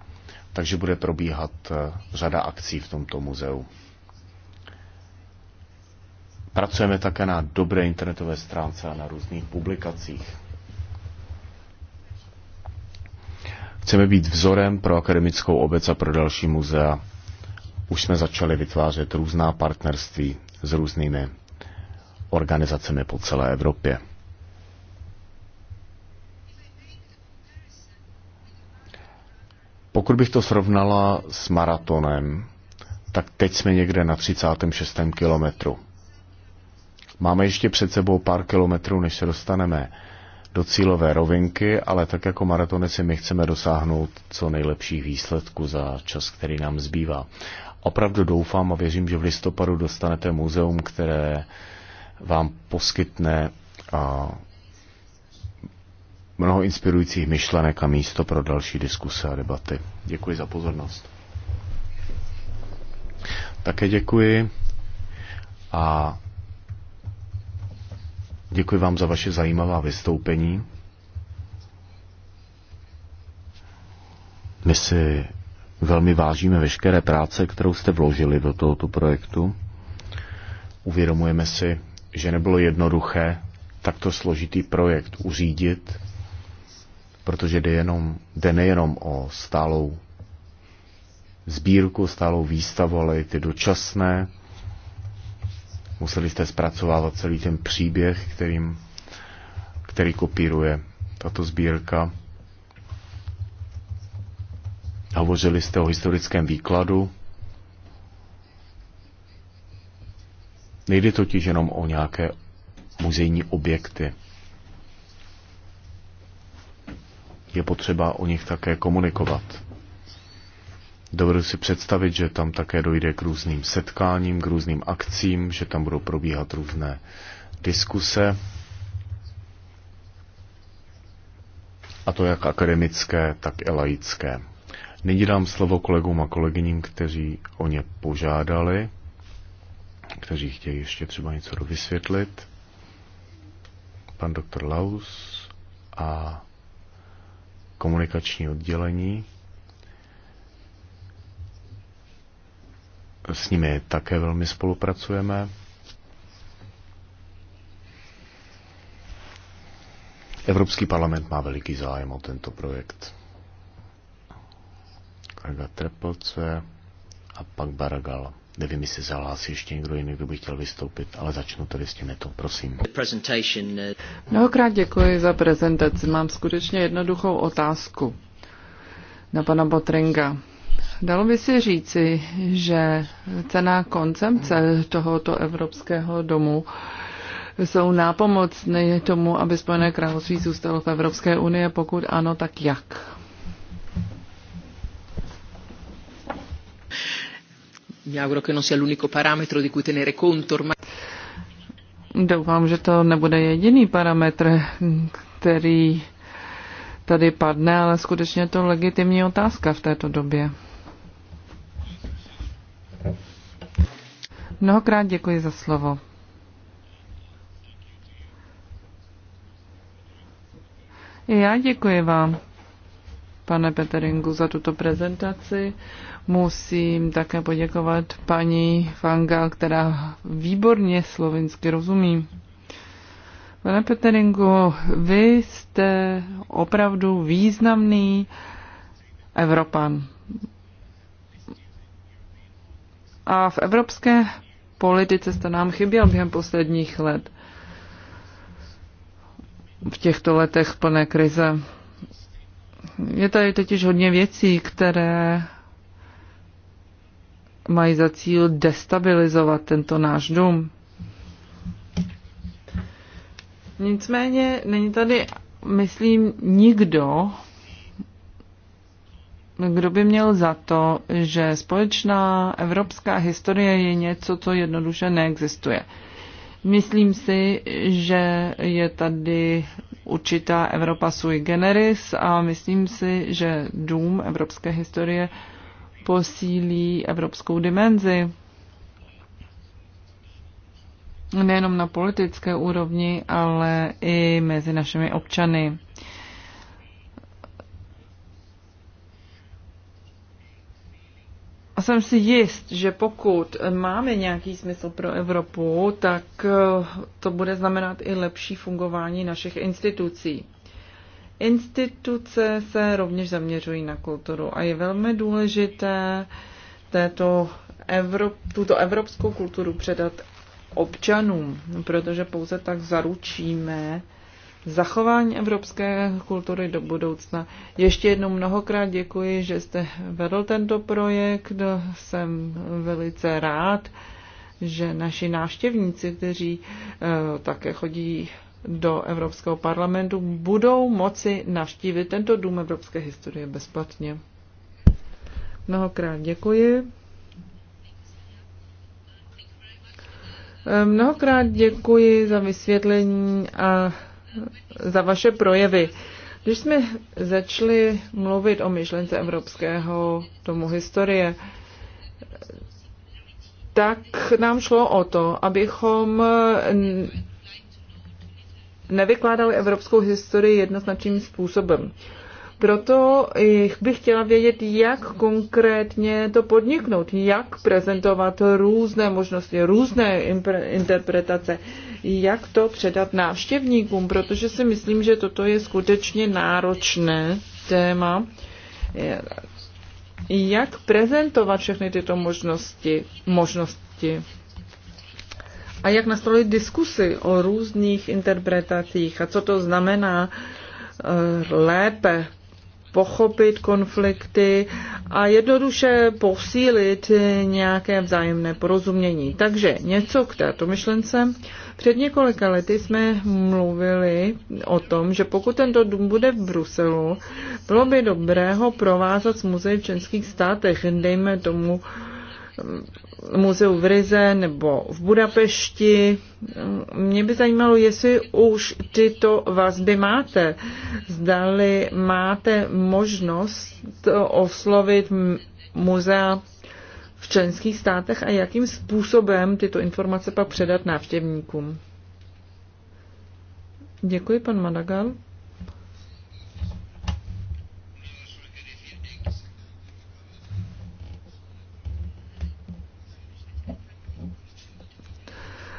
takže bude probíhat eh, řada akcí v tomto muzeu. Pracujeme také na dobré internetové stránce a na různých publikacích. Chceme být vzorem pro akademickou obec a pro další muzea. Už jsme začali vytvářet různá partnerství s různými organizacemi po celé Evropě. Pokud bych to srovnala s maratonem, tak teď jsme někde na 36. kilometru. Máme ještě před sebou pár kilometrů, než se dostaneme do cílové rovinky, ale tak jako maratonici my chceme dosáhnout co nejlepších výsledků za čas, který nám zbývá. Opravdu doufám a věřím, že v listopadu dostanete muzeum, které vám poskytne a, mnoho inspirujících myšlenek a místo pro další diskuse a debaty. Děkuji za pozornost. Také děkuji a Děkuji vám za vaše zajímavá vystoupení. My si velmi vážíme veškeré práce, kterou jste vložili do tohoto projektu. Uvědomujeme si, že nebylo jednoduché takto složitý projekt uřídit, protože jde, jenom, jde nejenom o stálou sbírku, stálou výstavu, ale i ty dočasné Museli jste zpracovávat celý ten příběh, kterým, který kopíruje tato sbírka. Hovořili jste o historickém výkladu. Nejde totiž jenom o nějaké muzejní objekty. Je potřeba o nich také komunikovat. Dovedu si představit, že tam také dojde k různým setkáním, k různým akcím, že tam budou probíhat různé diskuse. A to jak akademické, tak i laické. Nyní dám slovo kolegům a kolegyním, kteří o ně požádali, kteří chtějí ještě třeba něco vysvětlit. Pan doktor Laus a komunikační oddělení. s nimi také velmi spolupracujeme. Evropský parlament má veliký zájem o tento projekt. Kolega Trepelce a pak Baragal. Nevím, jestli se hlásí ještě někdo jiný, kdo by chtěl vystoupit, ale začnu tedy s tím, to prosím. Uh, Mnohokrát děkuji za prezentaci. Mám skutečně jednoduchou otázku na pana Botringa. Dalo by si říci, že cená koncepce tohoto evropského domu jsou nápomocné tomu, aby Spojené království zůstalo v Evropské unii, pokud ano, tak jak? Doufám, že to nebude jediný parametr, který tady padne, ale skutečně to legitimní otázka v této době. Mnohokrát děkuji za slovo. I já děkuji vám, pane Peteringu, za tuto prezentaci. Musím také poděkovat paní Fangal, která výborně slovinsky rozumí. Pane Peteringu, vy jste opravdu významný Evropan. A v evropské politice jste nám chyběl během posledních let. V těchto letech plné krize. Je tady totiž hodně věcí, které mají za cíl destabilizovat tento náš dům. Nicméně není tady, myslím, nikdo, kdo by měl za to, že společná evropská historie je něco, co jednoduše neexistuje. Myslím si, že je tady určitá Evropa sui generis a myslím si, že dům evropské historie posílí evropskou dimenzi. Nejenom na politické úrovni, ale i mezi našimi občany. A jsem si jist, že pokud máme nějaký smysl pro Evropu, tak eh, to bude znamenat i lepší fungování našich institucí. Instituce se rovněž zaměřují na kulturu a je velmi důležité této Evrop, tuto evropskou kulturu předat občanům, protože pouze tak zaručíme, zachování evropské kultury do budoucna. Ještě jednou mnohokrát děkuji, že jste vedl tento projekt. Jsem velice rád, že naši návštěvníci, kteří eh, také chodí do Evropského parlamentu, budou moci navštívit tento dům evropské historie bezplatně. Mnohokrát děkuji. Eh, mnohokrát děkuji za vysvětlení a za vaše projevy. Když jsme začali mluvit o myšlence Evropského domu historie, tak nám šlo o to, abychom nevykládali evropskou historii jednoznačným způsobem. Proto bych chtěla vědět, jak konkrétně to podniknout, jak prezentovat různé možnosti, různé interpretace, jak to předat návštěvníkům, protože si myslím, že toto je skutečně náročné téma. Jak prezentovat všechny tyto možnosti, možnosti a jak nastavit diskusy o různých interpretacích a co to znamená eh, lépe pochopit konflikty a jednoduše posílit nějaké vzájemné porozumění. Takže něco k této myšlence. Před několika lety jsme mluvili o tom, že pokud tento dům bude v Bruselu, bylo by dobré ho provázat s muzeem v Českých státech, dejme tomu muzeu v Rize nebo v Budapešti. Mě by zajímalo, jestli už tyto vazby máte. Zdali máte možnost oslovit muzea v členských státech a jakým způsobem tyto informace pak předat návštěvníkům. Děkuji, pan Madagal.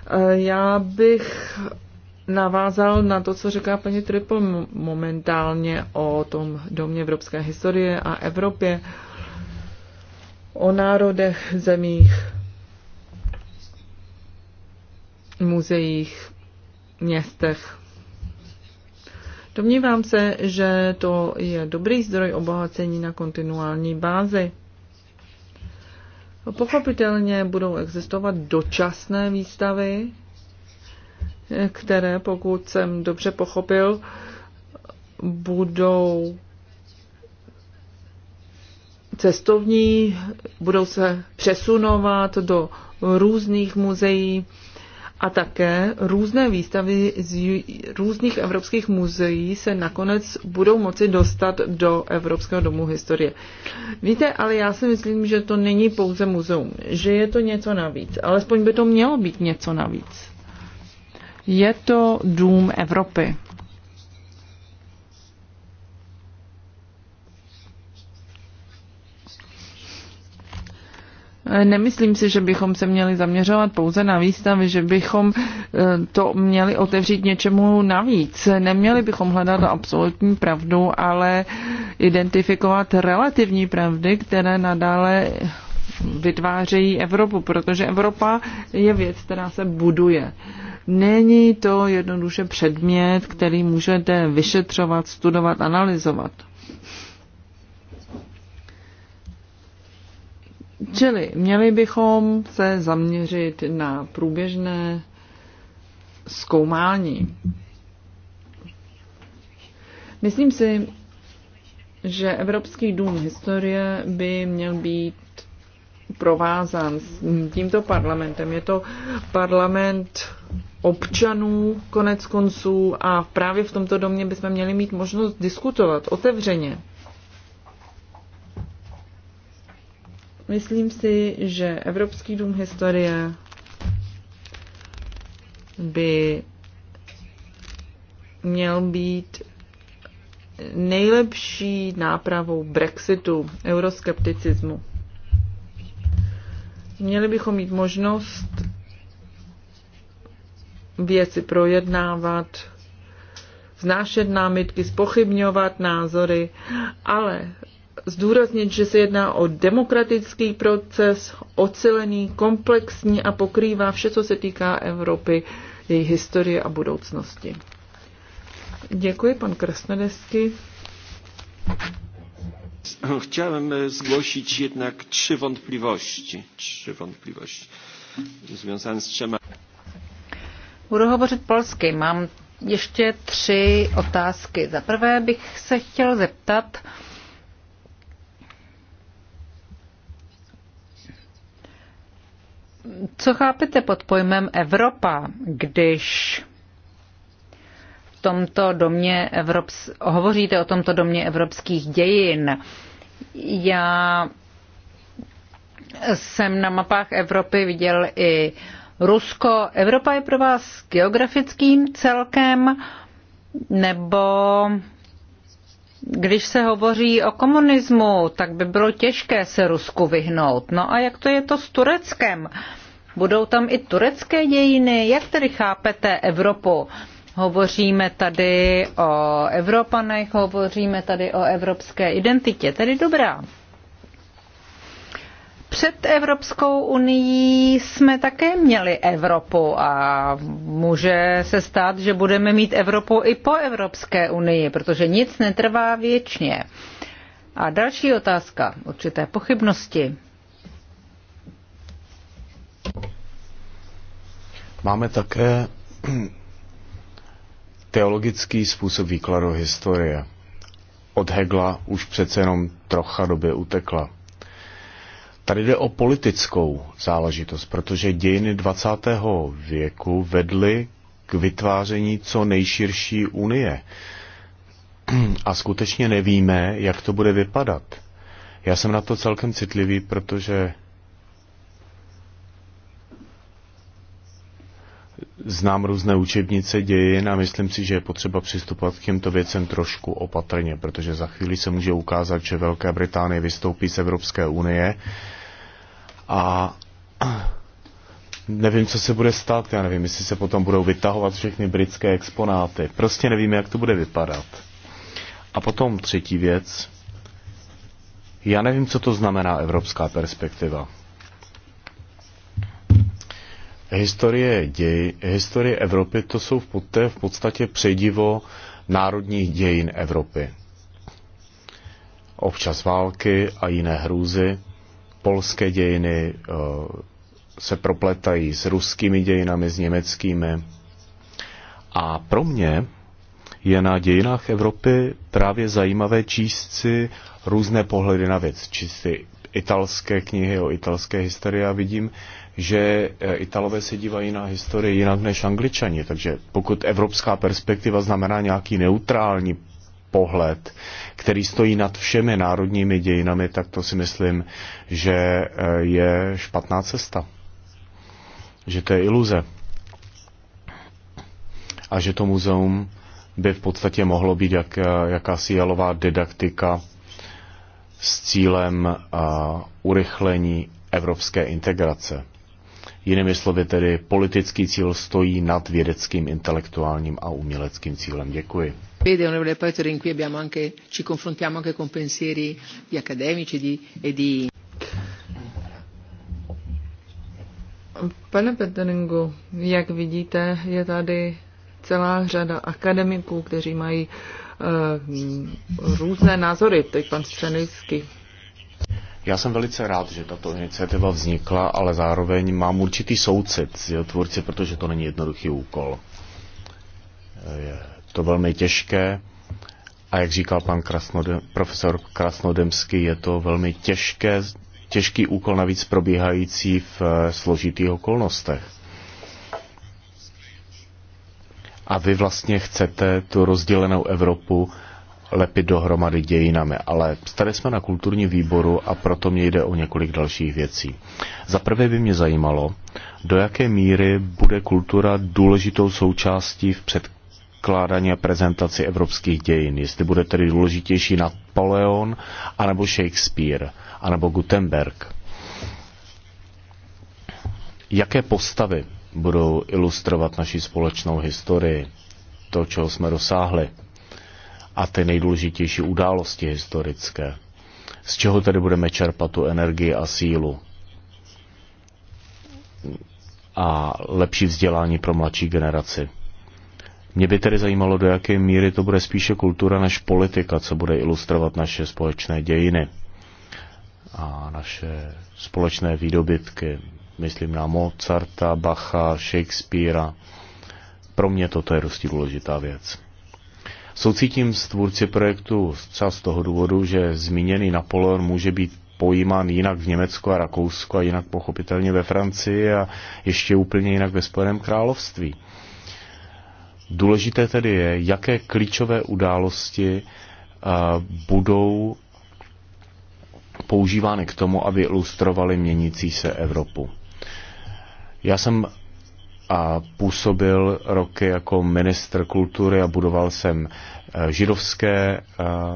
Eh, já bych navázal na to, co říká paní Triple momentálně o tom domě evropské historie a Evropě, o národech, zemích, muzeích, městech. Domnívám se, že to je dobrý zdroj obohacení na kontinuální bázi. Pochopitelně budou existovat dočasné výstavy, které, pokud jsem dobře pochopil, budou cestovní, budou se přesunovat do různých muzeí a také různé výstavy z různých evropských muzeí se nakonec budou moci dostat do Evropského domu historie. Víte, ale já si myslím, že to není pouze muzeum, že je to něco navíc. Alespoň by to mělo být něco navíc. Je to dům Evropy. Nemyslím si, že bychom se měli zaměřovat pouze na výstavy, že bychom eh, to měli otevřít něčemu navíc. Neměli bychom hledat absolutní pravdu, ale identifikovat relativní pravdy, které nadále vytvářejí Evropu, protože Evropa je věc, která se buduje. Není to jednoduše předmět, který můžete vyšetřovat, studovat, analyzovat. Čili měli bychom se zaměřit na průběžné zkoumání. Myslím si, že Evropský dům historie by měl být provázán s tímto parlamentem. Je to parlament občanů konec konců a právě v tomto domě bychom měli mít možnost diskutovat otevřeně Myslím si, že Evropský dům historie by měl být nejlepší nápravou Brexitu, euroskepticismu. Měli bychom mít možnost věci projednávat, znášet námitky, spochybňovat názory, ale zdůraznit, že se jedná o demokratický proces, ocelený, komplexní a pokrývá vše, co se týká Evropy, její historie a budoucnosti. Děkuji, pan Krasnodesky. Chciałem e, zgłosić jednak trzy wątpliwości. Trzy wątpliwości związane z trzema. Budu hovořit polsky. Mám ještě tři otázky. Za prvé bych se chtěl zeptat, uh, co chápete pod pojmem Evropa, když v tomto domě Evrops- hovoříte o tomto domě evropských dějin? Já jsem na mapách Evropy viděl i Rusko. Evropa je pro vás geografickým celkem nebo když se hovoří o komunismu, tak by bylo těžké se Rusku vyhnout. No a jak to je to s Tureckem? Budou tam i turecké dějiny? Jak tedy chápete Evropu? Hovoříme tady o Evropanech, hovoříme tady o evropské identitě, tedy dobrá. Před Evropskou unii jsme také měli Evropu a může se stát, že budeme mít Evropu i po Evropské unii, protože nic netrvá věčně. A další otázka, určité pochybnosti. Máme také teologický způsob výkladu historie. Od Hegla už přece jenom trocha doby utekla. Tady jde o politickou záležitost, protože dějiny 20. věku vedly k vytváření co nejširší unie. A skutečně nevíme, jak to bude vypadat. Já jsem na to celkem citlivý, protože znám různé učebnice dějin a myslím si, že je potřeba přistupovat k těmto věcem trošku opatrně, protože za chvíli se může ukázat, že Velká Británie vystoupí z Evropské unie a nevím, co se bude stát, já nevím, jestli se potom budou vytahovat všechny britské exponáty. Prostě nevíme, jak to bude vypadat. A potom třetí věc. Já nevím, co to znamená evropská perspektiva. Historie, děj, historie Evropy to jsou v, podstatě, v podstatě předivo národních dějin Evropy. Občas války a jiné hrůzy, polské dějiny eh, se propletají s ruskými dějinami, s německými. A pro mě je na dějinách Evropy právě zajímavé číst si různé pohledy na věc. Číst si italské knihy o italské historii a vidím, že eh, Italové se dívají na historii jinak než Angličani. Takže pokud evropská perspektiva znamená nějaký neutrální pohled, který stojí nad všemi národními dějinami, tak to si myslím, že eh, je špatná cesta. Že to je iluze. A že to muzeum by v podstatě mohlo být jak, eh, jakási jalová didaktika s cílem uh, urychlení evropské integrace. Jinými slovy tedy politický cíl stojí nad vědeckým, intelektuálním a uměleckým cílem. Děkuji. Vede, onorevole Petro, in cui abbiamo anche, ci confrontiamo anche con pensieri di accademici di, e di... Pane Peteringu, jak vidíte, je tady celá řada akademiků, kteří mají uh, různé názory, teď pan Střenický. Já jsem velice rád, že tato iniciativa vznikla, ale zároveň mám určitý soucit s jeho tvůrci, protože to není jednoduchý úkol. Je to velmi těžké a jak říkal pan Krasnodem, profesor Krasnodemský, je to velmi těžké, těžký úkol navíc probíhající v eh, složitých okolnostech. A vy vlastně chcete tu rozdělenou Evropu lepit dohromady dějinami, ale stali jsme na kulturní výboru a proto mě jde o několik dalších věcí. Za prvé by mě zajímalo, do jaké míry bude kultura důležitou součástí v předkládání a prezentaci evropských dějin. Jestli bude tedy důležitější Napoleon, anebo Shakespeare, anebo Gutenberg. Jaké postavy budou ilustrovat naši společnou historii, to, čeho jsme dosáhli? a ty nejdůležitější události historické. Z čeho tedy budeme čerpat tu energii a sílu? A lepší vzdělání pro mladší generaci. Mě by tedy zajímalo, do jaké míry to bude spíše kultura než politika, co bude ilustrovat naše společné dějiny a naše společné výdobytky. Myslím na Mozarta, Bacha, Shakespearea. Pro mě toto je dosti důležitá věc. Soucítím s tvůrci projektu třeba z toho důvodu, že zmíněný Napoleon může být pojímán jinak v Německu a Rakousku a jinak pochopitelně ve Francii a ještě úplně jinak ve Spojeném království. Důležité tedy je, jaké klíčové události eh, budou používány k tomu, aby ilustrovali měnící se Evropu. Já jsem a působil roky jako ministr kultury a budoval jsem eh, židovské eh,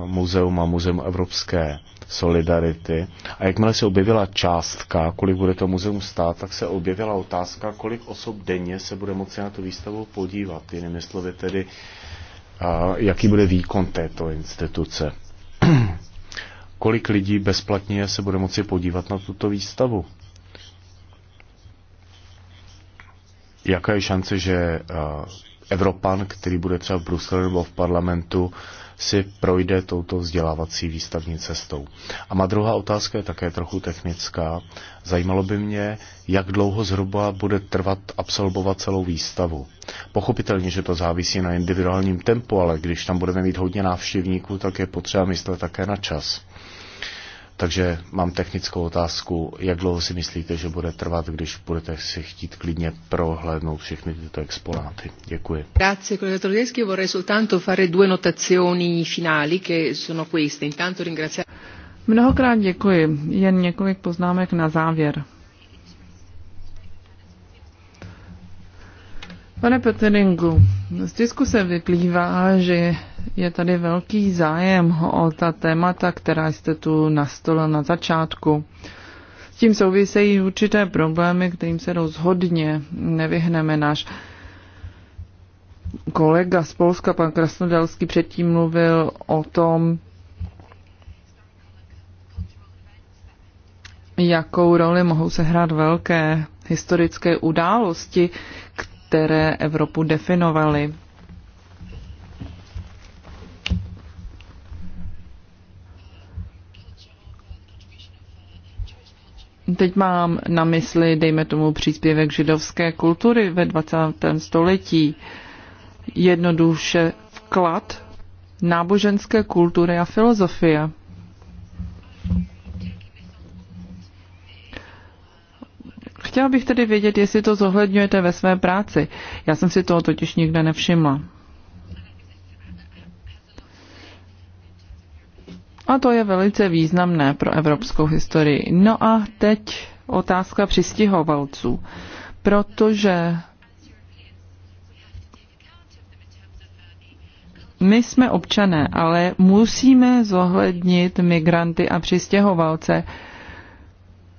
muzeum a muzeum evropské solidarity. A jakmile se objevila částka, kolik bude to muzeum stát, tak se objevila otázka, kolik osob denně se bude moci na tu výstavu podívat. Jinými slovy tedy, eh, jaký bude výkon této instituce. kolik lidí bezplatně se bude moci podívat na tuto výstavu? jaká je šance, že eh, Evropan, který bude třeba v Bruselu nebo v parlamentu, si projde touto vzdělávací výstavní cestou. A má druhá otázka je také trochu technická. Zajímalo by mě, jak dlouho zhruba bude trvat absolvovat celou výstavu. Pochopitelně, že to závisí na individuálním tempu, ale když tam budeme mít hodně návštěvníků, tak je potřeba myslet také na čas. Takže mám technickou otázku, jak dlouho si myslíte, že bude trvat, když budete si chtít klidně prohlédnout všechny tyto exponáty. Děkuji. Grazie, kolega Trodeski. Vorrei soltanto fare due notazioni finali, che sono queste. Intanto ringraziare... Mnohokrát děkuji. Jen několik poznámek na závěr. Pane Peteringu, z diskuse vyplývá, že je tady velký zájem o ta témata, která jste tu nastolil na začátku. S tím souvisejí určité problémy, kterým se rozhodně nevyhneme náš kolega z Polska, pan Krasnodelský, předtím mluvil o tom, jakou roli mohou sehrát velké historické události, které Evropu definovaly. Teď mám na mysli, dejme tomu, příspěvek židovské kultury ve 20. století. Jednoduše vklad náboženské kultury a filozofie. Chtěl bych tedy vědět, jestli to zohledňujete ve své práci. Já jsem si toho totiž nikde nevšimla. A to je velice významné pro evropskou historii. No a teď otázka přistihovalců, protože my jsme občané, ale musíme zohlednit migranty a přistěhovalce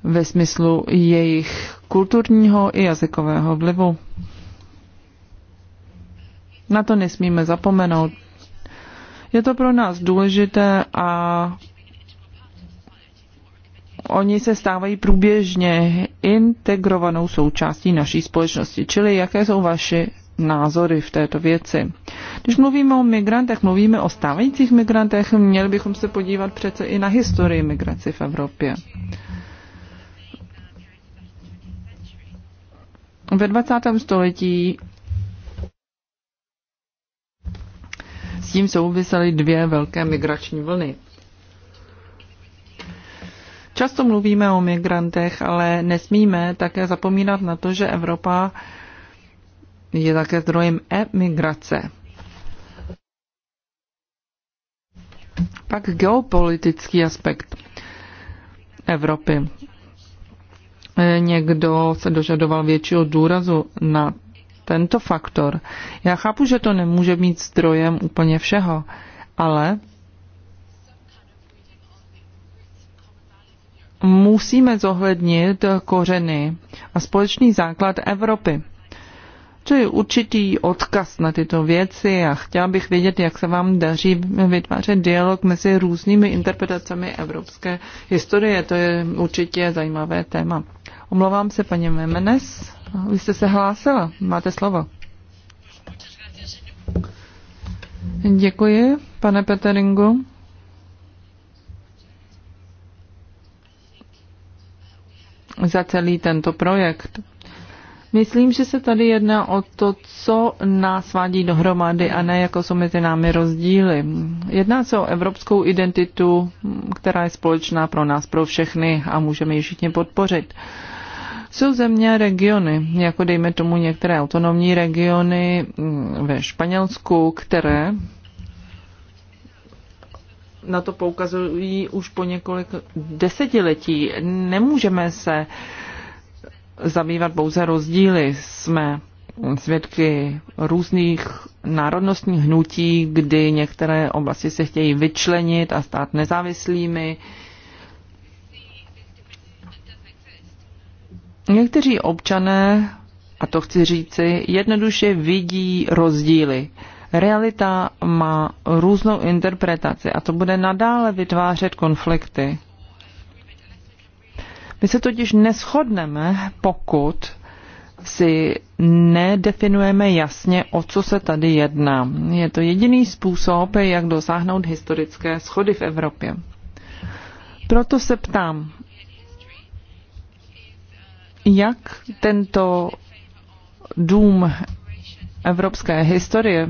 ve smyslu jejich kulturního i jazykového vlivu. Na to nesmíme zapomenout. Je to pro nás důležité a oni se stávají průběžně integrovanou součástí naší společnosti. Čili jaké jsou vaše názory v této věci? Když mluvíme o migrantech, mluvíme o stávajících migrantech, měli bychom se podívat přece i na historii migraci v Evropě. Ve 20. století s tím souvisely dvě velké migrační vlny. Často mluvíme o migrantech, ale nesmíme také zapomínat na to, že Evropa je také zdrojem emigrace. Pak geopolitický aspekt Evropy někdo se dožadoval většího důrazu na tento faktor. Já chápu, že to nemůže být zdrojem úplně všeho, ale musíme zohlednit kořeny a společný základ Evropy. Existuje určitý odkaz na tyto věci a chtěla bych vědět, jak se vám daří vytvářet dialog mezi různými interpretacemi evropské historie. To je určitě zajímavé téma. Omlouvám se, paní Memenes. Vy jste se hlásila. Máte slovo. Děkuji, pane Peteringu. za celý tento projekt. Myslím, že se tady jedná o to, co nás svádí dohromady a ne jako jsou mezi námi rozdíly. Jedná se o evropskou identitu, která je společná pro nás, pro všechny a můžeme ji všichni podpořit. Jsou země a regiony, jako dejme tomu některé autonomní regiony ve Španělsku, které na to poukazují už po několik desetiletí. Nemůžeme se uh, zabývat pouze rozdíly. Jsme svědky různých národnostních hnutí, kdy některé oblasti se chtějí vyčlenit a stát nezávislými. Někteří občané, a to chci říci, jednoduše vidí rozdíly. Realita má různou interpretaci a to bude nadále vytvářet konflikty. My se totiž neschodneme, pokud si nedefinujeme jasně, o co se tady jedná. Je to jediný způsob, jak dosáhnout historické schody v Evropě. Proto se ptám, jak tento dům evropské historie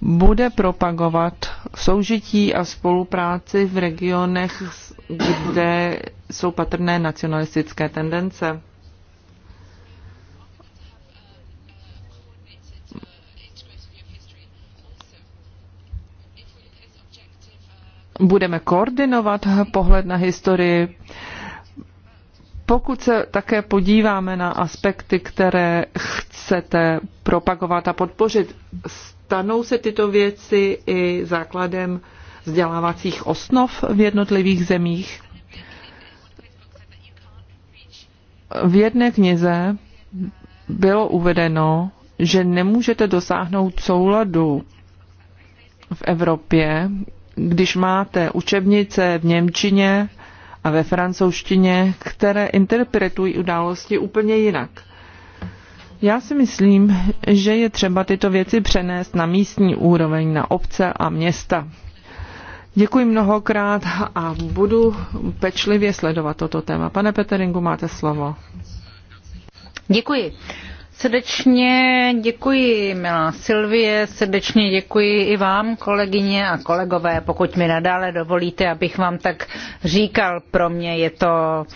bude propagovat soužití a spolupráci v regionech, kde jsou patrné nacionalistické tendence. Budeme koordinovat pohled na historii. Pokud se také podíváme na aspekty, které chcete propagovat a podpořit, stanou se tyto věci i základem vzdělávacích osnov v jednotlivých zemích? V jedné knize bylo uvedeno, že nemůžete dosáhnout souladu v Evropě, když máte učebnice v Němčině a ve francouzštině, které interpretují události úplně jinak. Já si myslím, že je třeba tyto věci přenést na místní úroveň, na obce a města. Děkuji mnohokrát a budu pečlivě sledovat toto téma. Pane Peteringu, máte slovo. Děkuji. Srdečně děkuji, milá Silvie, srdečně děkuji i vám, kolegyně a kolegové, pokud mi nadále dovolíte, abych vám tak říkal. Pro mě je to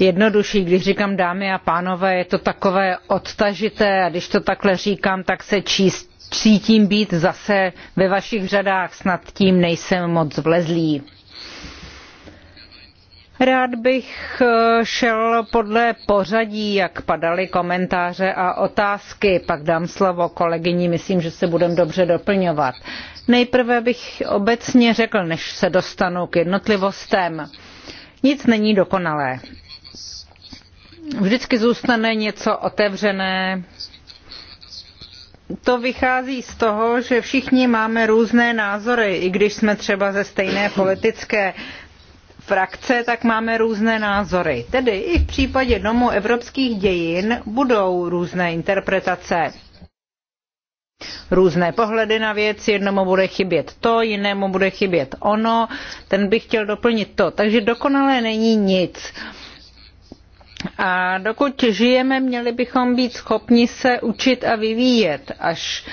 jednodušší, když říkám dámy a pánové, je to takové odtažité a když to takhle říkám, tak se číst cítím být zase ve vašich řadách, snad tím nejsem moc vlezlý. Rád bych eh, šel podle pořadí, jak padaly komentáře a otázky. Pak dám slovo kolegyni, myslím, že se budeme dobře doplňovat. Nejprve bych obecně řekl, než se dostanu k jednotlivostem. Nic není dokonalé. Vždycky zůstane něco otevřené, to vychází z toho, že všichni máme různé názory, i když jsme třeba ze stejné politické frakce, tak máme různé názory. Tedy i v případě Domu evropských dějin budou různé interpretace. Různé pohledy na věc, jednomu bude chybět to, jinému bude chybět ono, ten by chtěl doplnit to. Takže dokonalé není nic. Uh, a dokud žijeme, měli bychom být schopni se učit a vyvíjet, až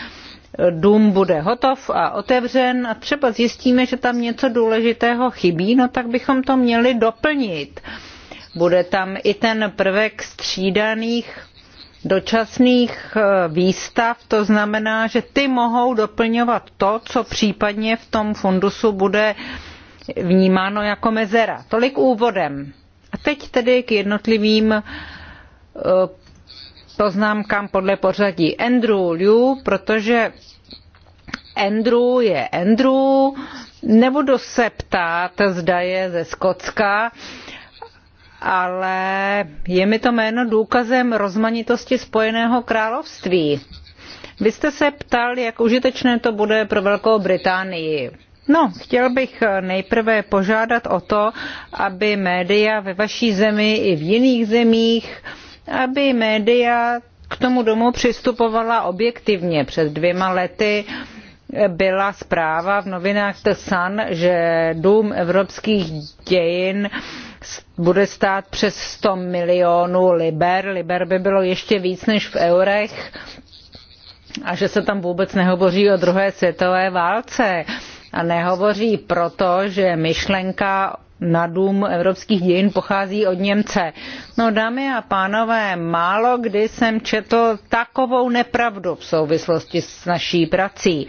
dům bude hotov a otevřen a třeba zjistíme, že tam něco důležitého chybí, no tak bychom to měli doplnit. Bude tam i ten prvek střídaných dočasných eh, výstav, to znamená, že ty mohou doplňovat to, co případně v tom fundusu bude vnímáno jako mezera. Tolik úvodem. Teď tedy k jednotlivým eh, poznámkám podle pořadí Andrew Liu, protože Andrew je Andrew. Nebudu se ptát, zda je ze Skotska, ale je mi to jméno důkazem rozmanitosti Spojeného království. Vy jste se ptal, jak užitečné to bude pro Velkou Británii. No, chtěl bych eh, nejprve požádat o to, aby média ve vaší zemi i v jiných zemích, aby média k tomu domu přistupovala objektivně. Před dvěma lety byla zpráva v novinách The Sun, že dům evropských dějin bude stát přes 100 milionů liber. Liber by bylo ještě víc než v eurech a že se tam vůbec nehovoří o druhé světové válce a nehovoří proto, že myšlenka na dům evropských dějin pochází od Němce. No dámy a pánové, málo kdy jsem četl takovou nepravdu v souvislosti s naší prací.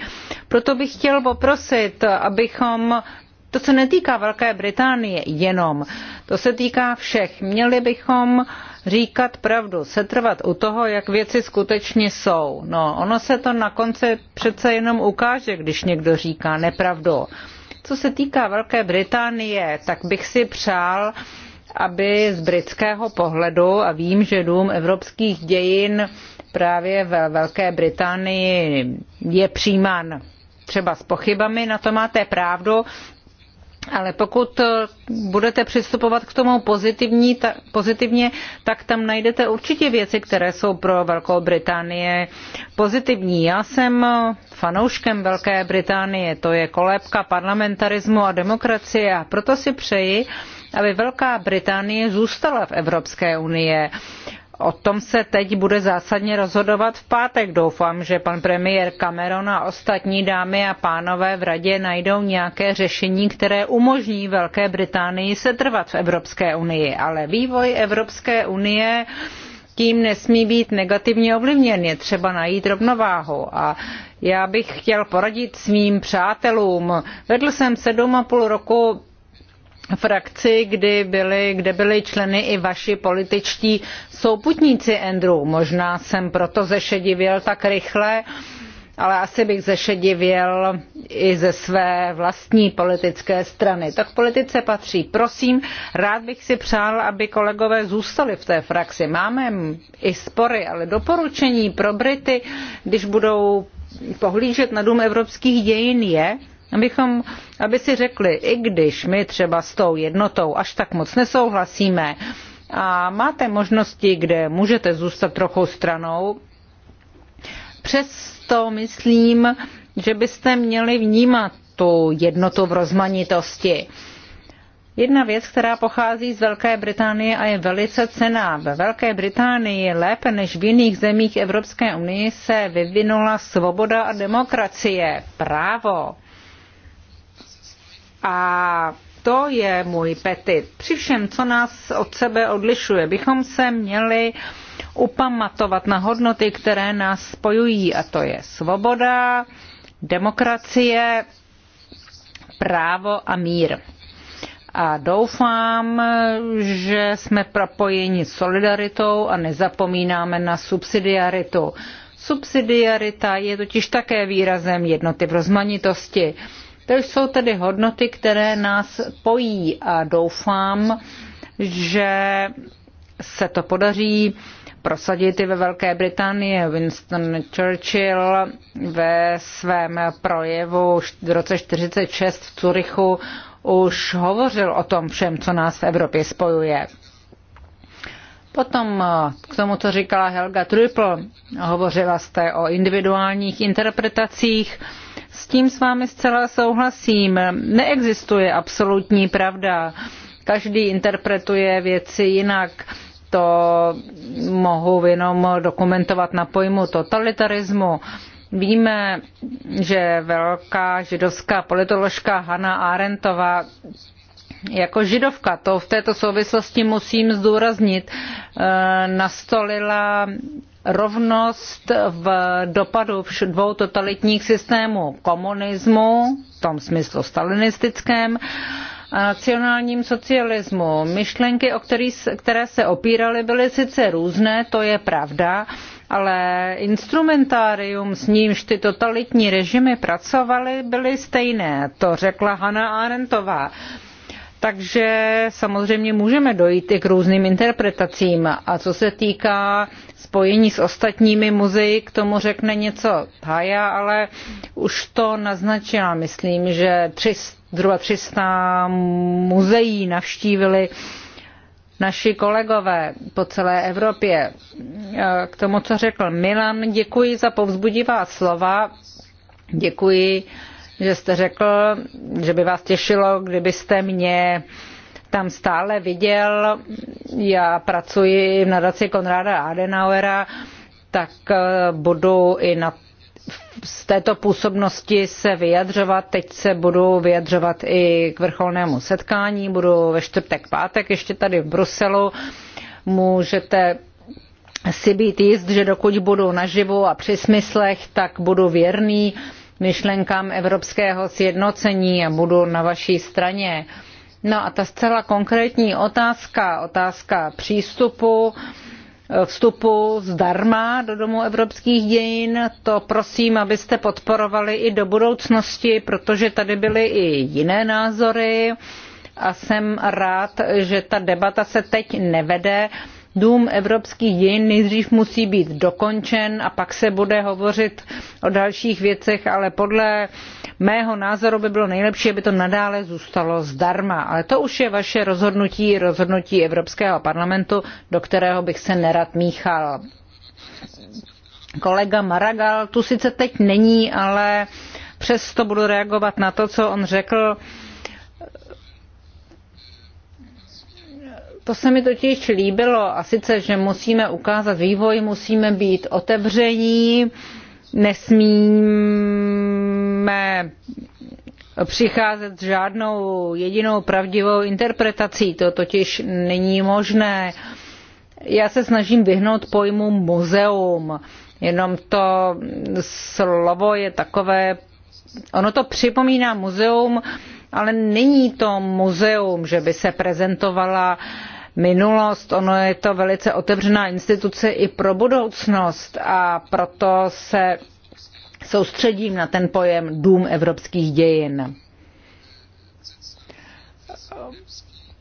Proto bych chtěl poprosit, abychom to co netýká Velké Británie jenom, to se týká všech. Měli bychom uh, říkat pravdu, setrvat u toho, jak věci skutečně jsou. No, ono se to na konci přece jenom ukáže, když někdo říká nepravdu. Co se týká Velké Británie, tak bych si přál, aby z britského pohledu, a vím, že Dům evropských dějin právě ve Velké Británii je přijímán třeba s pochybami, na to máte pravdu, ale pokud eh, budete přistupovat k tomu pozitivní, ta, pozitivně, tak tam najdete určitě věci, které jsou pro Velkou Británii pozitivní. Já jsem eh, fanouškem Velké Británie, to je kolébka parlamentarismu a demokracie a proto si přeji, aby Velká Británie zůstala v Evropské unii. O tom se teď bude zásadně rozhodovat v pátek. Doufám, že pan premiér Cameron a ostatní dámy a pánové v radě najdou nějaké řešení, které umožní Velké Británii setrvat v Evropské unii. Ale vývoj Evropské unie tím nesmí být negativně ovlivněn, je třeba najít rovnováhu. A já bych chtěl poradit svým přátelům. Vedl jsem sedm a půl roku frakci, kdy byli, kde byli členy i vaši političtí souputníci, Andrew. Možná jsem proto zešedivěl tak rychle, ale asi bych zešedivěl i ze své vlastní politické strany. To k politice patří. Prosím, rád bych si přál, aby kolegové zůstali v té frakci. Máme i spory, ale doporučení pro Brity, když budou pohlížet na Dům evropských dějin je, abychom, aby si řekli, i když my třeba s tou jednotou až tak moc nesouhlasíme a máte možnosti, kde můžete zůstat trochu stranou, přesto myslím, že byste měli vnímat tu jednotu v rozmanitosti. Jedna věc, která pochází z Velké Británie a je velice cená. Ve Velké Británii lépe než v jiných zemích Evropské unie se vyvinula svoboda a demokracie, právo. A to je můj petit. Při všem, co nás od sebe odlišuje, bychom se měli upamatovat na hodnoty, které nás spojují, a to je svoboda, demokracie, právo a mír. A doufám, že jsme propojeni solidaritou a nezapomínáme na subsidiaritu. Subsidiarita je totiž také výrazem jednoty v rozmanitosti. To jsou tedy hodnoty, které nás pojí a doufám, že se to podaří prosadit i ve Velké Británii. Winston Churchill ve svém projevu v roce 46 v Curychu už hovořil o tom všem, co nás v Evropě spojuje. Potom eh, k tomu, co říkala Helga Triple, hovořila jste o individuálních interpretacích. S tím s vámi zcela souhlasím. Neexistuje absolutní pravda. Každý interpretuje věci jinak. To mohu jenom dokumentovat na pojmu totalitarismu. Víme, že velká židovská politoložka Hanna Arendtová jako židovka, to v této souvislosti musím zdůraznit, eh, nastolila rovnost v dopadu dvou totalitních systémů komunismu, v tom smyslu stalinistickém, a nacionálním socialismu. Myšlenky, o který, které se opíraly, byly sice různé, to je pravda, ale instrumentárium, s nímž ty totalitní režimy pracovaly, byly stejné. To řekla Hanna Arendtová. Takže samozřejmě můžeme dojít i k různým interpretacím. A co se týká spojení s ostatními muzeji k tomu řekne něco Haja, ale už to naznačila. Myslím, že tři, zhruba 300 muzeí navštívili naši kolegové po celé Evropě. E, k tomu, co řekl Milan, děkuji za povzbudivá slova. Děkuji, že jste řekl, že by vás těšilo, kdybyste mě uh, tam stále viděl. Já pracuji v nadaci Konráda Adenauera, tak eh, budu i na z této působnosti se vyjadřovat. Teď se budu vyjadřovat i k vrcholnému setkání. Budu ve čtvrtek, pátek ještě tady v Bruselu. Můžete si být jist, že dokud budu naživu a při smyslech, tak budu věrný myšlenkám evropského sjednocení a budu na vaší straně. No a ta zcela konkrétní otázka, otázka přístupu, eh, vstupu zdarma do Domu evropských dějin, to prosím, abyste podporovali i do budoucnosti, protože tady byly i jiné názory a jsem rád, že ta debata se teď nevede dům evropských dějin nejdřív musí být dokončen a pak se bude hovořit o dalších věcech, ale podle mého názoru by bylo nejlepší, aby to nadále zůstalo zdarma. Ale to už je vaše rozhodnutí, rozhodnutí Evropského parlamentu, do kterého bych se nerad míchal. Kolega Maragal tu sice teď není, ale přesto budu reagovat na to, co on řekl. To se mi totiž líbilo a sice, že musíme ukázat vývoj, musíme být otevření, nesmíme přicházet s žádnou jedinou pravdivou interpretací, to totiž není možné. Já se snažím vyhnout pojmu muzeum, jenom to slovo je takové, ono to připomíná muzeum, ale není to muzeum, že by se prezentovala minulost, ono je to velice otevřená instituce i pro budoucnost a proto se soustředím na ten pojem dům evropských dějin.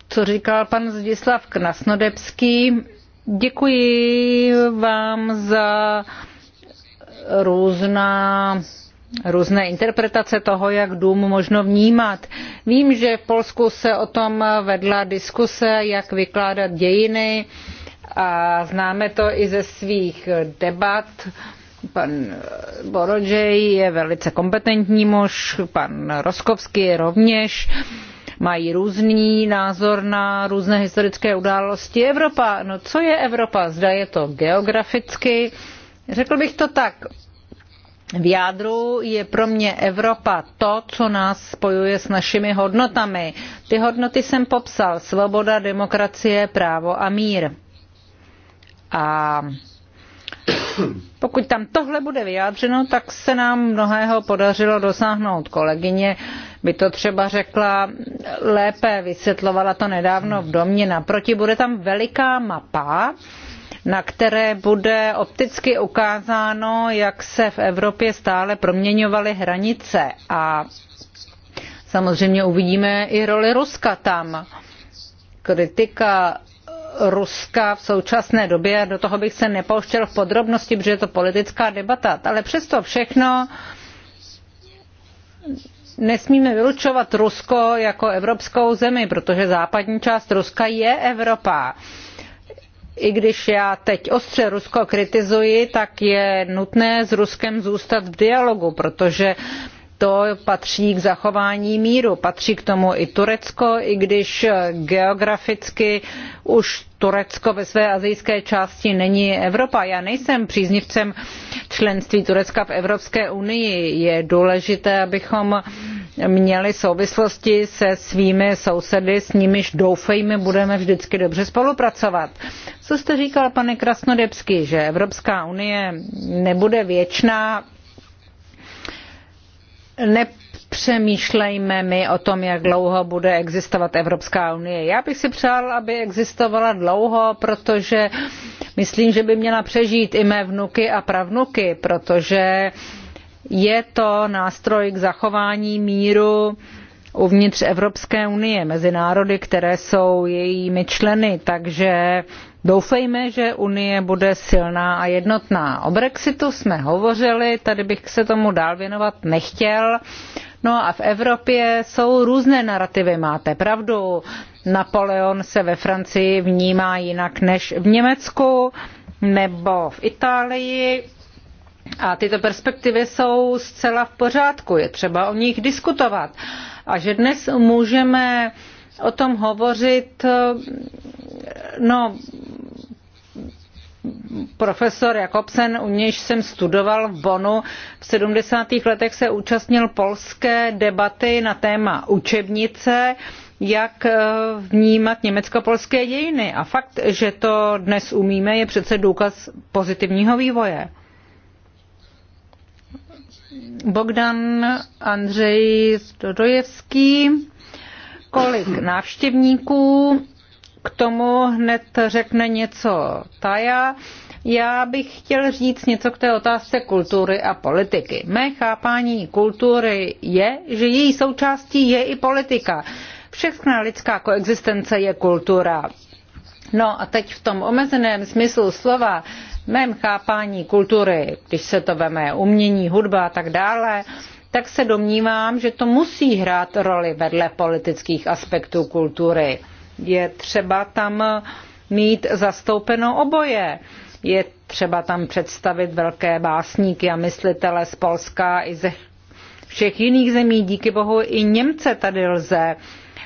Co říkal pan Zdislav Knasnodebský, děkuji vám za různá různé interpretace toho, jak dům možno vnímat. Vím, že v Polsku se o tom vedla diskuse, jak vykládat dějiny a známe to i ze svých debat. Pan Borodžej je velice kompetentní muž, pan Roskovský je rovněž mají různý názor na různé historické události. Evropa, no co je Evropa? Zda je to geograficky? Řekl bych to tak, v jádru je pro mě Evropa to, co nás spojuje s našimi hodnotami. Ty hodnoty jsem popsal. Svoboda, demokracie, právo a mír. A pokud tam tohle bude vyjádřeno, tak se nám mnohého podařilo dosáhnout. Kolegyně by to třeba řekla lépe, vysvětlovala to nedávno v domě naproti. Bude tam veliká mapa, na které bude opticky ukázáno, jak se v Evropě stále proměňovaly hranice. A samozřejmě uvidíme i roli Ruska tam. Kritika Ruska v současné době, do toho bych se nepouštěl v podrobnosti, protože je to politická debata, ale přesto všechno nesmíme vylučovat Rusko jako evropskou zemi, protože západní část Ruska je Evropa i když já teď ostře Rusko kritizuji, tak je nutné s Ruskem zůstat v dialogu, protože to patří k zachování míru. Patří k tomu i Turecko, i když geograficky už Turecko ve své azijské části není Evropa. Já nejsem příznivcem členství Turecka v Evropské unii. Je důležité, abychom měli souvislosti se svými sousedy, s nimiž doufejme budeme vždycky dobře spolupracovat. Co jste říkal, pane Krasnodebský, že Evropská unie nebude věčná, nepřemýšlejme my o tom, jak dlouho bude existovat Evropská unie. Já bych si přál, aby existovala dlouho, protože myslím, že by měla přežít i mé vnuky a pravnuky, protože je to nástroj k zachování míru uvnitř Evropské unie mezi národy, které jsou jejími členy, takže Doufejme, že Unie bude silná a jednotná. O Brexitu jsme hovořili, tady bych se tomu dál věnovat nechtěl. No a v Evropě jsou různé narrativy, máte pravdu. Napoleon se ve Francii vnímá jinak než v Německu nebo v Itálii. A tyto perspektivy jsou zcela v pořádku, je třeba o nich diskutovat. A že dnes můžeme uh, o tom hovořit, eh, no, profesor Jakobsen, u nějž jsem studoval v Bonu, v 70. letech se účastnil polské debaty na téma učebnice, jak eh, vnímat německo-polské dějiny. A fakt, že to dnes umíme, je přece důkaz pozitivního vývoje. Bogdan Andřej Dodojevský kolik návštěvníků, k tomu hned řekne něco Taja. Já bych chtěl říct něco k té otázce kultury a politiky. Mé chápání kultury je, že její součástí je i politika. Všechna lidská koexistence je kultura. No a teď v tom omezeném smyslu slova, mém chápání kultury, když se to veme umění, hudba a tak dále, tak se domnívám, že to musí hrát roli vedle politických aspektů kultury. Je třeba tam mít zastoupeno oboje. Je třeba tam představit velké básníky a myslitele z Polska i ze všech jiných zemí. Díky bohu i Němce tady lze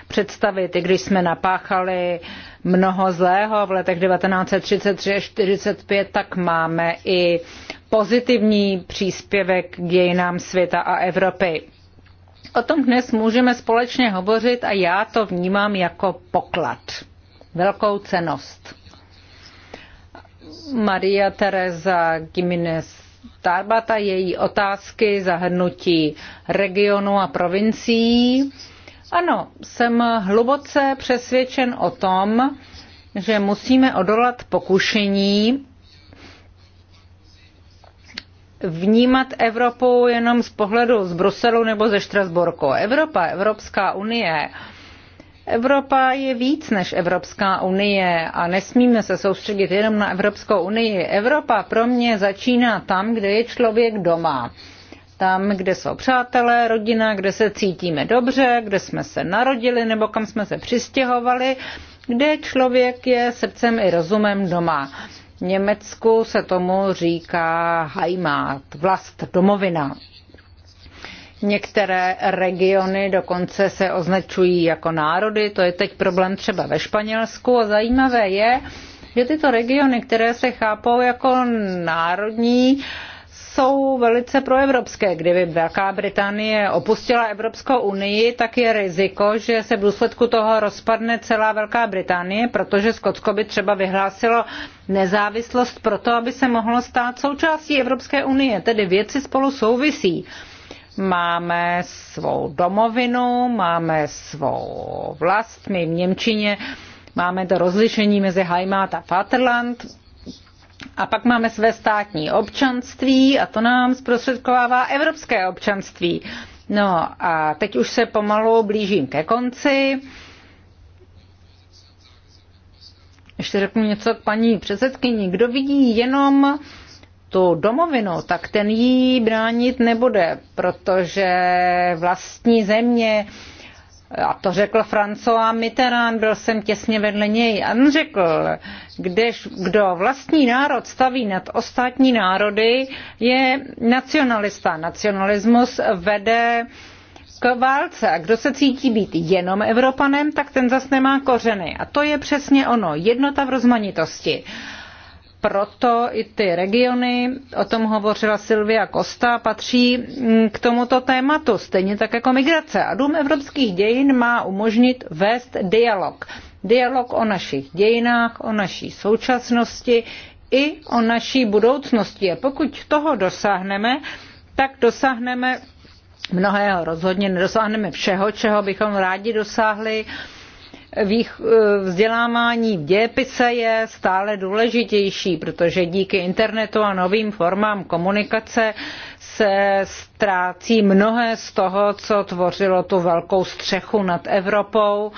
představit, i když jsme napáchali mnoho zlého v letech 1933 a 1945, tak máme i pozitivní příspěvek k dějinám světa a Evropy. O tom dnes můžeme společně hovořit a já to vnímám jako poklad. Velkou cenost. Maria Teresa Gimines Tarbata, její otázky, zahrnutí regionu a provincií. Ano, jsem hluboce přesvědčen o tom, že musíme odolat pokušení vnímat Evropu jenom z pohledu z Bruselu nebo ze Štrasburku. Evropa, Evropská unie, Evropa je víc než Evropská unie a nesmíme se soustředit jenom na Evropskou unii. Evropa pro mě začíná tam, kde je člověk doma. Tam, kde jsou přátelé, rodina, kde se cítíme dobře, kde jsme se narodili nebo kam jsme se přistěhovali, kde člověk je srdcem i rozumem doma. V Německu se tomu říká Heimat, vlast, domovina. Některé regiony dokonce se označují jako národy, to je teď problém třeba ve Španělsku a zajímavé je, že tyto regiony, které se chápou jako národní, jsou velice proevropské. Kdyby Velká Británie opustila Evropskou unii, tak je riziko, že se v důsledku toho rozpadne celá Velká Británie, protože Skotsko by třeba vyhlásilo nezávislost proto, aby se mohlo stát součástí Evropské unie. Tedy věci spolu souvisí máme svou domovinu, máme svou vlast, my v Němčině máme to rozlišení mezi Heimat a Vaterland. A pak máme své státní občanství a to nám zprostředkovává evropské občanství. No a teď už se pomalu blížím ke konci. Ještě řeknu něco k paní předsedkyni. Kdo vidí jenom tu domovinu, tak ten jí bránit nebude, protože vlastní země a to řekl François Mitterrand, byl jsem těsně vedle něj, a on řekl, když kdo vlastní národ staví nad ostatní národy, je nacionalista. Nacionalismus vede k válce a kdo se cítí být jenom Evropanem, tak ten zas nemá kořeny. A to je přesně ono, jednota v rozmanitosti proto i ty regiony, o tom hovořila Silvia Costa, patří mm, k tomuto tématu, stejně tak jako migrace. A Dům evropských dějin má umožnit vést dialog. Dialog o našich dějinách, o naší současnosti i o naší budoucnosti. A pokud toho dosáhneme, tak dosáhneme mnohého. Rozhodně nedosáhneme všeho, čeho bychom rádi dosáhli vzdělávání v dějepise je stále důležitější, protože díky internetu a novým formám komunikace se ztrácí mnohé z toho, co tvořilo tu velkou střechu nad Evropou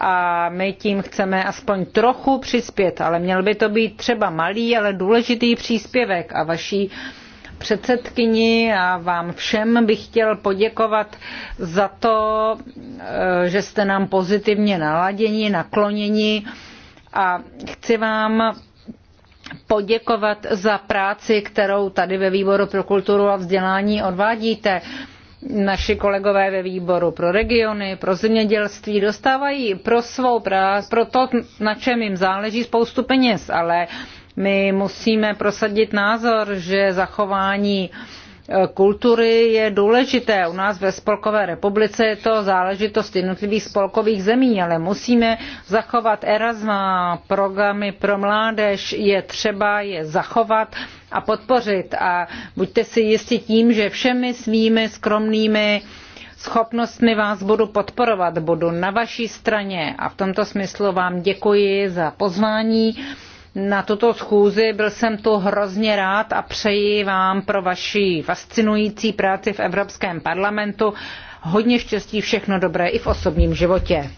a my tím chceme aspoň trochu přispět, ale měl by to být třeba malý, ale důležitý příspěvek a vaší předsedkyni a vám všem bych chtěl poděkovat za to, eh, že jste nám pozitivně naladěni, nakloněni a chci vám poděkovat za práci, kterou tady ve výboru pro kulturu a vzdělání odvádíte. Naši kolegové ve výboru pro regiony, pro zemědělství dostávají pro svou práci, pro to, na čem jim záleží, spoustu peněz, ale my musíme prosadit názor, že zachování e, kultury je důležité. U nás ve Spolkové republice je to záležitost jednotlivých spolkových zemí, ale musíme zachovat Erasma, programy pro mládež, je třeba je zachovat a podpořit. A buďte si jistí tím, že všemi svými skromnými schopnostmi vás budu podporovat, budu na vaší straně a v tomto smyslu vám děkuji za pozvání na tuto schůzi. Byl jsem tu hrozně rád a přeji vám pro vaši fascinující práci v Evropském parlamentu hodně štěstí, všechno dobré i v osobním životě.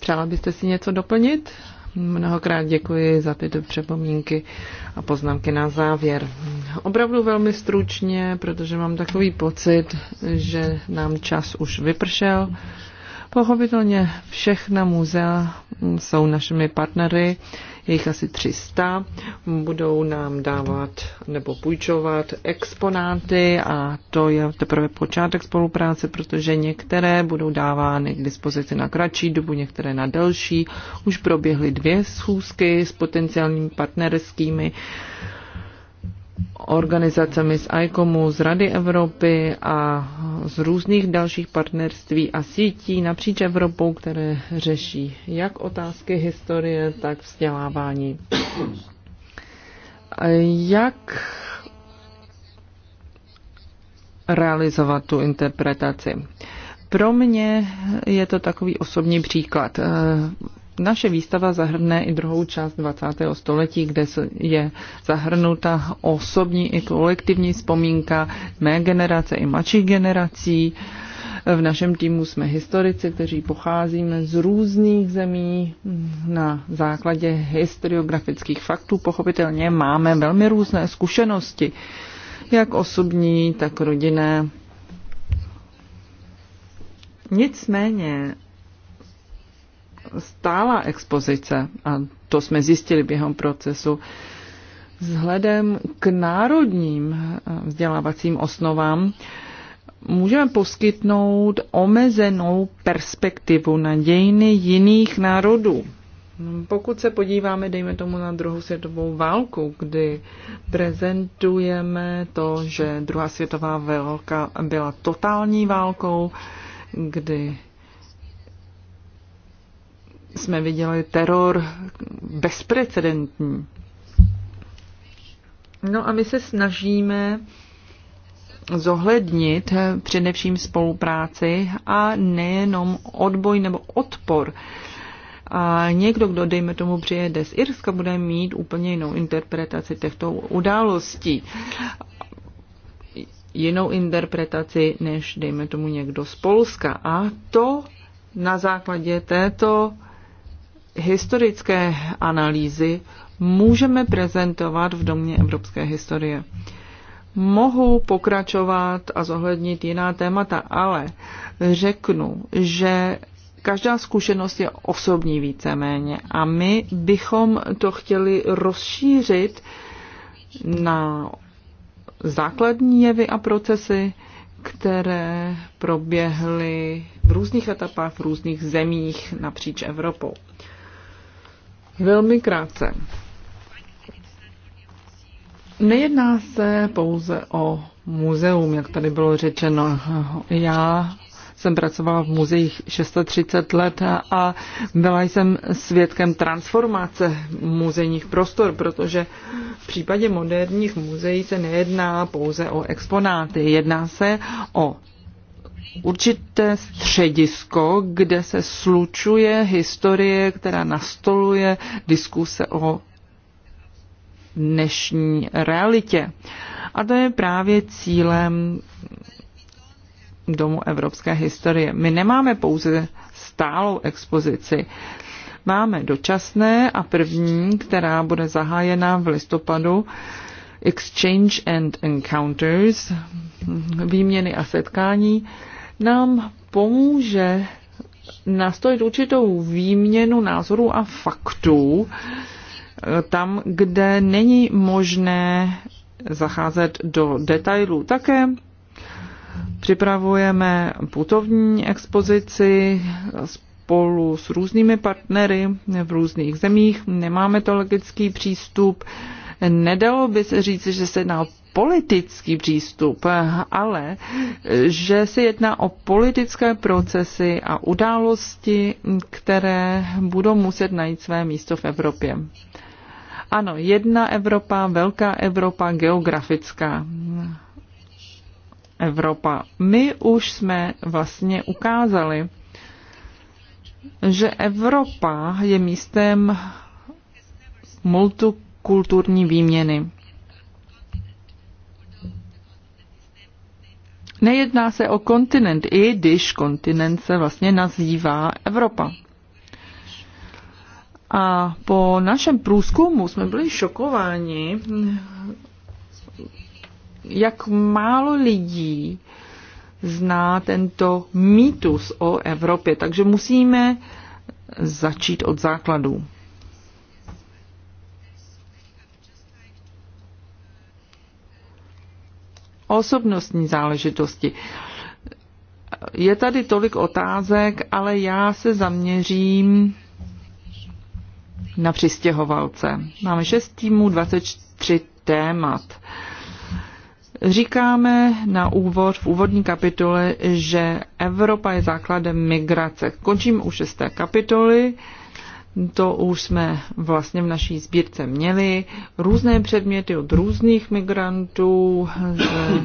Přála byste si něco doplnit? Mnohokrát děkuji za tyto připomínky a poznámky na závěr. Opravdu velmi stručně, protože mám takový pocit, že nám čas už vypršel. Pochopitelně všechna muzea jsou našimi partnery je jich asi 300, budou nám dávat nebo půjčovat exponáty a to je teprve počátek spolupráce, protože některé budou dávány k dispozici na kratší dobu, některé na delší. Už proběhly dvě schůzky s potenciálními partnerskými organizacemi z ICOMu, z Rady Evropy a z různých dalších partnerství a sítí napříč Evropou, které řeší jak otázky historie, tak vzdělávání. Jak realizovat tu interpretaci? Pro mě je to takový osobní příklad. Naše výstava zahrne i druhou část 20. století, kde je zahrnuta osobní i kolektivní vzpomínka mé generace i mladších generací. V našem týmu jsme historici, kteří pocházíme z různých zemí na základě historiografických faktů. Pochopitelně máme velmi různé zkušenosti, jak osobní, tak rodinné. Nicméně stálá expozice a to jsme zjistili během procesu. Vzhledem k národním eh, vzdělávacím osnovám můžeme poskytnout omezenou perspektivu na dějiny jiných národů. Pokud se podíváme, dejme tomu, na druhou světovou válku, kdy prezentujeme to, že druhá světová válka byla totální válkou, kdy jsme viděli teror bezprecedentní. No a my se snažíme zohlednit především spolupráci a nejenom odboj nebo odpor. A někdo, kdo, dejme tomu, přijede z Irska, bude mít úplně jinou interpretaci těchto událostí. Jinou interpretaci, než, dejme tomu, někdo z Polska. A to na základě této historické analýzy můžeme prezentovat v domě evropské historie. Mohu pokračovat a zohlednit jiná témata, ale řeknu, že každá zkušenost je osobní víceméně a my bychom to chtěli rozšířit na základní jevy a procesy, které proběhly v různých etapách, v různých zemích napříč Evropou. Velmi krátce. Nejedná se pouze o muzeum, jak tady bylo řečeno. Já jsem pracovala v muzeích 630 let a byla jsem svědkem transformace muzejních prostor, protože v případě moderních muzeí se nejedná pouze o exponáty, jedná se o určité středisko, kde se slučuje historie, která nastoluje diskuse o dnešní realitě. A to je právě cílem Domu evropské historie. My nemáme pouze stálou expozici. Máme dočasné a první, která bude zahájena v listopadu, Exchange and Encounters, výměny a setkání, nám pomůže nastojit určitou výměnu názorů a faktů eh, tam, kde není možné zacházet do detailů. Také připravujeme putovní expozici spolu s různými partnery v různých zemích. Nemáme to logický přístup. Nedalo by se říct, že se jedná o politický přístup, ale že se jedná o politické procesy a události, které budou muset najít své místo v Evropě. Ano, jedna Evropa, velká Evropa, geografická Evropa. My už jsme vlastně ukázali, že Evropa je místem multikulturní výměny. Nejedná se o kontinent, i když kontinent se vlastně nazývá Evropa. A po našem průzkumu jsme byli šokováni, jak málo lidí zná tento mýtus o Evropě. Takže musíme začít od základů. osobnostní záležitosti. Je tady tolik otázek, ale já se zaměřím na přistěhovalce. Máme 6 týmů, 23 témat. Říkáme na úvod, v úvodní kapitole, že Evropa je základem migrace. Končím u šesté kapitoly. To už jsme vlastně v naší sbírce měli. Různé předměty od různých migrantů ze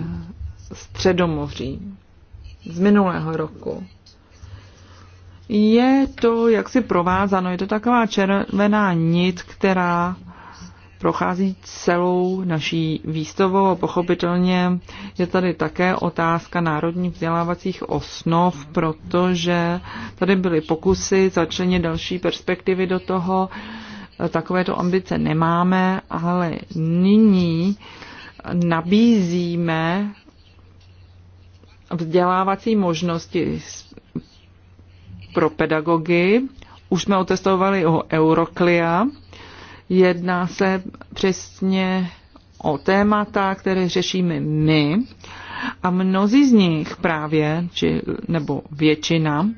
Středomoří z minulého roku. Je to jaksi provázano, je to taková červená nit, která prochází celou naší výstavou a pochopitelně je tady také otázka národních vzdělávacích osnov, protože tady byly pokusy začlenit další perspektivy do toho. Takovéto ambice nemáme, ale nyní nabízíme vzdělávací možnosti pro pedagogy. Už jsme otestovali o Euroclia, Jedná se přesně o témata, které řešíme my a mnozí z nich právě, či, nebo většina,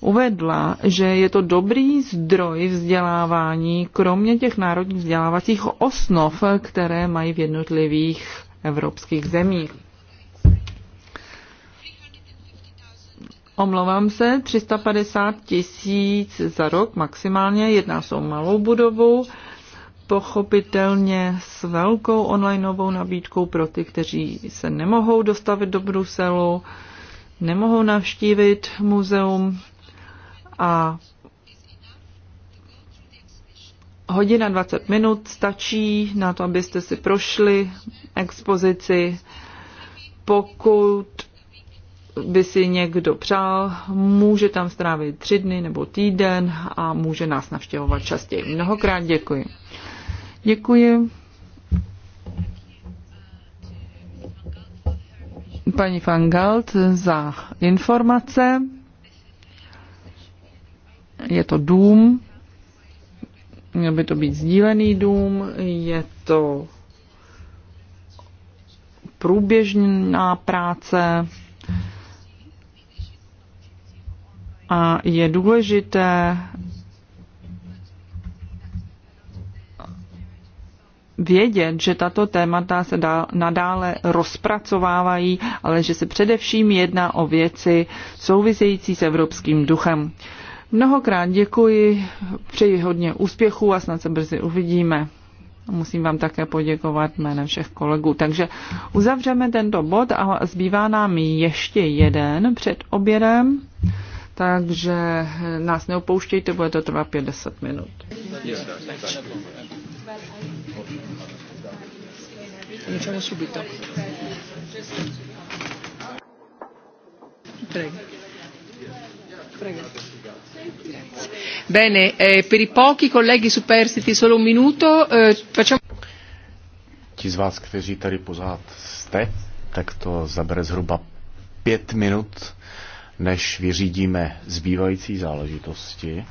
uvedla, že je to dobrý zdroj vzdělávání, kromě těch národních vzdělávacích osnov, které mají v jednotlivých evropských zemích. Omlouvám se, 350 tisíc za rok maximálně, jedná se o malou budovu, pochopitelně s velkou onlineovou nabídkou pro ty, kteří se nemohou dostavit do Bruselu, nemohou navštívit muzeum a hodina 20 minut stačí na to, abyste si prošli expozici. Pokud by si někdo přál, může tam strávit tři dny nebo týden a může nás navštěvovat častěji. Mnohokrát děkuji. Děkuji. Paní Fangalt za informace. Je to dům, měl by to být sdílený dům, je to průběžná práce a je důležité vědět, že tato témata se dá, nadále rozpracovávají, ale že se především jedná o věci související s evropským duchem. Mnohokrát děkuji, přeji hodně úspěchů a snad se brzy uvidíme. Musím vám také poděkovat jménem všech kolegů. Takže uzavřeme tento bod a zbývá nám ještě jeden před obědem, takže nás neopouštějte, bude to trvat 50 minut. Yeah. Cominciamo subito. Prego. Prego. Bene, eh, per i pochi colleghi superstiti solo un minuto. Eh, facciamo... Ti z vás, kteří tady pořád jste, tak to zabere zhruba pět minut, než vyřídíme zbývající záležitosti.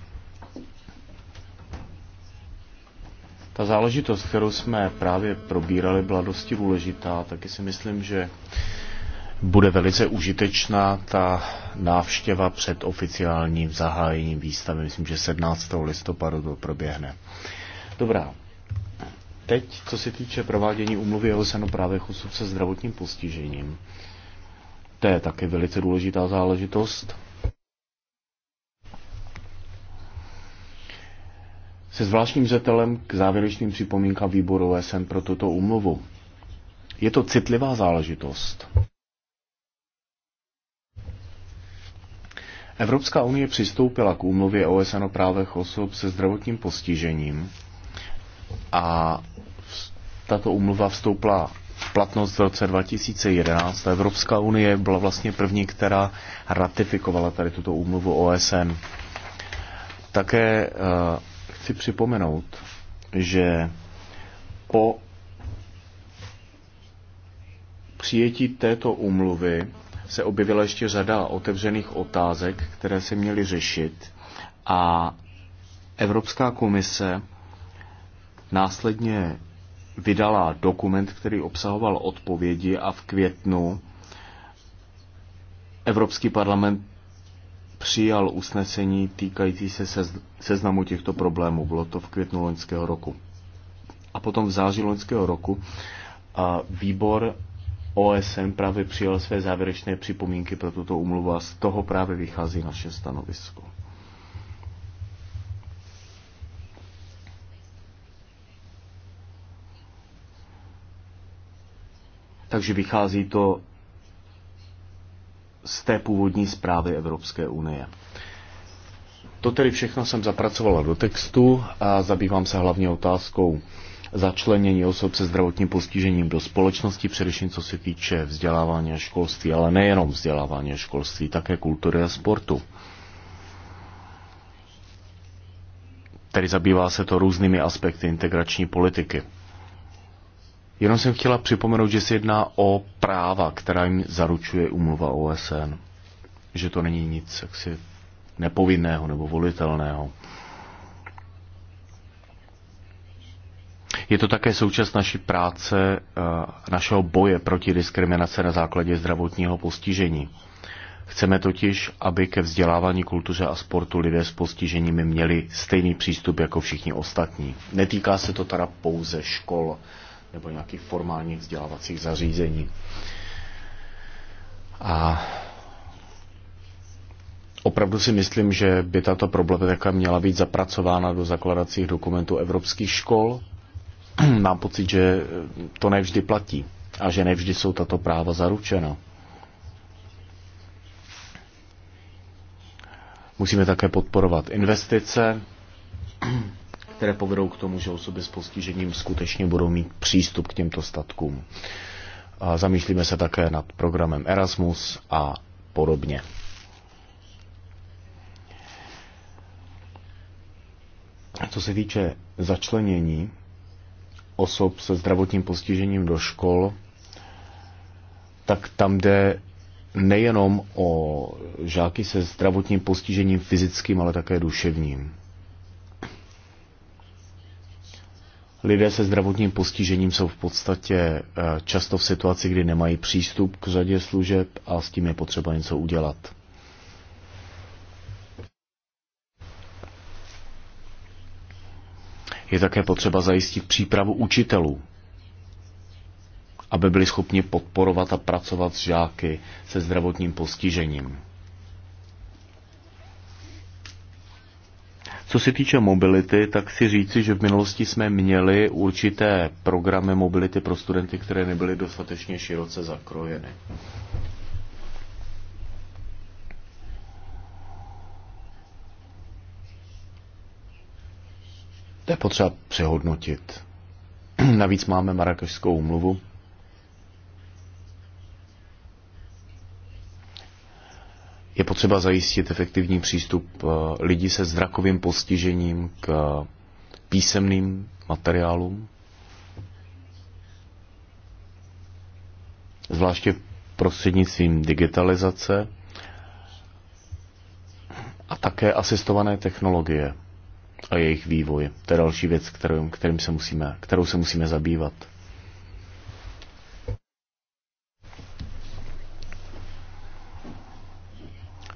Ta záležitost, kterou jsme právě probírali, byla dosti důležitá. Taky si myslím, že bude velice užitečná ta návštěva před oficiálním zahájením výstavy. Myslím, že 17. listopadu to proběhne. Dobrá. Teď, co se týče provádění umluvy o no právě osob se zdravotním postižením. To je taky velice důležitá záležitost. se zvláštním zetelem k závěrečným připomínkám výboru OSN pro tuto úmluvu. Je to citlivá záležitost. Evropská unie přistoupila k úmluvě OSN o právech osob se zdravotním postižením a tato úmluva vstoupila v platnost v roce 2011. Evropská unie byla vlastně první, která ratifikovala tady tuto úmluvu OSN. Také eh, chci připomenout, že po přijetí této úmluvy se objevila ještě řada otevřených otázek, které se měly řešit a Evropská komise následně vydala dokument, který obsahoval odpovědi a v květnu Evropský parlament přijal usnesení týkající se seznamu těchto problémů. Bylo to v květnu loňského roku. A potom v září loňského roku a výbor OSN právě přijal své závěrečné připomínky pro tuto umluvu a z toho právě vychází naše stanovisko. Takže vychází to z té původní zprávy Evropské unie. To tedy všechno jsem zapracovala do textu a zabývám se hlavně otázkou začlenění osob se zdravotním postižením do společnosti, především co se týče vzdělávání a školství, ale nejenom vzdělávání a školství, také kultury a sportu. Tedy zabývá se to různými aspekty integrační politiky. Jenom jsem chtěla připomenout, že se jedná o práva, která jim zaručuje umluva OSN. Že to není nic jaksi nepovinného nebo volitelného. Je to také součást naší práce, eh, našeho boje proti diskriminaci na základě zdravotního postižení. Chceme totiž, aby ke vzdělávání, kultuře a sportu lidé s postiženími měli stejný přístup jako všichni ostatní. Netýká se to teda pouze škol, nebo nějakých formálních vzdělávacích zařízení. A Opravdu si myslím, že by tato problematika měla být zapracována do zakladacích dokumentů evropských škol. Mám pocit, že to nevždy platí a že nevždy jsou tato práva zaručena. Musíme také podporovat investice které povedou k tomu, že osoby s postižením skutečně budou mít přístup k těmto statkům. A zamýšlíme se také nad programem Erasmus a podobně. Co se týče začlenění osob se zdravotním postižením do škol, tak tam jde nejenom o žáky se zdravotním postižením fyzickým, ale také duševním. Lidé se zdravotním postižením jsou v podstatě eh, často v situaci, kdy nemají přístup k řadě služeb a s tím je potřeba něco udělat. Je také potřeba zajistit přípravu učitelů, aby byli schopni podporovat a pracovat s žáky se zdravotním postižením. Co se týče mobility, tak si říci, že v minulosti jsme měli určité programy mobility pro studenty, které nebyly dostatečně široce zakrojeny. To je potřeba přehodnotit. Navíc máme Marrakešskou umluvu, Je potřeba zajistit efektivní přístup eh, lidí se zrakovým postižením k písemným materiálům, zvláště prostřednictvím digitalizace a také asistované technologie a jejich vývoj. To je další věc, kterou, kterým se musíme, kterou se musíme zabývat.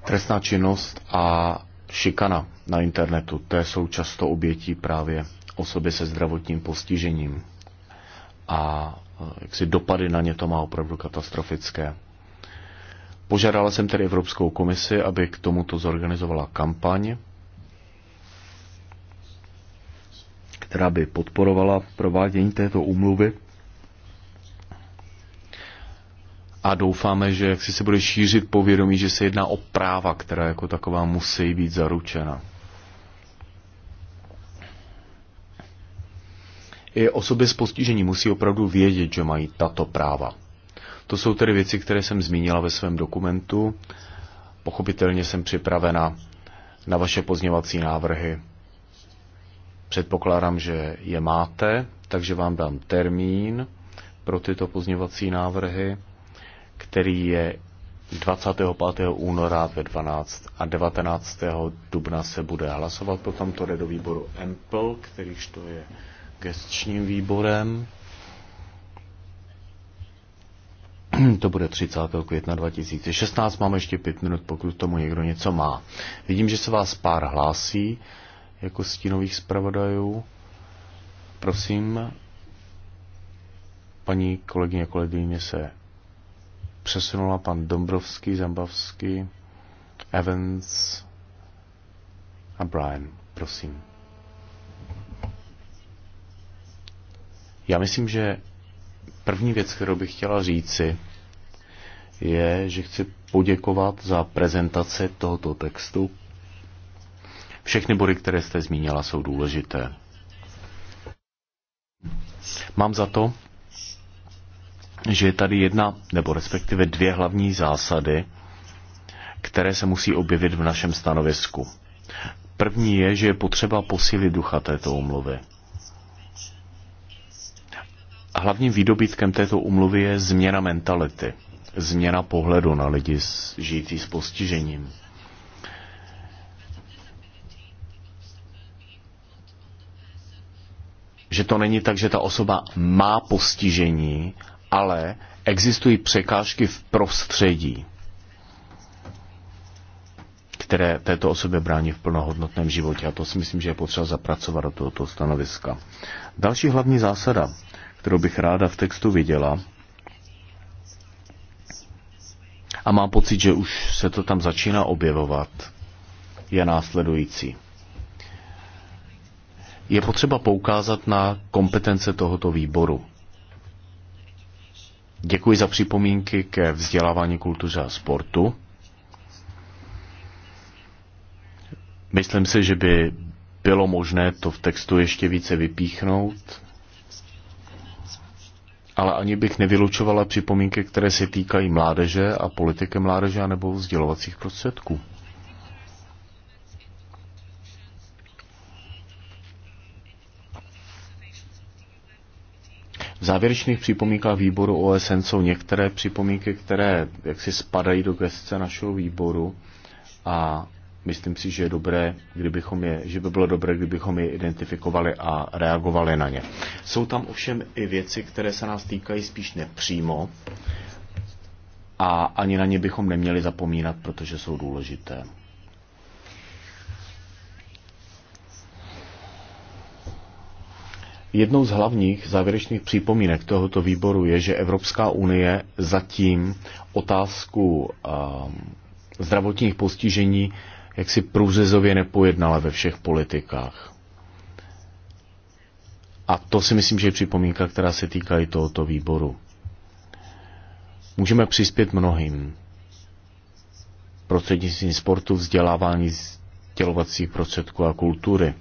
Trestná činnost a šikana na internetu, to jsou často obětí právě osoby se zdravotním postižením. A eh, jaksi dopady na ně to má opravdu katastrofické. Požádala jsem tedy Evropskou komisi, aby k tomuto zorganizovala kampaň, která by podporovala provádění této úmluvy a doufáme, že jak si se bude šířit povědomí, že se jedná o práva, která jako taková musí být zaručena. I osoby s postižením musí opravdu vědět, že mají tato práva. To jsou tedy věci, které jsem zmínila ve svém dokumentu. Pochopitelně jsem připravena na vaše pozněvací návrhy. Předpokládám, že je máte, takže vám dám termín pro tyto pozněvací návrhy který je 25. února ve 12 a 19. dubna se bude hlasovat. Potom to jde do výboru EMPL, kterýž to je gestčním výborem. To bude 30. května 2016. Máme ještě pět minut, pokud tomu někdo něco má. Vidím, že se vás pár hlásí jako stínových zpravodajů. Prosím, paní kolegyně, kolegyně se přesunula pan Dombrovský, Zambavský, Evans a Brian. Prosím. Já myslím, že první věc, kterou bych chtěla říci, je, že chci poděkovat za prezentaci tohoto textu. Všechny body, které jste zmínila, jsou důležité. Mám za to, že je tady jedna, nebo respektive dvě hlavní zásady, které se musí objevit v našem stanovisku. První je, že je potřeba posílit ducha této umluvy. Hlavním výdobytkem této umluvy je změna mentality, změna pohledu na lidi žijící s postižením. že to není tak, že ta osoba má postižení, ale existují překážky v prostředí, které této osobě brání v plnohodnotném životě. A to si myslím, že je potřeba zapracovat do tohoto stanoviska. Další hlavní zásada, kterou bych ráda v textu viděla, a mám pocit, že už se to tam začíná objevovat, je následující. Je potřeba poukázat na kompetence tohoto výboru. Děkuji za připomínky ke vzdělávání kultuře a sportu. Myslím si, že by bylo možné to v textu ještě více vypíchnout, ale ani bych nevylučovala připomínky, které se týkají mládeže a politiky mládeže nebo vzdělovacích prostředků. V závěrečných připomínkách výboru OSN jsou některé připomínky, které jaksi spadají do gestce našeho výboru a myslím si, že je dobré, kdybychom je, že by bylo dobré, kdybychom je identifikovali a reagovali na ně. Jsou tam ovšem i věci, které se nás týkají spíš nepřímo a ani na ně bychom neměli zapomínat, protože jsou důležité. Jednou z hlavních závěrečných připomínek tohoto výboru je, že Evropská unie zatím otázku ehm, zdravotních postižení jak si průřezově nepojednala ve všech politikách. A to si myslím, že je připomínka, která se týká i tohoto výboru. Můžeme přispět mnohým. Prostřednictvím sportu, vzdělávání, tělovacích prostředků a kultury.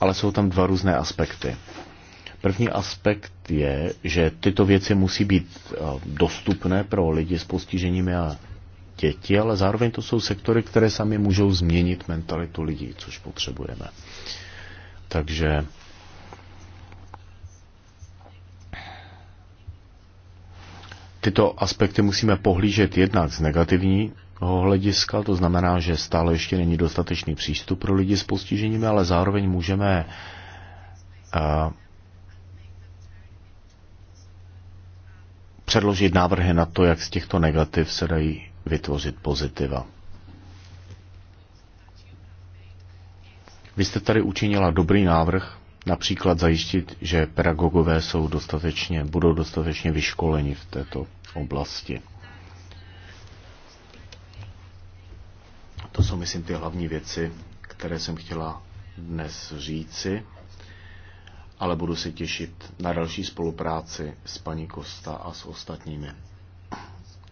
Ale jsou tam dva různé aspekty. První aspekt je, že tyto věci musí být eh, dostupné pro lidi s postiženími a děti, ale zároveň to jsou sektory, které sami můžou změnit mentalitu lidí, což potřebujeme. Takže tyto aspekty musíme pohlížet jednak z negativního hlediska, to znamená, že stále ještě není dostatečný přístup pro lidi s postižením, ale zároveň můžeme eh, předložit návrhy na to, jak z těchto negativ se dají vytvořit pozitiva. Vy jste tady učinila dobrý návrh, například zajistit, že pedagogové jsou dostatečně, budou dostatečně vyškoleni v této oblasti. To jsou, myslím, ty hlavní věci, které jsem chtěla dnes říci ale budu se těšit na další spolupráci s paní Kosta a s ostatními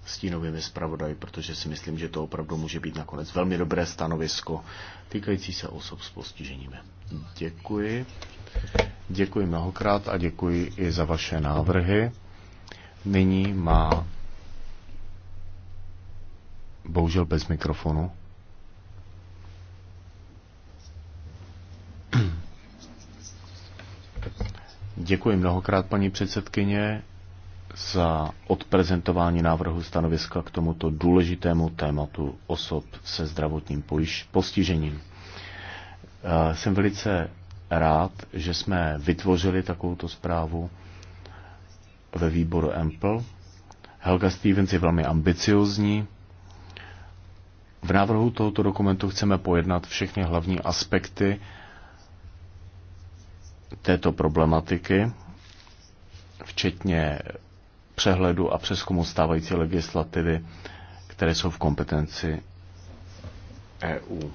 stínovými zpravodaji, protože si myslím, že to opravdu může být nakonec velmi dobré stanovisko týkající se osob s postiženími. Děkuji. Děkuji mnohokrát a děkuji i za vaše návrhy. Nyní má bohužel bez mikrofonu. Děkuji mnohokrát, paní předsedkyně, za odprezentování návrhu stanoviska k tomuto důležitému tématu osob se zdravotním postižením. Eh, jsem velice rád, že jsme vytvořili takovouto zprávu ve výboru EMPL. Helga Stevens je velmi ambiciozní. V návrhu tohoto dokumentu chceme pojednat všechny hlavní aspekty této problematiky, včetně přehledu a přeskumu stávající legislativy, které jsou v kompetenci EU.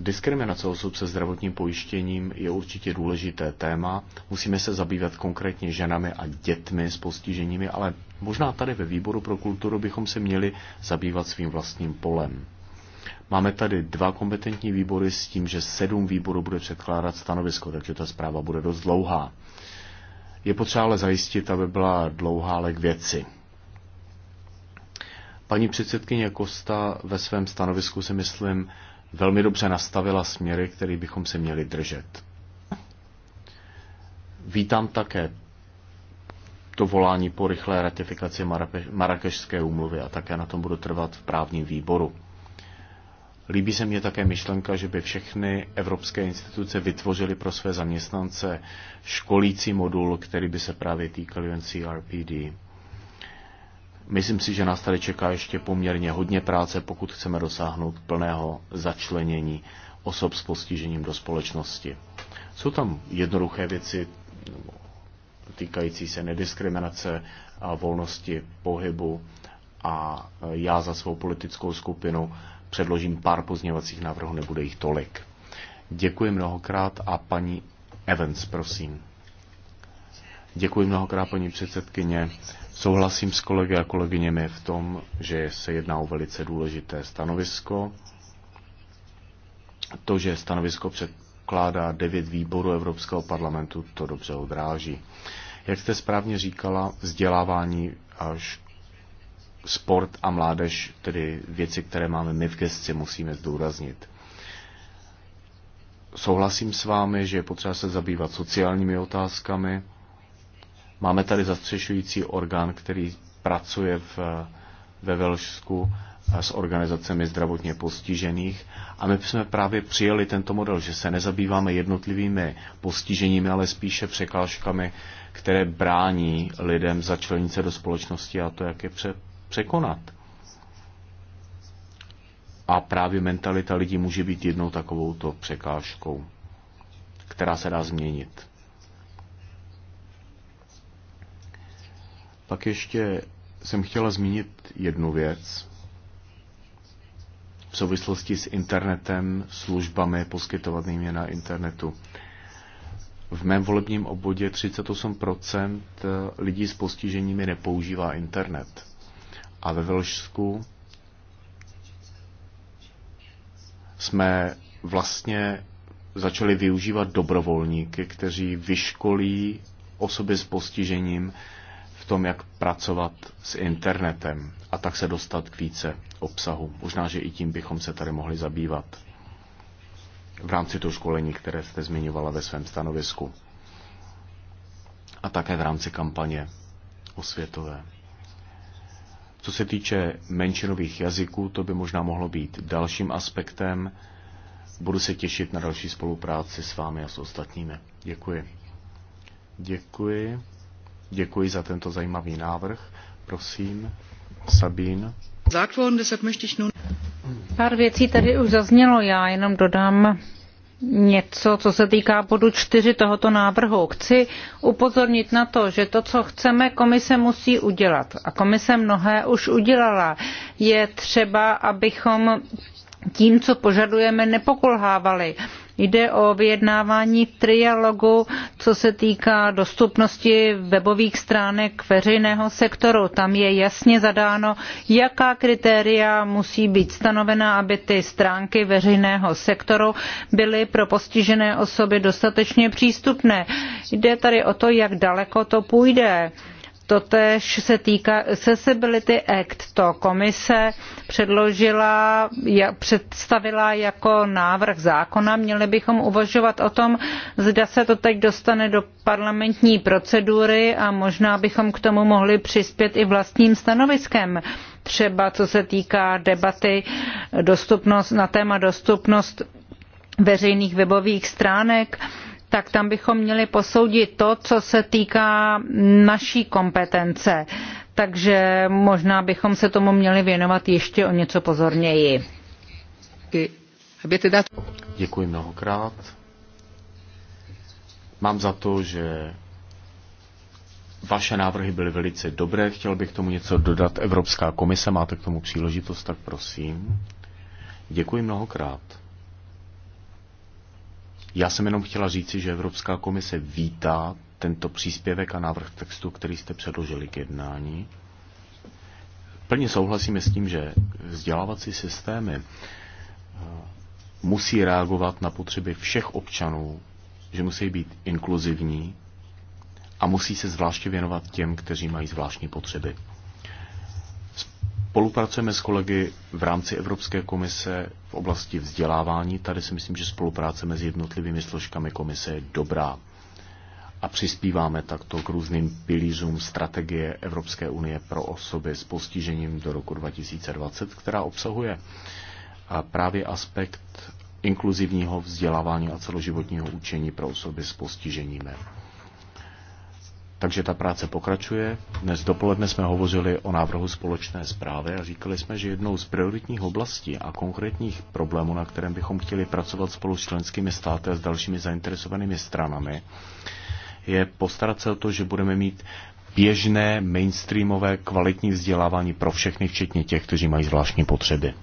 Diskriminace osob se zdravotním pojištěním je určitě důležité téma. Musíme se zabývat konkrétně ženami a dětmi s postiženími, ale možná tady ve výboru pro kulturu bychom se měli zabývat svým vlastním polem. Máme tady dva kompetentní výbory s tím, že sedm výborů bude předkládat stanovisko, takže ta zpráva bude dost dlouhá. Je potřeba ale zajistit, aby byla dlouhá, ale k věci. Paní předsedkyně Kosta ve svém stanovisku si myslím velmi dobře nastavila směry, které bychom se měli držet. Vítám také to volání po rychlé ratifikaci Marakešské úmluvy a také na tom budu trvat v právním výboru. Líbí se mně také myšlenka, že by všechny evropské instituce vytvořily pro své zaměstnance školící modul, který by se právě týkal UNCRPD. Myslím si, že nás tady čeká ještě poměrně hodně práce, pokud chceme dosáhnout plného začlenění osob s postižením do společnosti. Jsou tam jednoduché věci týkající se nediskriminace a volnosti pohybu a já za svou politickou skupinu předložím pár pozměňovacích návrhů, nebude jich tolik. Děkuji mnohokrát a paní Evans, prosím. Děkuji mnohokrát, paní předsedkyně. Souhlasím s kolegy a kolegyněmi v tom, že se jedná o velice důležité stanovisko. To, že stanovisko předkládá devět výborů Evropského parlamentu, to dobře odráží. Jak jste správně říkala, vzdělávání a sport a mládež, tedy věci, které máme my v gestci, musíme zdůraznit. Souhlasím s vámi, že je potřeba se zabývat sociálními otázkami. Máme tady zastřešující orgán, který pracuje v, ve Velšsku s organizacemi zdravotně postižených. A my jsme právě přijeli tento model, že se nezabýváme jednotlivými postiženími, ale spíše překážkami, které brání lidem začlenit se do společnosti a to, jak je překonat. A právě mentalita lidí může být jednou takovouto překážkou, která se dá změnit. Pak ještě jsem chtěla zmínit jednu věc v souvislosti s internetem, službami poskytovanými na internetu. V mém volebním obvodě 38% lidí s postiženími nepoužívá internet a ve Velšsku jsme vlastně začali využívat dobrovolníky, kteří vyškolí osoby s postižením v tom, jak pracovat s internetem a tak se dostat k více obsahu. Možná, že i tím bychom se tady mohli zabývat v rámci toho školení, které jste zmiňovala ve svém stanovisku. A také v rámci kampaně osvětové. Co se týče menšinových jazyků, to by možná mohlo být dalším aspektem. Budu se těšit na další spolupráci s vámi a s ostatními. Děkuji. Děkuji. Děkuji za tento zajímavý návrh. Prosím, Sabín. No- Pár věcí tady už zaznělo, já jenom dodám něco, co se týká bodu 4 tohoto návrhu. Chci upozornit na to, že to, co chceme, komise musí udělat. A komise mnohé už udělala. Je třeba, abychom tím, co požadujeme, nepokolhávali. Jde o vyjednávání v trialogu, co se týká dostupnosti webových stránek veřejného sektoru. Tam je jasně zadáno, jaká kritéria musí být stanovena, aby ty stránky veřejného sektoru byly pro postižené osoby dostatečně přístupné. Jde tady o to, jak daleko to půjde. Totež se týká Accessibility Act. To komise předložila, představila jako návrh zákona. Měli bychom uvažovat o tom, zda se to teď dostane do parlamentní procedury a možná bychom k tomu mohli přispět i vlastním stanoviskem. Třeba co se týká debaty dostupnost, na téma dostupnost veřejných webových stránek tak tam bychom měli posoudit to, co se týká naší kompetence. Takže možná bychom se tomu měli věnovat ještě o něco pozorněji. Děkuji mnohokrát. Mám za to, že vaše návrhy byly velice dobré. Chtěl bych tomu něco dodat. Evropská komise, máte k tomu příležitost, tak prosím. Děkuji mnohokrát. Já jsem jenom chtěla říci, že Evropská komise vítá tento příspěvek a návrh textu, který jste předložili k jednání. Plně souhlasíme s tím, že vzdělávací systémy eh, musí reagovat na potřeby všech občanů, že musí být inkluzivní a musí se zvláště věnovat těm, kteří mají zvláštní potřeby. Spolupracujeme s kolegy v rámci Evropské komise v oblasti vzdělávání. Tady si myslím, že spolupráce mezi jednotlivými složkami komise je dobrá. A přispíváme takto k různým pilířům strategie Evropské unie pro osoby s postižením do roku 2020, která obsahuje právě aspekt inkluzivního vzdělávání a celoživotního učení pro osoby s postižením. Takže ta práce pokračuje. Dnes dopoledne jsme hovořili o návrhu společné zprávy a říkali jsme, že jednou z prioritních oblastí a konkrétních problémů, na kterém bychom chtěli pracovat spolu s členskými státy a s dalšími zainteresovanými stranami, je postarat se o to, že budeme mít běžné, mainstreamové, kvalitní vzdělávání pro všechny, včetně těch, kteří mají zvláštní potřeby.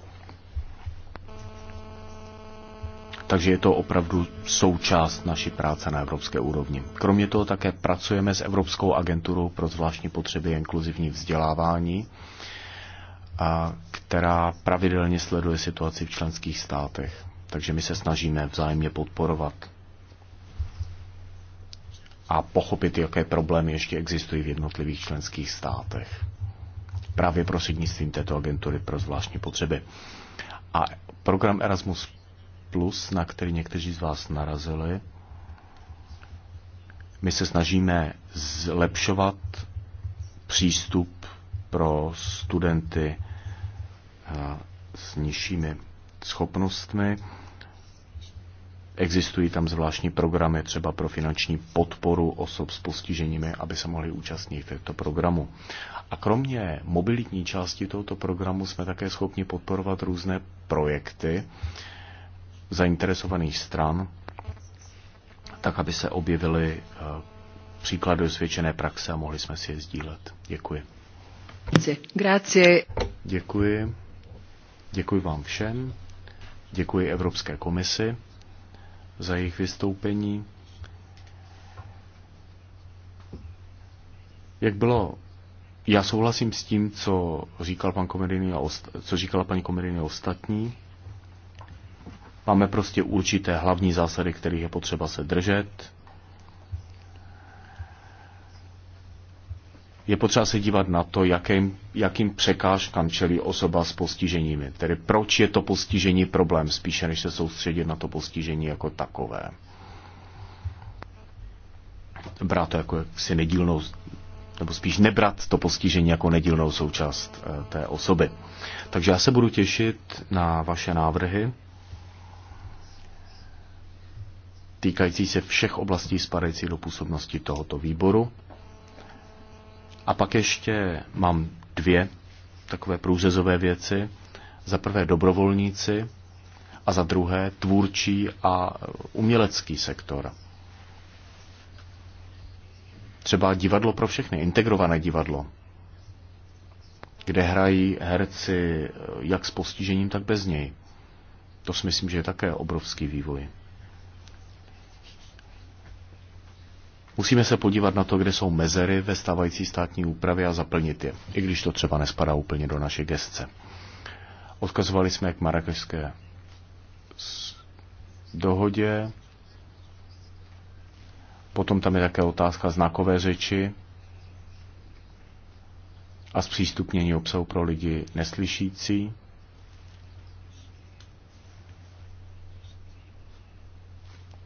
takže je to opravdu součást naší práce na evropské úrovni. Kromě toho také pracujeme s Evropskou agenturou pro zvláštní potřeby inkluzivní vzdělávání, která pravidelně sleduje situaci v členských státech. Takže my se snažíme vzájemně podporovat a pochopit, jaké problémy ještě existují v jednotlivých členských státech. Právě prostřednictvím této agentury pro zvláštní potřeby. A program Erasmus plus, na který někteří z vás narazili. My se snažíme zlepšovat přístup pro studenty eh, s nižšími schopnostmi. Existují tam zvláštní programy třeba pro finanční podporu osob s postiženími, aby se mohli účastnit těchto programu. A kromě mobilitní části tohoto programu jsme také schopni podporovat různé projekty, zainteresovaných stran, tak aby se objevily eh, příklady osvědčené praxe a mohli jsme si je sdílet. Děkuji. Grazie. Děkuji. Děkuji vám všem. Děkuji Evropské komisi za jejich vystoupení. Jak bylo já souhlasím s tím, co říkal pan Komerini a osta- co říkala paní Komerini ostatní. Máme prostě určité hlavní zásady, kterých je potřeba se držet. Je potřeba se dívat na to, jakým, jakým překážkám čelí osoba s postiženími. Tedy proč je to postižení problém, spíše než se soustředit na to postižení jako takové. Brát to jako si nedílnou nebo spíš nebrat to postižení jako nedílnou součást eh, té osoby. Takže já se budu těšit na vaše návrhy. týkající se všech oblastí spadající do působnosti tohoto výboru. A pak ještě mám dvě takové průřezové věci. Za prvé dobrovolníci a za druhé tvůrčí a umělecký sektor. Třeba divadlo pro všechny, integrované divadlo, kde hrají herci jak s postižením, tak bez něj. To si myslím, že je také obrovský vývoj. Musíme se podívat na to, kde jsou mezery ve stávající státní úpravě a zaplnit je, i když to třeba nespadá úplně do naše gestce. Odkazovali jsme k marakešské dohodě. Potom tam je také otázka znakové řeči a zpřístupnění obsahu pro lidi neslyšící.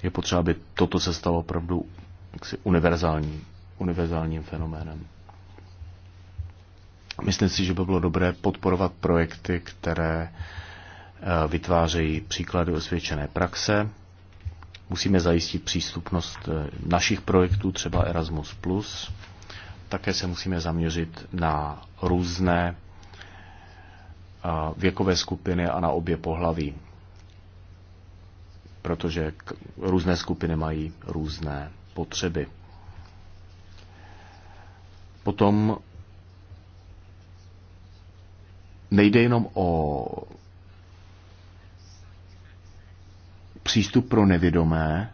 Je potřeba, aby toto se stalo opravdu jaksi univerzální, univerzálním fenoménem. Myslím si, že by bylo dobré podporovat projekty, které eh, vytvářejí příklady osvědčené praxe. Musíme zajistit přístupnost eh, našich projektů, třeba Erasmus+. Také se musíme zaměřit na různé eh, věkové skupiny a na obě pohlaví, protože různé skupiny mají různé potřeby. Potom nejde jenom o přístup pro nevědomé,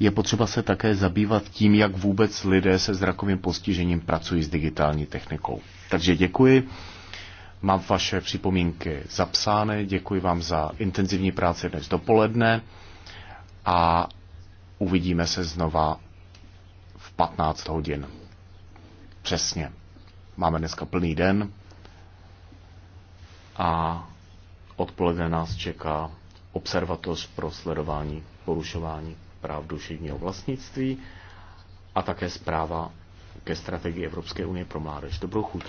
je potřeba se také zabývat tím, jak vůbec lidé se zrakovým postižením pracují s digitální technikou. Takže děkuji. Mám vaše připomínky zapsány. Děkuji vám za intenzivní práci dnes dopoledne a uvidíme se znova v 15 hodin. Přesně. Máme dneska plný den a odpoledne nás čeká observatoř pro sledování porušování práv duševního vlastnictví a také zpráva ke strategii Evropské unie pro mládež. Dobrou chuť.